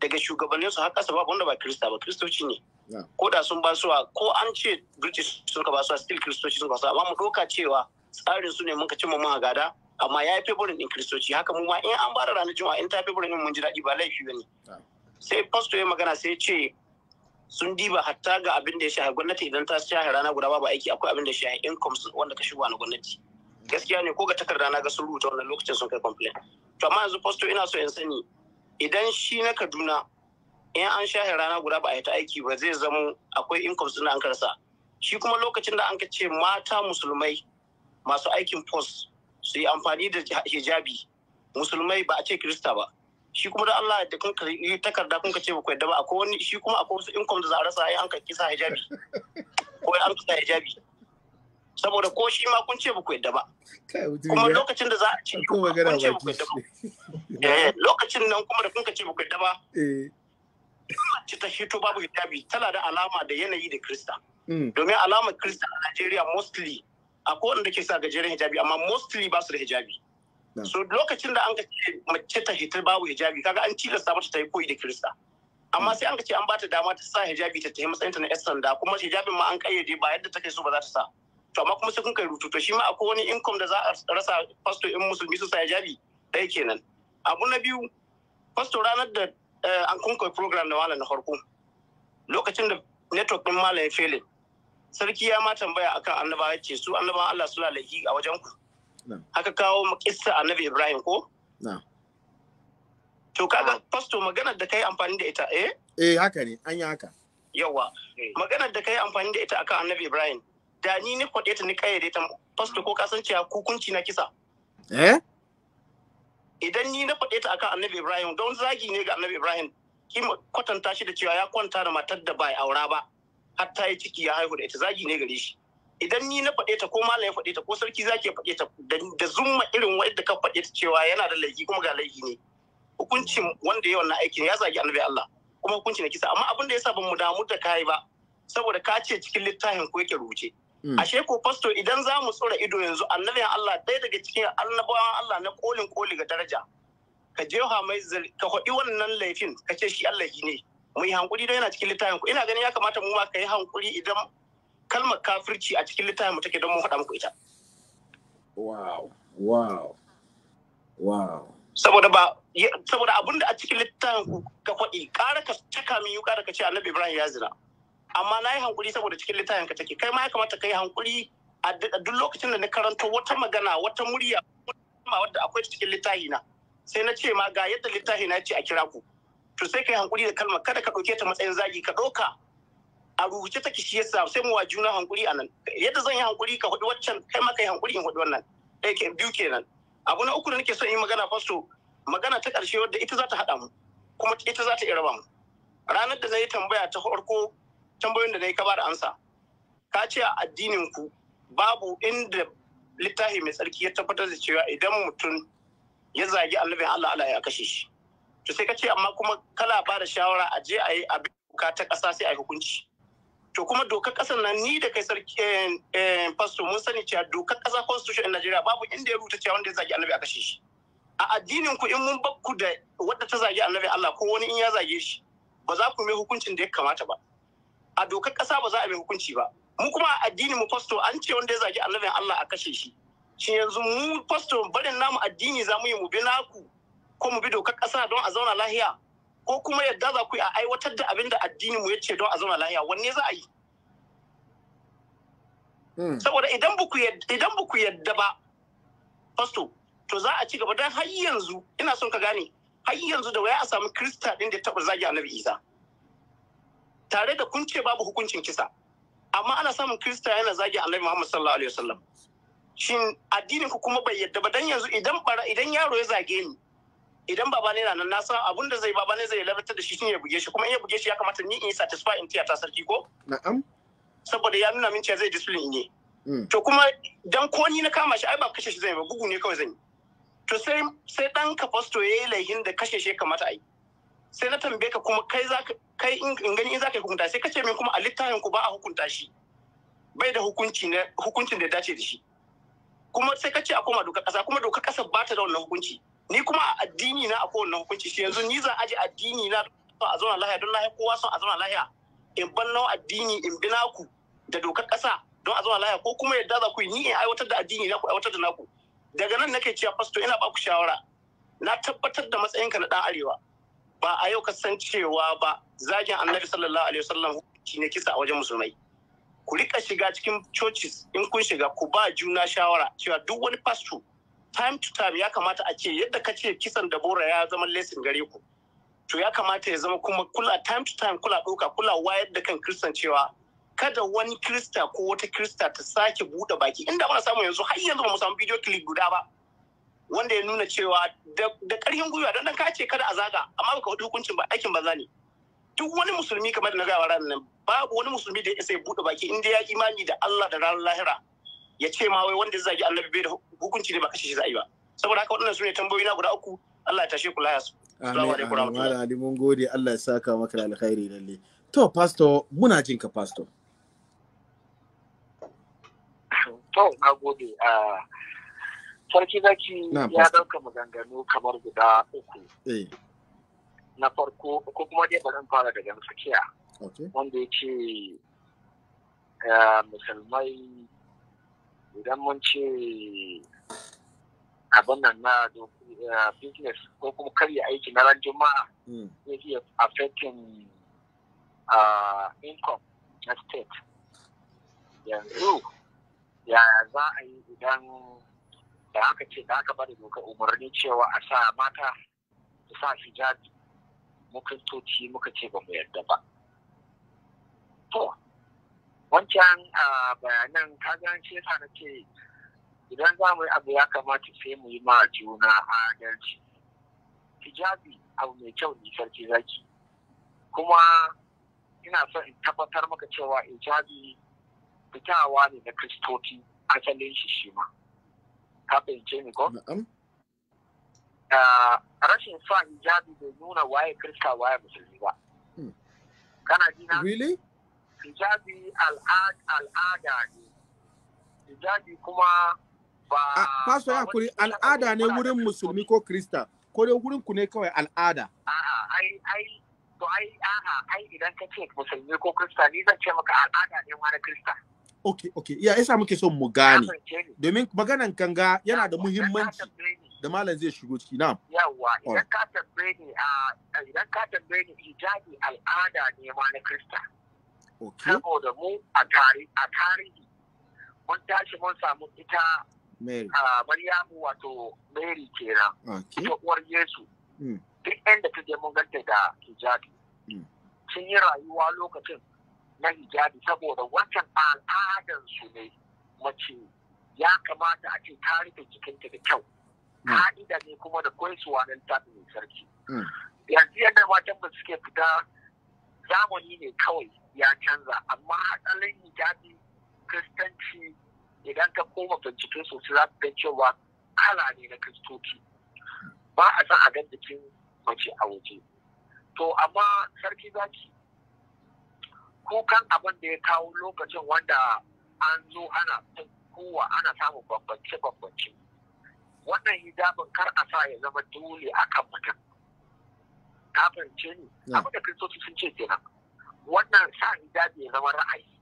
daga shugabannin su haka kasa wanda ba kirista ba kiristoci ne ko da sun ba su ko an ce british sun ka ba su still kiristoci sun ba su amma mu doka cewa tsarin su ne mun ka cimma mun gada amma ya yi feburin din kiristoci haka mu ma in an bara ranar juma'a in ta feburin din mun ji daɗi ba laifi ba ne sai pastor ya magana sai ce sun diba hatta ga abin da ya shafi gwamnati idan ta shafi rana guda ba aiki akwai abin da ya shafi incomes wanda ka shigo na gwamnati gaskiya ne ko ga takarda na ga sun rubuta wannan lokacin sun kai complain to amma yanzu pastor ina so in sani idan shi na kaduna in an shahe rana guda ba a yi ta aiki ba zai zama akwai income suna an karsa shi kuma lokacin da an ka ce mata musulmai masu aikin post su yi amfani da hijabi musulmai ba a ce kirista ba shi kuma da Allah da kun yi takarda kun ce bakwai da ba akwai wani shi kuma akwai wasu income da za a rasa in an ka kisa hijabi ko an kisa hijabi saboda ko shi ma kun ce ba ku yadda ba kuma lokacin da za a ce kun eh, ce ba ku yadda ba lokacin eh. nan kuma da kun ce ba ku yadda ba ci ta hito babu hijabi tana da alama da yanayi da krista mm. domin alama krista a Najeriya mostly akwai wanda ke sa gajeren hijabi amma mostly ba su da hijabi so lokacin da an ka ce mace ta hita babu hijabi kaga an cilasta mata ta yi koyi da krista amma mm. sai an ka ce an ba ta dama ta sa hijabi ta tafi matsayinta na 'yan sanda kuma hijabin ma an kayyade ba yadda take so ba za ta sa to amma kuma sai kun kai rutu to shi ma akwai wani income da za a rasa fasto in musulmi su sa hijabi ɗaya kenan abu na biyu fasto ranar da eh, an kun kai program na wala na farko lokacin da network din malam ya fele sarki ya ma tambaya akan annabawa ce su annaba Allah su lalahi a wajen ku haka kawo kissa annabi Ibrahim ko to kaga fasto maganar da kai amfani da ita eh eh haka ne an yi haka yawa eh. maganar da kai amfani da ita akan annabi Ibrahim da ni ni faɗe ta ni kayyade ta fasto ko ka san cewa hukunci na kisa eh idan ni na faɗe ta akan annabi ibrahim don zagi ne ga annabi ibrahim ki kwatanta shi da cewa ya kwanta da matar da bai aura ba har ta yi ciki ya haihu da ita zagi ne gare shi idan ni na faɗe ta ko malam ya faɗe ta ko sarki zaki ya faɗe ta da zumma irin wanda ka faɗe ta cewa yana da laifi kuma ga laifi ne hukuncin wanda ya wannan aikin ya zagi annabi Allah kuma hukunci na kisa amma abin da sa ba mu damu da kai ba saboda ka ce cikin littafin ko yake rubuce Mm. ashe ko fasto idan za mu tsora ido yanzu annabin Allah ɗaya daga cikin annabawan Allah na kolin koli ga daraja ka je mai ka kwaɗi wannan laifin ka ce shi Allah ne mu yi hankuri don yana cikin littafin ku ina ganin ya kamata mu ma ka yi hankuri idan kalmar kafirci a cikin littafin mu take don mu faɗa muku ita wow wow wow saboda ba saboda abinda a cikin littafin ku ka kwaɗi ƙara ka caka min yuƙa da ka ce annabi Ibrahim ya zina amma na yi hankuri saboda cikin littafin ka take kai ma ya kamata ka yi hankuri a duk lokacin da na karanto wata magana wata murya wadda akwai cikin littafi na sai na ce ma ga yadda littafi na ce a kira ku to sai ka yi hankuri da kalmar kada ka ɗauke ta matsayin zagi ka ɗauka a rubuce take shi yasa sai mu wa juna hankuri a nan yadda zan yi hankuri ka hudu waccan kai ma ka yi hankuri in hudu wannan ɗaya ke biyu kenan abu na uku da nake son yi magana fasto magana ta ƙarshe wadda ita za ta haɗa mu kuma ita za ta iya raba mu ranar da zai tambaya ta farko tambayoyin da dai ka bada ansa ka ce a addinin ku babu inda littafi mai tsarki ya tabbatar da cewa idan mutum ya zagi annabin Allah Allah ya kashe shi to sai ka ce amma kuma kala ba da shawara a je a yi a doka ta ƙasa sai a yi hukunci to kuma dokar ƙasar nan ni da kai sarki eh, eh, pastor mun sani cewa dokar ƙasa constitution Najeriya babu inda ya rubuta cewa wanda ya zagi annabi a kashe shi a addinin ku in mun bakku da wadda ta zagi annabi Allah ko wani in ya zage shi ba za ku mai hukuncin da ya kamata ba a dokar kasa ba za a mai hukunci ba mu kuma addini mu fasto an ce wanda ya zagi annabin Allah a kashe shi shi yanzu mu fasto barin namu addini za mu yi mu bi naku ko mu bi dokar kasa don a zauna lahiya ko kuma yadda za ku yi a aiwatar da abin da addini mu ya ce don a zauna lahiya wanne za a yi hmm. saboda idan ba ku idan ba ku yadda ba fasto to za a ci gaba don har yanzu ina son ka gane har yanzu da waya a samu kirista ɗin da taɓa zagi annabi isa tare da kun ce babu hukuncin kisa amma ana samun kirista yana zagi annabi muhammad sallallahu alaihi wasallam shin addinin ku kuma bai yadda ba dan yanzu idan bara idan yaro ya zage ni idan baba ne nan na san abun da zai baba ne zai labatar da shi shine ya buge shi kuma in ya buge shi ya kamata ni in satisfy in tiyata sarki ko na'am saboda ya nuna min cewa zai discipline ne hmm. to kuma dan ko ni na kama shi ai ba kashe shi zai ba bugu ne kawai zan yi to sai sai dan ka fasto yayi laihin da kashe shi kamata a yi sai na tambaye ka kuma kai za kai in gani in za ka hukunta sai ka ce min kuma a littafin ku ba a hukunta shi bai da hukunci ne hukuncin da ya dace da shi kuma sai ka ce a koma dokar kasa kuma dokar kasa ba ta da wannan hukunci ni kuma a addini na akwai wannan hukunci shi yanzu ni zan aje addini na a zauna lahiya don lahiya kowa son a zauna lahiya in ban nawa addini in bi naku da dokar kasa don a zauna lahiya ko kuma yadda za ku yi ni in aiwatar da addini na ku aiwatar da naku daga nan nake cewa fasto ina ba ku shawara na tabbatar da matsayinka na dan arewa ba a yau cewa ba zagin annabi sallallahu alaihi wasallam shi ne kisa a wajen musulmai ku rika shiga cikin churches in kun shiga ku ba juna shawara cewa duk wani pastor time to time ya kamata a ce yadda ka ce kisan da bora ya zama lesson gare ku to ya kamata ya zama kuma kula time to time kula ɗauka kula wayar da kan kristan cewa kada wani krista ko wata krista ta sake buɗe baki inda muna samu yanzu har yanzu ba mu samu bidiyo clip guda ba wanda ya nuna cewa da ƙarfin gwiwa don dan kace kada a zaga amma baka hudu hukuncin ba aikin banza ne duk wani musulmi kamar da na gaya ran nan babu wani musulmi da ya isa ya bude baki inda ya imani da Allah da ranar lahira ya ce ma wai wanda zagi Allah bai da hukunci ne ba kashe shi za'i ba saboda haka waɗannan su ne tambayoyi na guda uku Allah ya tashe ku lahaya su Amin, amin, amin, mun gode Allah ya saka maka da alkhairi lalle. To, pastor, muna jin ka pastor. To, na gode. Ah, sarki zaki ya dauka maganganu kamar guda uku eh. na farko ko kuma dai bari fara daga tsakiya wanda ya ce musulmai idan mun ce abin nan na business ko kuma karya aiki na ran juma'a ya hmm. iya affecting income na state yanzu ya za a yi idan da aka ce da aka bada doka umarni cewa a sa mata su sa hijabi muka toci muka ce ba mu yarda ba to wancan bayanan kaga ce ta na ce idan za mu yi abu ya kamata sai mu yi ma juna adalci hijabi abu mai kyau ne sarki zaki kuma ina so in tabbatar maka cewa hijabi fitawa ne na kristoci asalin shi shi ma ka fahimce ni ko ah, rashin sa hijabi bai nuna waye kirista waye musulmi ba hmm. kana jina really hijabi al'ada ne hijabi kuma ba faso ya kuri al'ada ne wurin musulmi ko kirista ko dai wurin ku ne kawai al'ada a'a ai ai to ai a'a ai idan ka ce musulmi ko kirista ni zan ce maka al'ada ne ma na kirista okay okay ya isa muke son mu gane domin maganan kanga yana da muhimmanci da malam zai shigo ciki na yawa idan ka tambaye ni a idan ka tambaye ni hijabi al'ada ne ma na krista saboda mu a tarihi mun tashi mun samu ita Maryamu wato Mary kenan ita uwar Yesu hmm. duk inda ta je mun ganta da hijabi hmm. sun yi rayuwa lokacin na hijabi saboda wancan al'adansu ne mace ya kamata a ce ta rufe jikinta da kyau hmm. ka'ida ne kuma da kwaisuwa nan ta mai sarki hmm. yanzu yadda matan ba suke fita zamani ne kawai ya canza amma hatsalin hijabi kristanci idan ka koma bincike sosai za ka cewa kala ne na kristoci ba a san a gan jikin mace a waje to amma sarki zaki kukan abin da ya kawo lokacin wanda an zo ana kowa ana samun bambance-bambance wannan hijabin kar a sa ya zama dole akan mutum kafin ce ne abin da kristoci sun ce kenan wannan sa hijabi ya zama ra'ayi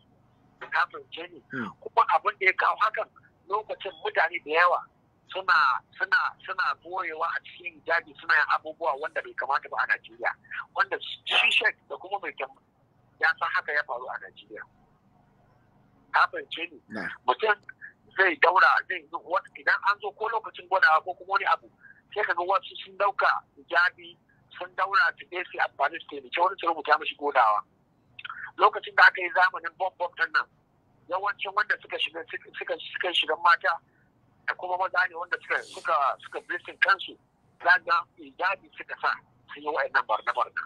kafin ce ne kuma abin da ya kawo hakan lokacin mutane da yawa suna suna suna a cikin hijabi suna yin abubuwa wanda bai kamata ba a Najeriya wanda shi da kuma mai ya san haka ya faru a Najeriya. Kafin ce ni, mutum zai daura zai yi idan an zo ko lokacin gwadawa ko kuma wani abu sai ka ga wasu sun dauka hijabi sun daura su ɗaya su amfani su taimake wani su rubuta mashi godawa. Lokacin da aka yi zamanin bomb bomb nan yawancin wanda suka shiga suka shiga mata da kuma maza ne wanda suka suka suka kansu zaga hijabi suka sa sun yi wa'annan barna barna.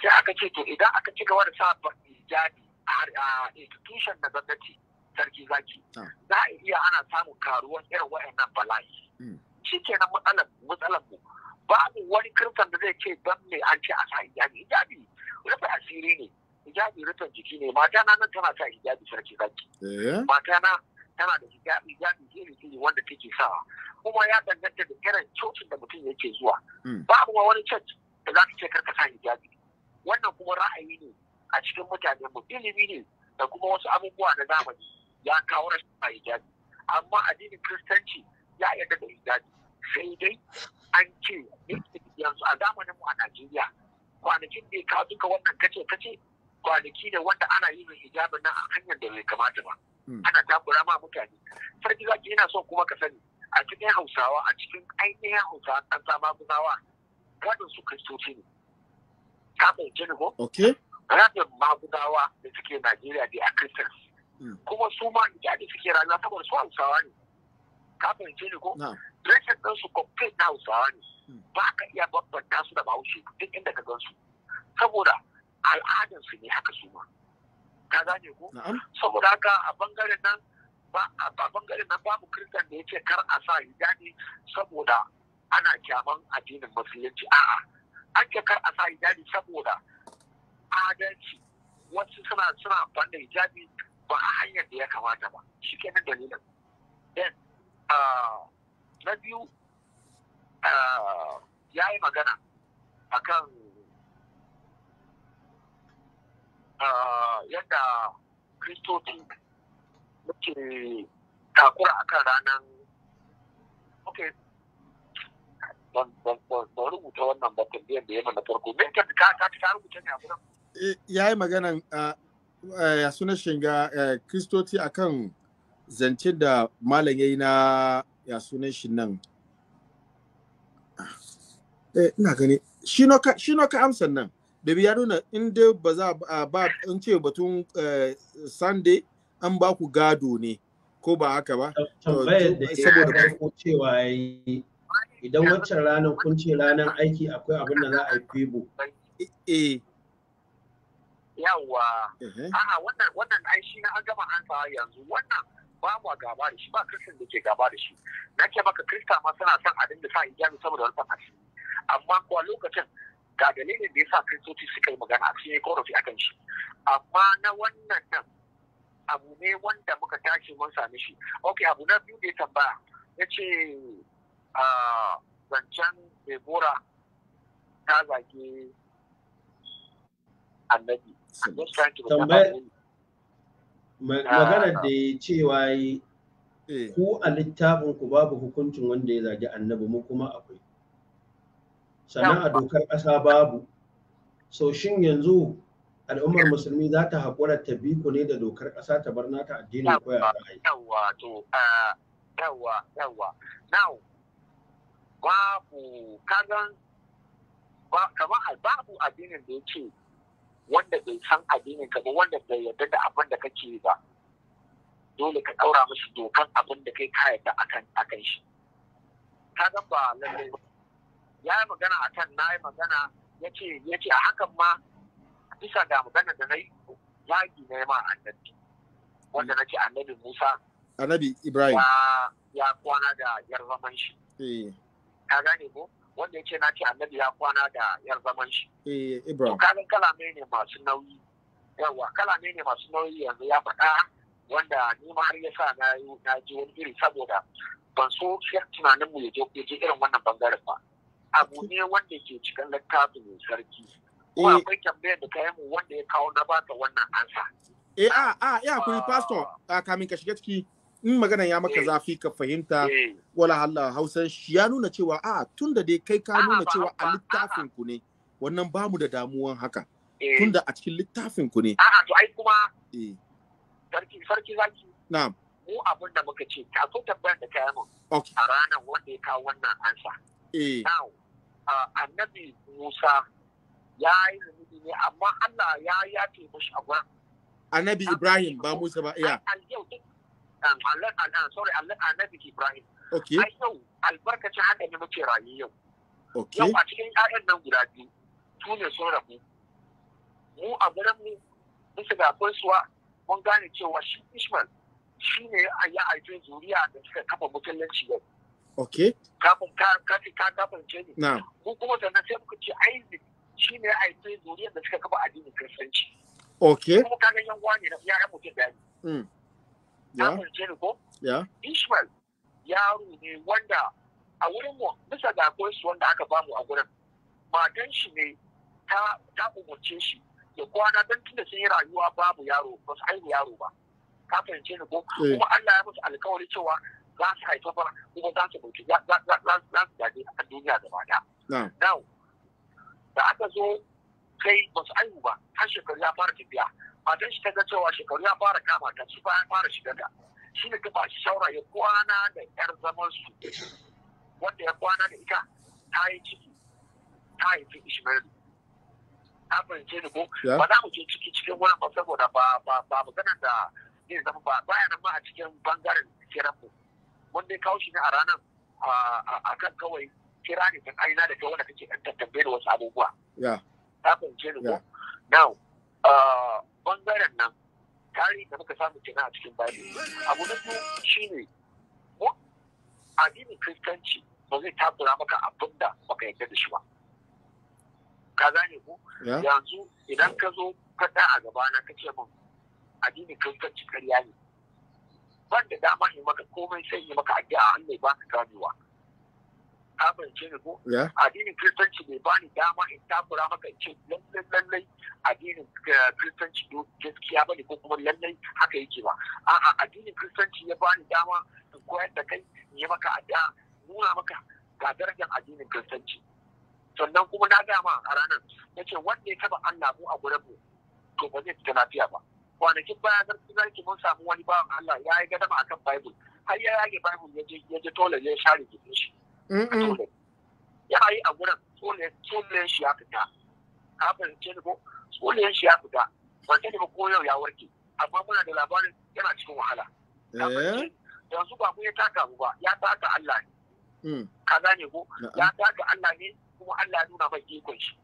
sai aka ce to idan aka ci gaba da sa ijabi a institution na gwamnati sarki zaki ah. za a iya ana samun karuwan irin wayannan bala'i hmm. shi kenan matsalar matsalar mu babu wani kirtan da zai ce don me an ce a sa hijabi hijabi rufe asiri ne hijabi rufe jiki ne mata na nan tana sa hijabi sarki zaki eh? mata na tana da hijabi hijabi iri iri wanda take sawa kuma ya danganta da irin cocin da mutum yake zuwa hmm. babu wani church da za ta ce karka sa hijabi wannan kuma ra'ayi ne a cikin mutane mu ilimi ne da kuma wasu abubuwa na zamani ya kawo rashin a hijabi amma addinin kiristanci ya yarda da hijabi sai dai an ce yanzu a zamanin mu a Najeriya kwanakin ne ka duka wannan kace kace kwanaki ne wanda ana yin hijabi nan a hanyar da bai kamata ba hmm. ana takura ma mutane sarki zaki yana son kuma ka sani a cikin hausawa a cikin ainihin hausawa an sa magunawa gadon su kristoci ne ka jirgo ni ko rabin magudawa da suke najeriya da a hmm. kuma su ma ja da suke rana saboda su hausawa ne ka jirgo ni rashin ɗan su complete na hausawa ne hmm. ba ka iya babbanta su da bahaushe duk inda ka gansu saboda al'adansu ne haka su ma ka gane ko saboda haka a bangaren nan ba bangaren nan babu kristan da ya ce kar a sa hijabi saboda ana kyaman addinin musulunci a'a ake kar a sa hijabi saboda adalci wasu suna suna amfani ba a hanyar da ya kamata ba shi kenan dalilin then ah, na biyu ah, ya yi magana a kan ah, yadda kristoci muke takura kan ranar ban rubuta wannan batun biyan da ya mana farko me ka ta ta rubuta ne a gurin eh, ya yi maganan ya suna shiga eh, kristoci akan zancen da malam ya yi na ya sunan shi nan eh, ina gani shi no ka amsan nan da ya nuna in dai ba za a ba in ce batun sunday an ba ku gado ne ko ba haka ba saboda cewa idan wancan ranar kun ce ranar aiki akwai abin da za a yi fibo. Yawa! E. Yawwa. wannan wannan ai shi na an gama an sa yanzu wannan ba mu gaba da shi ba kristan da ke gaba da shi. Na ce maka krista ma suna son a dinga sa ijami saboda wani fakashi. Amma kuwa lokacin ga dalilin da ya sa kristoci suka yi magana a cikin korafi akan shi. Amma na wannan nan abu ne wanda muka tashi mun sami shi. Ok abu na biyu da ya tambaya ya ce zancen debora ta zage annabi ah. maganar da ya cewa waye eh. ku a littafin ku babu hukuncin wanda ya zagi annabi mu kuma akwai sannan a dokar ƙasa babu sau shin yanzu al'ummar musulmi za ta haƙura ta bi ku ne da dokar ƙasa ta bar nata addinin koya ta yawa to ah, yawa yawa now babu kagan kamar babu addinin da yake wanda bai san addinin ka ba wanda bai yarda da abin da kake ba dole ka ɗaura mashi dokan abin da kai ka yarda akan akan shi kaga ba lalle ya yi magana akan na yi magana yace yace a hakan ma bisa ga magana da na yi zagi na ma annabi wanda na ce annabi Musa annabi Ibrahim ya kwana da yarzaman shi eh. ka gane ko wanda ya ce na ce annabi ya kwana da yar zaman shi eh ibrahim kalame ne masu nauyi yawa kalame ne masu nauyi yanzu ya faɗa wanda ni ma har yasa na na ji wani iri saboda ban so shi tunanin mu ya je irin wannan bangaren ba abu ne wanda ke cikin littafin sarki ko eh. akwai tambayar da yi mu wanda ya kawo na ba ka wannan ansa eh a a ya kuri ah. pastor ah, kamin ka shiga ciki in magana ya maka eh. zafi ka fahimta eh. wala halla hausan shi ya nuna cewa a tun da dai kai ka nuna cewa a littafin ku ne wannan bamu da damuwan haka eh. tun da a cikin littafin ku ne a'a to ai kuma sarki sarki zaki na'am mu abin da muka ce ka so tabbatar da mu okay. a ranar wanda ya kawo wannan ansa now annabi Musa ya yi zunubi ne amma Allah ya yafe mashi a gurin annabi Ibrahim ba Musa ba iya yau duk Ah, sorry Allah annabi Ibrahim okay ai yau albarkacin haka ne muke rayu yau okay yau a cikin ƴaƴan nan guda biyu su ne sun rabu mu a gurin mu bisa ga mun gane cewa shi Ishmael shi ne a yi zuriya da suka kafa musulunci yau okay kafin ka kafin ka kafin ce ne na mu kuma sannan sai muka ce Isaac shi ne da suka kafa addinin kiristanci okay kuma kaga yan wani ya fahimce ni ko Ishmael yaro ne wanda a wurin mu bisa ga su wanda aka bamu a gurin matan shi ne ta ta umurce shi ya kwana don tunda sun yi rayuwa babu yaro ba su haihu yaro ba ka fahimce ni ko eh. kuma Allah ya musu alkawari cewa za su haifa fara kuma za su dauki za su gaje a duniya gaba daya now da aka zo kai ba su haihu ba har shekaru ya fara tafiya matan shi ta ga cewa shekaru ya fara kama ta su ya fara shiga da. shi ne ta bashi shawara ya kwana da yar zaman su wanda ya kwana da ita ta yi ciki ta fi ishmael ta fahimce ni ko ba za mu je ciki cikin wurin ba saboda ba ba ba maganar da ne zama ba baya nan ma a cikin bangaren kiran mu mun dai kawo shi ne a ranar a kan kawai kira ne ta aina da ta wanda kake tattambe da wasu abubuwa ta fahimce ni ko bangaren nan tarihi da muka samu kenan a cikin bayan abu na biyu Mu addinin kristanci ba zai takura maka abin da baka yarda da shi ba ka gane ku. yanzu idan ka zo faɗa a gaba na kace min addinin kristanci karya ne ban da dama yi maka komai sai yi maka addu'a Allah ya baka ganewa ka fahimce ko addinin kristanci bai bani dama in takura maka in ce lallai lallai addinin eh, kristanci gaskiya bane ko kuma lallai haka yake ba a'a addinin kristanci ya bani dama in koyar da kai in yi maka adda nuna maka ga darajar addinin kristanci sannan kuma na dama a ranar na ce wanda ya taba Allah mu a gurin mu to ba zai fita lafiya ba kwanakin baya zan zarki mun samu wani bawan Allah ya yi gadama akan Bible har ya yage Bible ya je ya je tola ya share gidan shi ya yi a gurin tsuliyan shi ya fita ka fahimce ni ko tsuliyan shi ya fita ban sani ba ko yau ya warke amma muna da labarin yana cikin wahala eh? yanzu ba ku ya taka ba ya taka Allah ne mm. Kaza ne ko ya taka Allah ne kuma Allah nuna mai ikon shi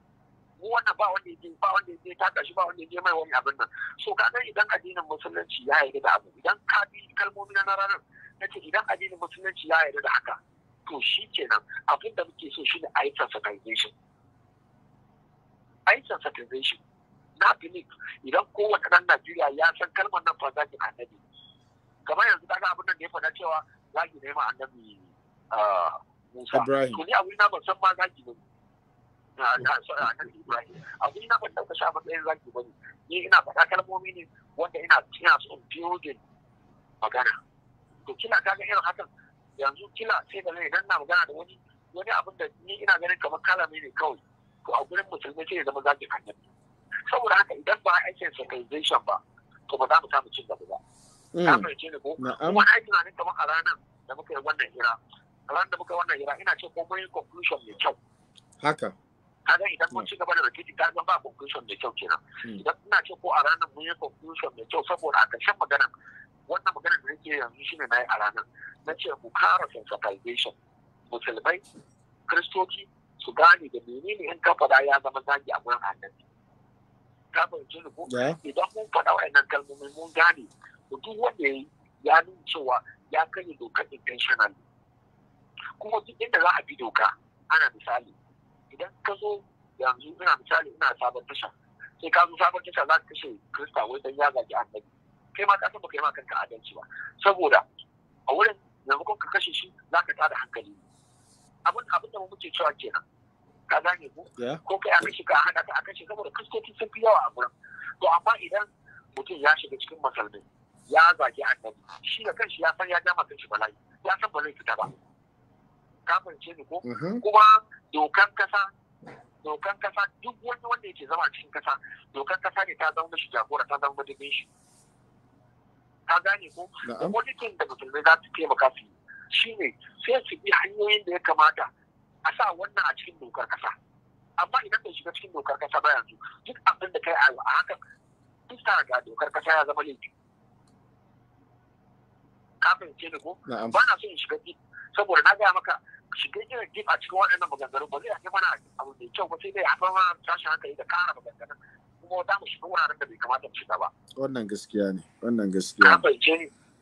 mu wannan ba wanda ya ba wanda ya taka shi ba wanda ya mai wani abin nan so ka ga idan addinin musulunci ya yarda da abu idan ka bi kalmomi na ranar nace idan addinin musulunci ya yarda da haka to shi kenan abin da muke so shi ne a yi sensitization a yi sensitization na believe idan kowane ɗan najeriya ya san kalmar nan fa zagin annabi kamar yanzu daga abin nan da ya faɗa cewa zagi ne ma annabi ah, musa to ni a wuri na ban san ma zagi ba Ibrahim abu na ban ɗauka sha matsayin zaki ne. ni ina faɗa kalmomi ne wanda ina ina son building magana to kina kaga irin hakan yanzu kila sai da idan na magana da wani wani abin da ni ina ganin kamar kalami ne kawai to a gurin musulmi sai ya zama za ki annabi saboda haka idan ba aikin civilization ba to ba za mu samu cin gaba ba mm. ka fahimce ni ko kuma na yi tunanin kamar a ranar da muka yi wannan hira A ranar da muka yi wannan hira ina ce ko mun yi conclusion mai kyau haka kaga idan mun mm. ci gaba da rikici ka ga ba conclusion mai kyau kenan mm. idan ina ce ko a ranar mun yi conclusion mai kyau saboda haka shan magana wannan maganar da yake yanzu shi ne na yi a ranar na ce ku kara sensitization musulmai kristoci su gane da menene in ka faɗa ya zama zagi a wurin annabi ka fahimci ni ko idan mun faɗa wa'annan kalmomi mun gane to duk wanda ya yi ya nuna cewa ya kai dokar intentional kuma duk inda za a bi doka ana misali idan ka zo yanzu ina misali ina sabon tasha sai ka zo sabon tasha za ka kashe krista wai ya zagi annabi kai ma ka san kai ma kanka adalci ba saboda a wurin maimakon ka kashe shi za ka tada hankali abin abin da muke cewa kenan ka gane ku ko kai a kashe ka hada ka a kashe saboda kristoci sun fi yawa a gurin to amma idan mutum ya shiga cikin masalmai ya zagi annabi shi da kanshi ya san ya dama kanshi shi bala'i ya san ba zai fita ba ka fahimce ni ko mm-hmm. kuma dokan kasa dokan kasa duk wani wanda yake zama cikin kasa dokan kasa ne ta zama shi jagora ta zama madadin shi ka gane ko wani kin da musulmai za su taimaka su shi ne sai su bi hanyoyin da ya kamata a sa wannan a cikin dokar kasa amma idan bai shiga cikin dokar kasa ba yanzu duk abin da kai a haka bisa ga dokar kasa ya zama laifi ka fahimce ni ko ba na so in shiga deep saboda na gaya maka shiga irin deep a cikin waɗannan maganganu ba zai haifar mana abu mai kyau ba sai dai haifar mana tashin hankali da kara maganganun kuma za mu shiga wuraren da bai kamata mu shiga ba wannan gaskiya ne wannan gaskiya ka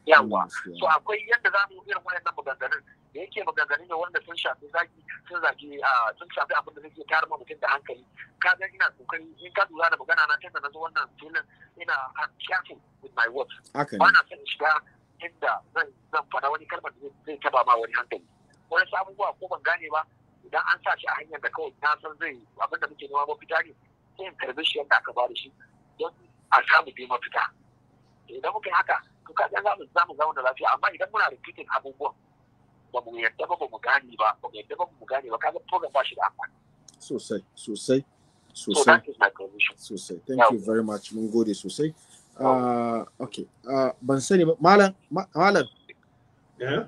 yawa so akwai yadda za mu irin wayannan maganganun da yake maganganun ne wanda sun shafi zaki sun zaki sun shafi abin da zai tara ma mutum da hankali ka ga ina kokari in ka lura da magana na tunda na zo wannan filin ina I'm careful with my words ba na son shiga inda zan zan fada wani kalmar da zai taba ma wani hankali wani abubuwa ko ban gane ba idan an sa shi a hanyar da kawai na san zai abin da muke nema mafita ne sai ka karbi shi yadda aka ba da shi don a samu bi mafita idan muka yi haka to ka ga zamu zamu zauna lafiya amma idan muna rikicin abubuwan ba mu yadda ba ba mu gane ba ba mu yadda ba mu gane ba kaga program ba shi da amfani sosai sosai sosai sosai thank you very much mun gode sosai uh, ban sani ba malam malam eh?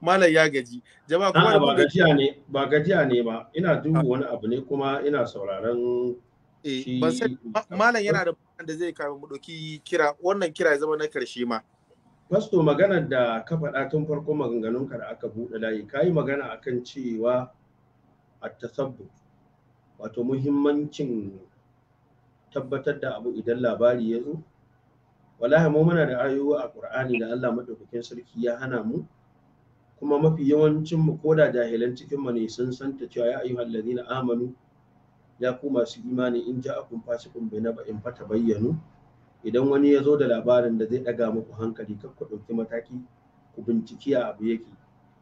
malam ya gaji jama'a kuma ah, ba gajiya ne ba gajiya ne ba ina duba wani abu ne kuma ina sauraron Eh, ban san malam yana da magana da zai kawo mu kira wannan kira ya zama na karshe ma. Fasto maganar da ka faɗa tun farko maganganunka da aka buɗe layi ka magana akan cewa a tasabbu wato muhimmancin tabbatar da abu idan labari ya zo. Wallahi mu muna da ayoyi a qur'ani da Allah madaukakin sarki ya hana mu kuma mafi yawancin mu koda jahilan cikin mu ne sun santa cewa ya ayyuhal ladina amanu ya ku masu imani in ja bai fasiqun in fata bayyanu idan wani ya zo da labarin da zai ɗaga muku hankali kar ku ɗauki mataki ku binciki a abu yake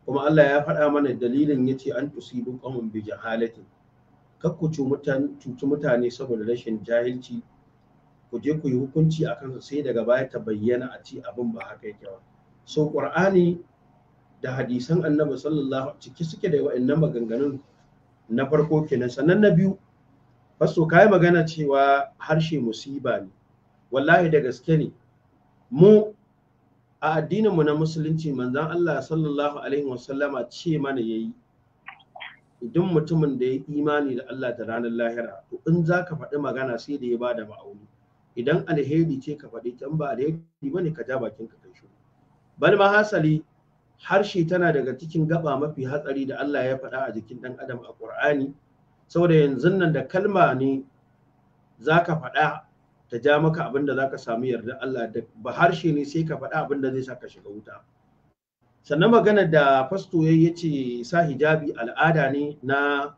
kuma Allah ya faɗa mana dalilin ya ce an tusibu qawmin bi jahalatin kar ku cuci mutane saboda rashin jahilci ku je ku yi hukunci a kansu sai daga baya ta bayyana a ci abin ba haka yake ba so ƙur'ani da hadisan annabi sallallahu ciki suke da wa'annan maganganun na farko kenan sannan na biyu fasto ka magana cewa harshe musiba ne wallahi da gaske ne mu a addininmu na musulunci manzan Allah sallallahu alaihi wasallama ce mana ya yi idan mutumin da ya imani da Allah da ranar lahira to in za ka faɗi magana sai da ya ba da ma'auni idan alheri ce ka faɗi can ba alheri ba ne ka ja bakin ka kai shi ma hasali harshe tana daga cikin gaba mafi hatsari da Allah ya faɗa a jikin ɗan adam a ƙur'ani. saboda yanzu nan da kalma ne za ka faɗa ta ja maka abin da za ka samu yarda Allah da ba harshe ne sai ka faɗa abin da zai sa ka shiga wuta sannan magana da fasto ya ce sa hijabi al'ada ne na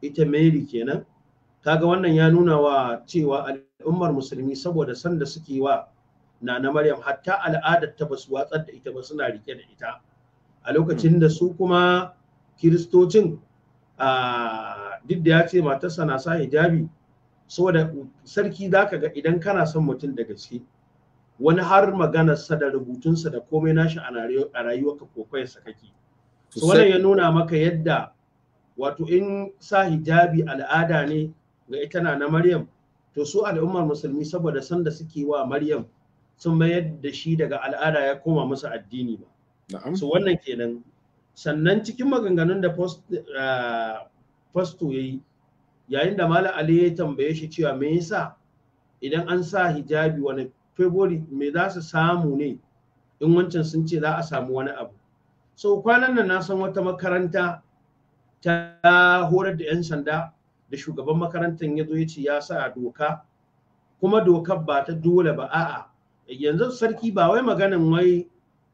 ita mary kenan kaga wannan ya nuna wa cewa al'ummar musulmi saboda san da suke wa na na maryam hatta al'adar ta basu watsar da ita ba suna rike da ita a lokacin da su kuma kiristocin a ah, duk da ya ce matarsa na sa hijabi saboda sarki za ka ga idan kana son mutum da gaske wani har maganarsa da rubutunsa da komai nashi a rayuwarka kokayarsa kake so wannan ya nuna maka yadda wato in sa hijabi al'ada ne ga ita na na maryam to su al'ummar musulmi saboda sanda suke wa maryam sun mayar da shi daga al'ada ya koma musu addini ba so wannan kenan sannan cikin maganganun da post ah, fasto yayi yayin da malam ali ya tambaye shi cewa me yasa idan an sa hijabi wani february me za su samu ne in wancan sun ce za a samu wani abu so kwanan nan na san wata makaranta ta horar da 'yan sanda da shugaban makarantar ya zo ya ce ya sa doka kuma dokar ba ta dole ba a'a yanzu sarki ba wai maganin wai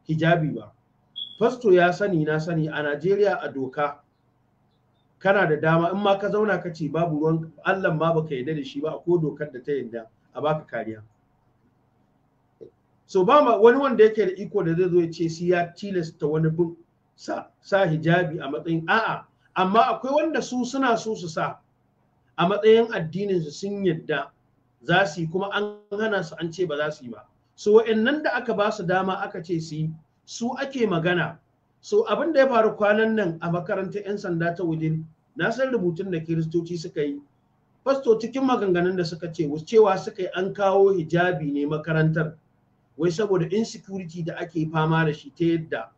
hijabi ba fasto ya sani na sani a najeriya a doka kana da dama in ma ka zauna ka ce babu ruwan Allah ma baka yarda da shi ba ko dokar da ta yarda a baka kariya so ba ma wani wanda yake da iko da zai zo ya ce shi ya tilasta wani bin sa sa hijabi a matsayin a'a amma akwai wanda su suna so su sa a matsayin addinin su sun yarda za su yi kuma an hana su an ce ba za su yi ba so wa'annan da aka ba su dama aka ce su yi su ake magana so abin da ya faru kwanan nan a makarantar 'yan sanda ta waje, na san rubutun da kiristoci suka yi fasto cikin maganganun da suka ce cewa suka yi an kawo hijabi ne makarantar wai saboda insecurity da ake fama da shi ta yadda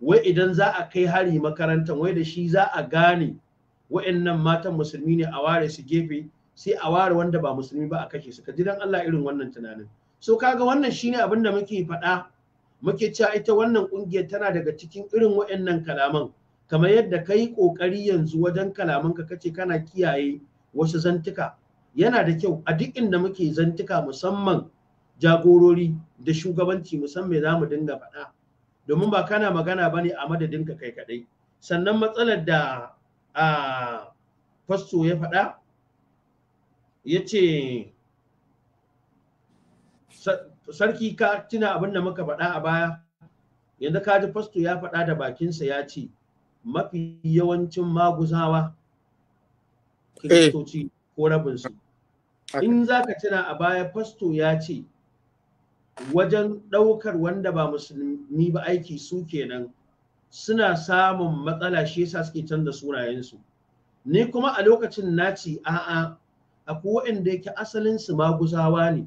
wai idan za a kai hari makarantar wai da shi za a gane wa'annan matan musulmi ne a ware su gefe sai a ware wanda ba musulmi ba a kashe su ka ji dan Allah irin wannan tunanin so kaga wannan shine abin da muke faɗa muke cewa ita wannan ƙungiyar tana daga cikin irin waɗannan kalaman kamar yadda ka yi ƙoƙari yanzu wajen kalamanka kace kana kiyaye wasu zantuka yana da kyau a duk inda muke zantuka musamman jagorori da shugabanci musamman za mu dinga faɗa domin ba kana magana ba ne a madadin ka kai kaɗai sannan matsalar da a ah, fasto ya faɗa ya ce sarki ka tuna abin da muka faɗa a baya yanzu kaji ji fasto ya faɗa da bakinsa ya ce mafi yawancin maguzawa kiristoci ko rabinsu in za ka tuna a baya fasto ya ce wajen ɗaukar wanda ba musulmi ba aiki su kenan suna samun matsala shi yasa suke canza sunayensu ni kuma a lokacin na ce a'a akwai waɗanda yake asalinsu maguzawa ne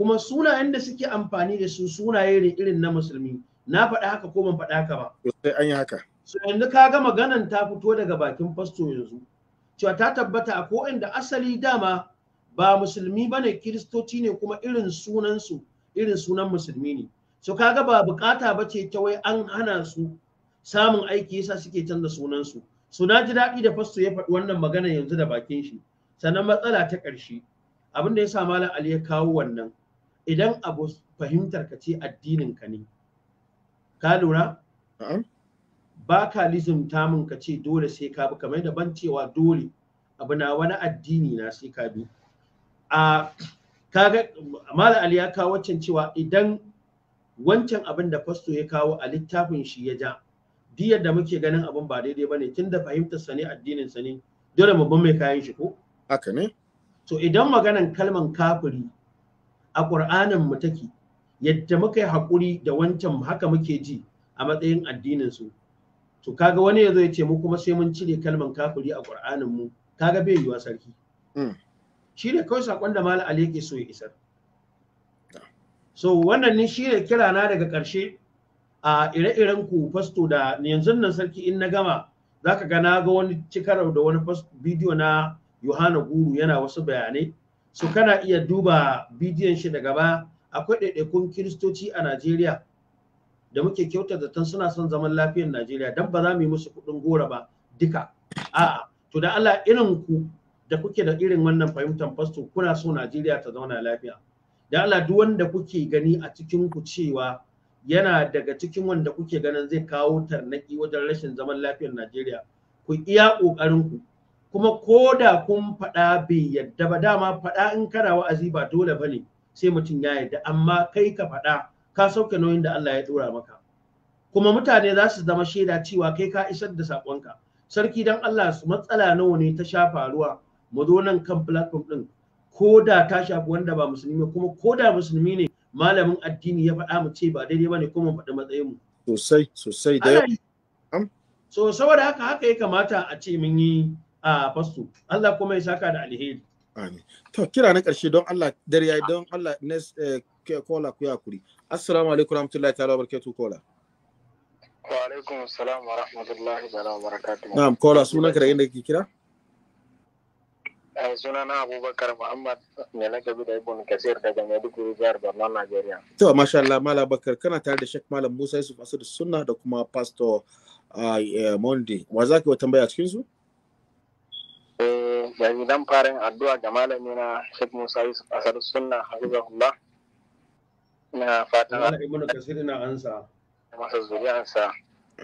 kuma sunayen da suke amfani da su suna ne irin na musulmi na faɗa haka ko ban faɗa haka ba sai an yi haka so yanzu ka ga maganan ta fito daga bakin fasto yanzu cewa ta tabbata a ko'in da asali dama ba musulmi bane kiristoci ne kuma irin sunan su irin sunan musulmi ne so kaga ba bukata ba ce ta wai an hana su samun aiki yasa suke canza sunan su so na ji daɗi da fasto ya faɗi wannan magana yanzu da bakin shi sannan matsala ta ƙarshe abin da ya sa malam ali ya kawo wannan idan abu fahimtar ka ce addinin ka ne ka lura ba ka lizimta min ka ce dole sai ka bi kamar da ban cewa dole abu na wani addini na sai ka bi a kaga ali ya kawo wancan cewa idan wancan abin da fasto ya kawo a littafin shi ya ja duk da muke ganin abin ba daidai bane da fahimtar sa ne addinin sa ne dole mu bin mai kayan shi ko haka ne to idan maganan kalman kafiri a ƙur'anin mu take yadda muka yi haƙuri da wancan haka muke ji a matsayin addinin su to kaga wani yazo ya ce mu kuma sai mun cire kalman kafiri a ƙur'anin mu kaga bai yiwa sarki hmm. shi ne kawai sakon da mala ali yake so ya isar so wannan ni shi ne kira na daga ƙarshe a ire-iren ku fasto da yanzu nan sarki in na gama za ka ga na ga wani cikar da wani bidiyo na yohana guru yana wasu bayanai su kana iya duba bidiyon shi daga ba akwai ɗaiɗaikun kiristoci a najeriya da muke kyauta zaton suna son zaman lafiyar najeriya don ba za mu yi musu kuɗin gora ba duka a'a to da allah irin ku da kuke da irin wannan fahimtar fasto kuna so najeriya ta zauna lafiya da allah duk wanda kuke gani a cikin ku cewa yana daga cikin wanda kuke ganin zai kawo tarnaki wajen rashin zaman lafiyar najeriya ku iya ƙoƙarin ku kuma ko da kun faɗa bai yadda ba dama faɗa in kana wa'azi ba dole ba ne sai mutum ya yadda amma kai ka faɗa ka sauke nauyin da Allah ya ɗora maka kuma mutane za su zama shaida cewa kai ka isar da saƙonka sarki dan Allah su matsala nawa ne ta sha faruwa mu zo nan kan platform ɗin ko da ta shafi wanda ba musulmi kuma ko da musulmi ne malamin addini ya faɗa mu ce ba daidai ba ne kuma faɗi matsayin mu sosai sosai da so saboda haka haka ya kamata a ce mun yi a fasto Allah kuma ya saka da alheri amin to kira na karshe don Allah dare yayi don Allah next eh, kola ku yakuri assalamu alaikum warahmatullahi ta'ala barakatuh kola wa alaikum assalam wa rahmatullahi ta'ala barakatuh na'am kola sunan ka da inda kike kira eh, sunana abubakar muhammad mai lakabi da ibn kasir daga maiduguri jihar borno nigeria to masha Allah mala bakar kana tare da shek malam musa yusuf asadu sunna da kuma pastor ah, eh, monday wa ka yi tambaya cikin su yanzu zan farin addu'a ga malami na Sheikh Musa Yusuf Asar Sunna Hafizahullah na fatan na Ibn kasir na ansa masa ansa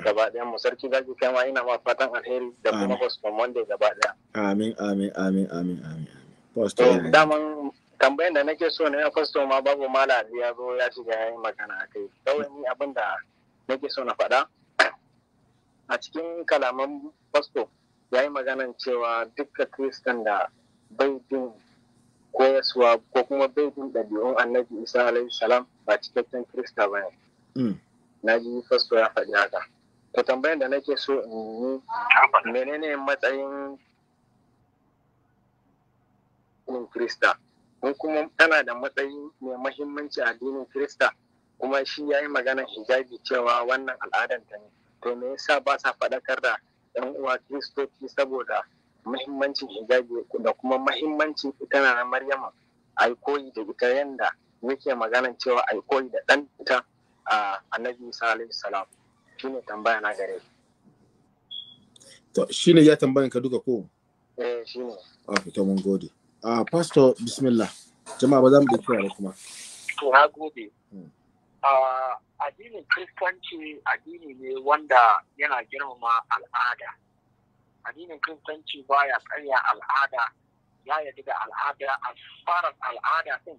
gaba ɗaya mu sarki zaki kai ma ina ma fatan alheri da kuma gospel monday gaba da amin amin amin amin amin pastor daman tambayan da nake so ne na pastor ma babu mala ya zo ya shiga yayi magana kai kawai ni abin da nake so na faɗa a cikin kalaman pastor ya yi maganan cewa duka kristan da bai bin koyaswa ko kuma bai ɗabi'un annabi isa alaihi salam ba cikakken krista ba ne mm. na ji fasto ya faɗi haka to tambayar da nake so in yi menene matsayin in Krista, in kuma tana da matsayi mai mahimmanci a addinin Krista, kuma shi ya yi maganar hijabi cewa wannan al'adanta ne, to me yasa ba sa faɗakar da yan uwa kiristoci saboda mahimmancin hijabi da kuma mahimmancin ita na maryama a koyi da ita yanda yake maganan cewa a koyi da ɗan ita a annabi isa alaihi salam shine tambaya na gare to shine ya tambayan ka duka ko eh shine a fito mun gode a pastor bismillah jama'a ba za mu da kuma to na gode hmm. addinin kristanci addini ne wanda yana girmama al'ada addinin kristanci baya karya al'ada ya yarda da al'ada a fara al'ada din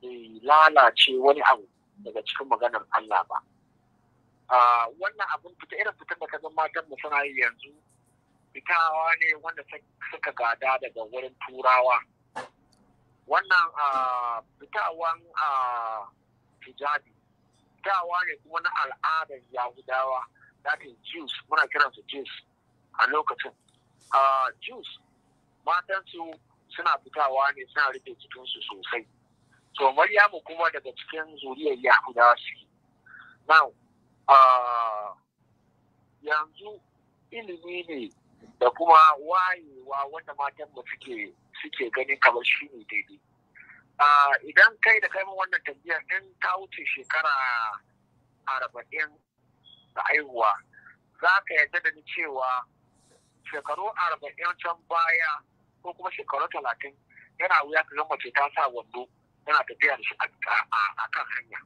bai lalace wani abu daga cikin maganar Allah ba wannan abin fita irin fitar da ka zama matan mu suna yi yanzu fitawa ne wanda suka gada daga wurin turawa wannan fitawan hijabi dawa ne kuma na al'adar yahudawa that is jews muna kiransu jews a lokacin jews matansu suna fitawa ne suna rufe cikinsu sosai to maryamu kuma daga cikin zuriyar yahudawa suke now yanzu ilimi ne da kuma wayewa wanda matan ba suke ganin kamar shi ne daidai idan kai da kai wannan tambiyar in ta wuce shekara arba'in da aihuwa za ka yarda da ni cewa shekaru arba'in can baya ko kuma shekaru talatin yana wuya ka gama ce ta sa wando yana tafiya da shi a kan hanya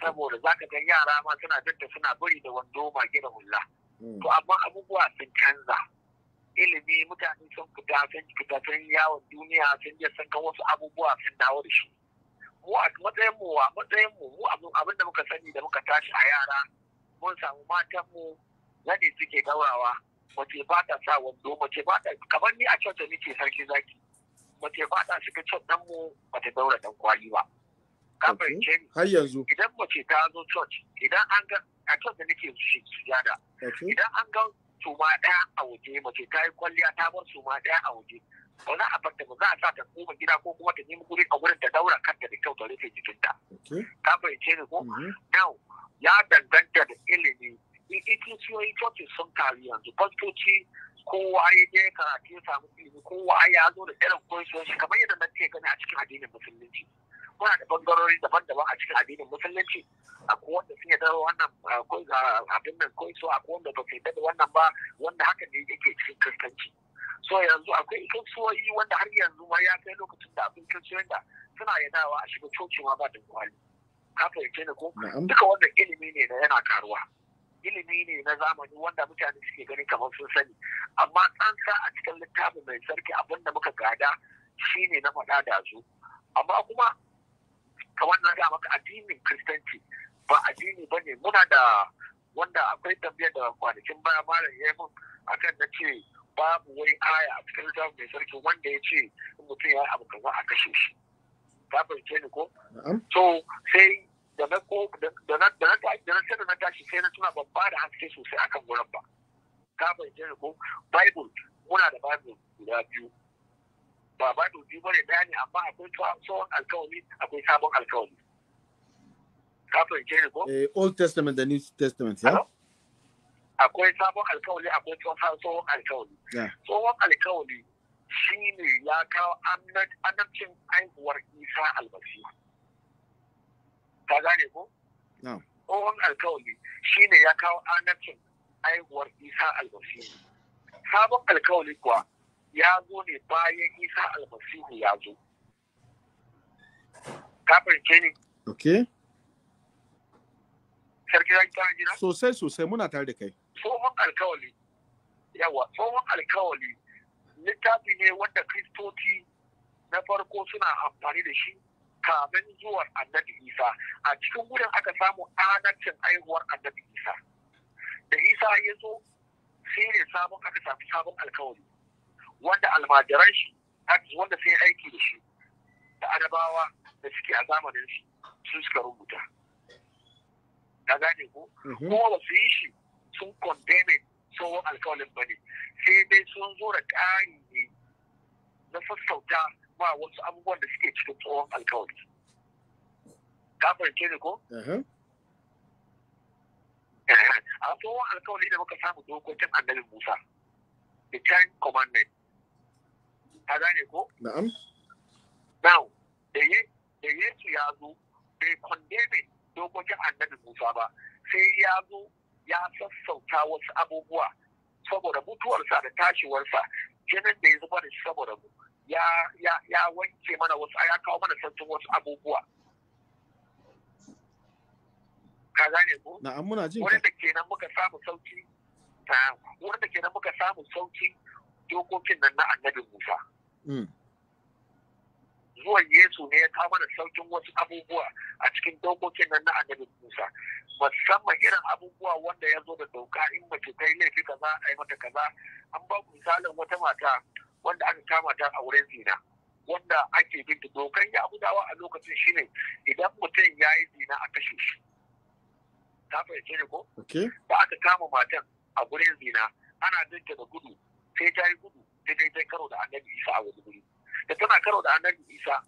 saboda za ka ga yara ma suna jinta suna bari da wando mage da hula hmm. to amma abubuwa sun canza ilimi mutane sun fita sun fita sun yawon duniya sun je sun ga wasu abubuwa sun dawo da shi mu a matsayin mu a matsayin mu mu abin da muka sani da muka tashi a yara mun samu matan mu nade suke daurawa mace ba ta sa wando mace ba ta kamar ni a cewa da nake sarki zaki mace ba ta shiga cewa dan mu ba ta daura dan kwali ba ka ni har yanzu idan mace ta zo church idan an ga a can da nake sujada idan an ga suma ɗaya a waje mace ta yi kwalliya ta bar suma ɗaya a waje ba za a ba za a sa ta koma gida ko kuma ta nemi guri a wurin ta daura kanta da kyau ta rufe jikinta ta fahimce ni ko mhm. Nau ya danganta da ilimi ikisiyoyi coci sun karu yanzu fastoci kowa ya je karatu ya samu ilimi kowa ya zo da irin koyon shi kamar yadda na ce gani a cikin addinin musulunci muna da bangarori daban-daban a cikin addinin musulunci akwai wanda sun yarda wannan akwai abin nan ko so akwai wanda ba su wannan ba wanda haka ne yake cikin kristanci so yanzu akwai kiristoci wanda har yanzu ma ya kai lokacin da abin kiristoci da suna yadawa a shiga coci ba da kwali ka fahimce ni ko duka wannan ilimi ne da yana karuwa ilimi ne na zamani wanda mutane suke ganin kamar sun sani amma tsansa a cikin littafin mai sarki abinda muka gada shine na faɗa da zu amma kuma kamar na ga maka addinin kristanci ba addini ba ne muna da wanda akwai tambayar da kwanakin baya malam ya yi mun akan na ce babu wai aya a cikin zama mai sarki wanda ya ce in mutum ya yi abu kama a kashe shi ka fahimce ni ko so sai da na ko da na da na sai da na tashi sai na tuna babba da haske sosai akan gurin ba ka fahimce ni ko bible muna da bible guda biyu ba ba dubi bane bayani amma akwai tsohon alkawari akwai sabon alkawari ka fahimce ne ko eh old testament da new testament ya akwai sabon alkawari akwai tsohon alkawari tsohon alkawari shine ya kawo annabcin aihuwar isa almasihu Ta gane ko tsohon alkawari shine ya kawo annabcin aihuwar isa almasihu sabon alkawari kuwa ya zo ne bayan isa almasihu ya zo kafirce ne ok sarki zaki tare gina sosai sosai muna tare da kai tsohon alkawali yawa tsohon alkawali littafi ne wanda kristoci na farko suna amfani da shi kamin zuwar annabi isa a cikin gudun aka samu anacin aihuwar annabi isa da isa ya zo sai ne sabon aka samu sabon alkawali wanda almajiran shi wanda sai aiki da shi da adabawa da suke a zamanin shi sun suka rubuta na gane ko mhm. kuma ba su yi shi sun condemn tsohon alkawalin ba ne sai dai sun zo da ƙari ne na sassauta ma wasu abubuwan da suke cikin tsohon alkawali ka fahimce ne ko mhm. eh, a tsohon alkawali da muka samu dokokin annabin musa the ten commandment a gane ko na'am now da yesu ya zo bai condemn dokokin annabi musa ba sai ya zo ya sassauta wasu abubuwa saboda mutuwarsa da tashiwarsa jinin da ya zuba da shi saboda mu ya wanke mana wasu ya kawo mana sassun wasu abubuwa ka gane ko na'am muna jin wanda kenan muka samu sauki wanda kenan muka samu sauki dokokin nan na annabi Musa Mm. zuwan Yesu ne ya kama da saukin wasu abubuwa a cikin dokokin nan na annabi Musa musamman irin abubuwa wanda ya zo da doka in mace ta yi laifi kaza a yi mata kaza an ba misalin wata mata wanda aka kama ta a wurin zina wanda ake bin da dokan Yahudawa a lokacin shine idan mutum ya yi zina a kashe shi ta fahimce ne ko da aka kama matan a wurin zina ana jinta da gudu sai ta yi gudu daidai karo da annabi isa a wani guri da tana karo da annabi isa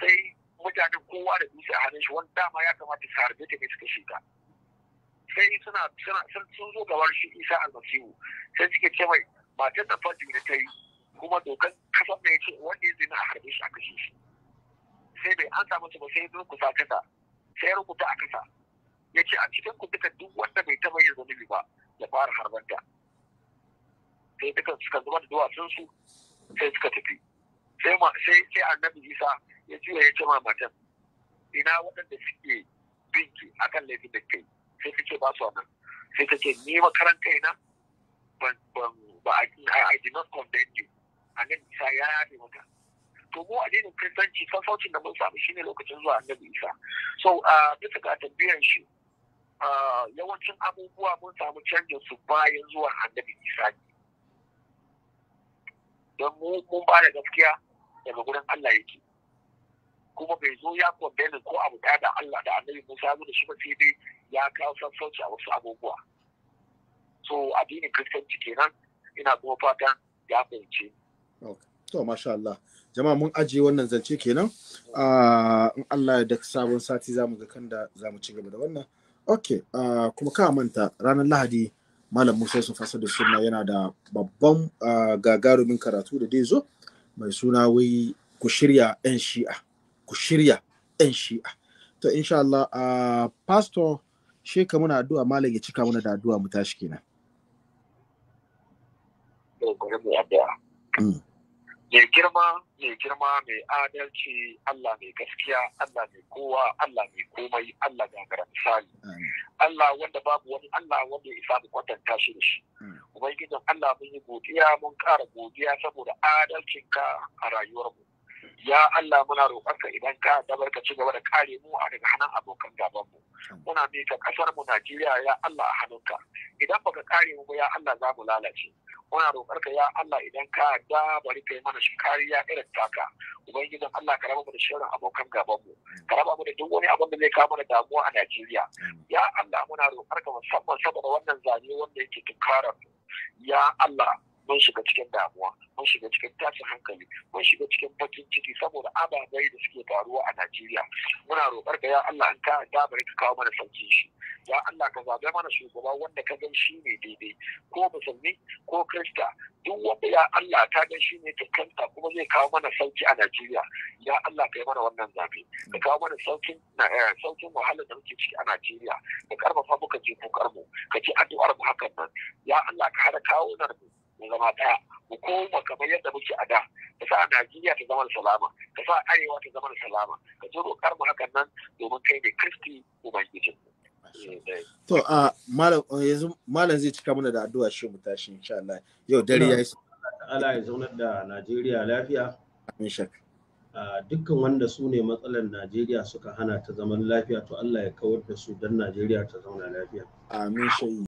sai mutanen kowa da dutse a hannun shi wani dama ya kamata su harbe ta ne suka shiga sai suna sun zo gabar shi isa almasihu sai suke ce mai matar da fadi da ta yi kuma dokan kasan da ya ce wanda ya zina a harbe shi a kashe shi sai bai an samu ba sai kusa kasa sai ya rukuta a kasa ya ce a cikin ku duk wanda bai taba yin zunubi ba ya fara harbanta sai dukan suka zuba da duwatsun su sai suka tafi sai annabi isa ya juya ya ce matan ina waɗanda suke binki akan laifin da kai sai ta ce ba su nan sai ta ce ni makaran kaina ban ba a I did not condemn you isa ya yafe mata. to mu addinin kristanci sassaucin da mun samu shine lokacin zuwa annabi isa so bisa ga tambayan shi yawancin abubuwa mun samu canjin su bayan zuwa annabi isa ne don mun ba da gaskiya daga gurin Allah yake kuma bai zo ya kwambenin ko abu ɗaya da Allah da annabi Musa ya da shi ba sai dai ya kawo sassauci a wasu abubuwa so addinin kristanci kenan ina kuma fatan ya fahimci. to masha Allah jama'a mun ajiye wannan zance kenan ah, in Allah ya da sabon sati zamu ga kan da zamu ci gaba da wannan okay ah, kuma ka manta ranar Lahadi malam musa yusuf da sunna yana da babban gagarumin karatu da dai zo mai suna wai ku shirya 'yan shi'a ku shirya 'yan shi'a to insha Allah uh, pastor sheka muna addu'a malam ya cika muna da addu'a mu tashi kenan mm. girma mai girma mai adalci Allah mai gaskiya Allah mai kowa Allah mai komai Allah gagara misali Allah wanda babu wani Allah wanda ya isa mu kwatanta shi da shi ubangijin Allah mun yi godiya mun ƙara godiya saboda adalcin ka a rayuwar mu ya Allah muna ka idan ka dabar ka ci gaba da kare mu a daga hannun abokan gaban mu muna mika kasar mu Najeriya ya Allah a hannunka idan baka kare mu ba ya Allah za mu lalace muna roƙar ka ya Allah idan ka da bari kai mana shi kariya irin taka ubangijin Allah ka raba mu da shirin abokan gaban mu ka raba mu da duk wani abin da zai kawo mana damuwa a Najeriya ya Allah muna roƙar ka musamman saboda wannan zane wanda yake tunkarar mu ya Allah mun shiga cikin damuwa mun shiga cikin tashin hankali mun shiga cikin bakin ciki saboda ababai da suke taruwa a Najeriya muna roƙar ka ya Allah in ka da bari ka kawo mana sauki shi ya Allah ka zabe mana shugaba wanda ka gan shi ne daidai ko musulmi ko krista duk wanda ya Allah ka gan shi ne tukanta kuma zai kawo mana sauki a Najeriya ya Allah ka yi mana wannan zabe ka kawo mana saukin eh, saukin wahalar da muke ciki a Najeriya ka karfafa muka je kokar mu ka ci addu'ar mu hakan nan ya Allah ka hada kawo nan mu zama daya mu koma kamar yadda muke a da ka sa Najeriya ta zama salama ka sa Arewa ta zama salama ka zo roƙar mu hakan nan domin kai ne Kristi Ubangijinmu. Eh, to a malam eh, yanzu malam zai cika mana da addu'a shi mu tashi insha Allah. Yau dare yayi. Allah ya zaunar da Najeriya lafiya. Amin shak. dukkan wanda su ne matsalar Najeriya suka hana ta zaman lafiya to Allah ya kawar da su don Najeriya ta zauna lafiya. Amin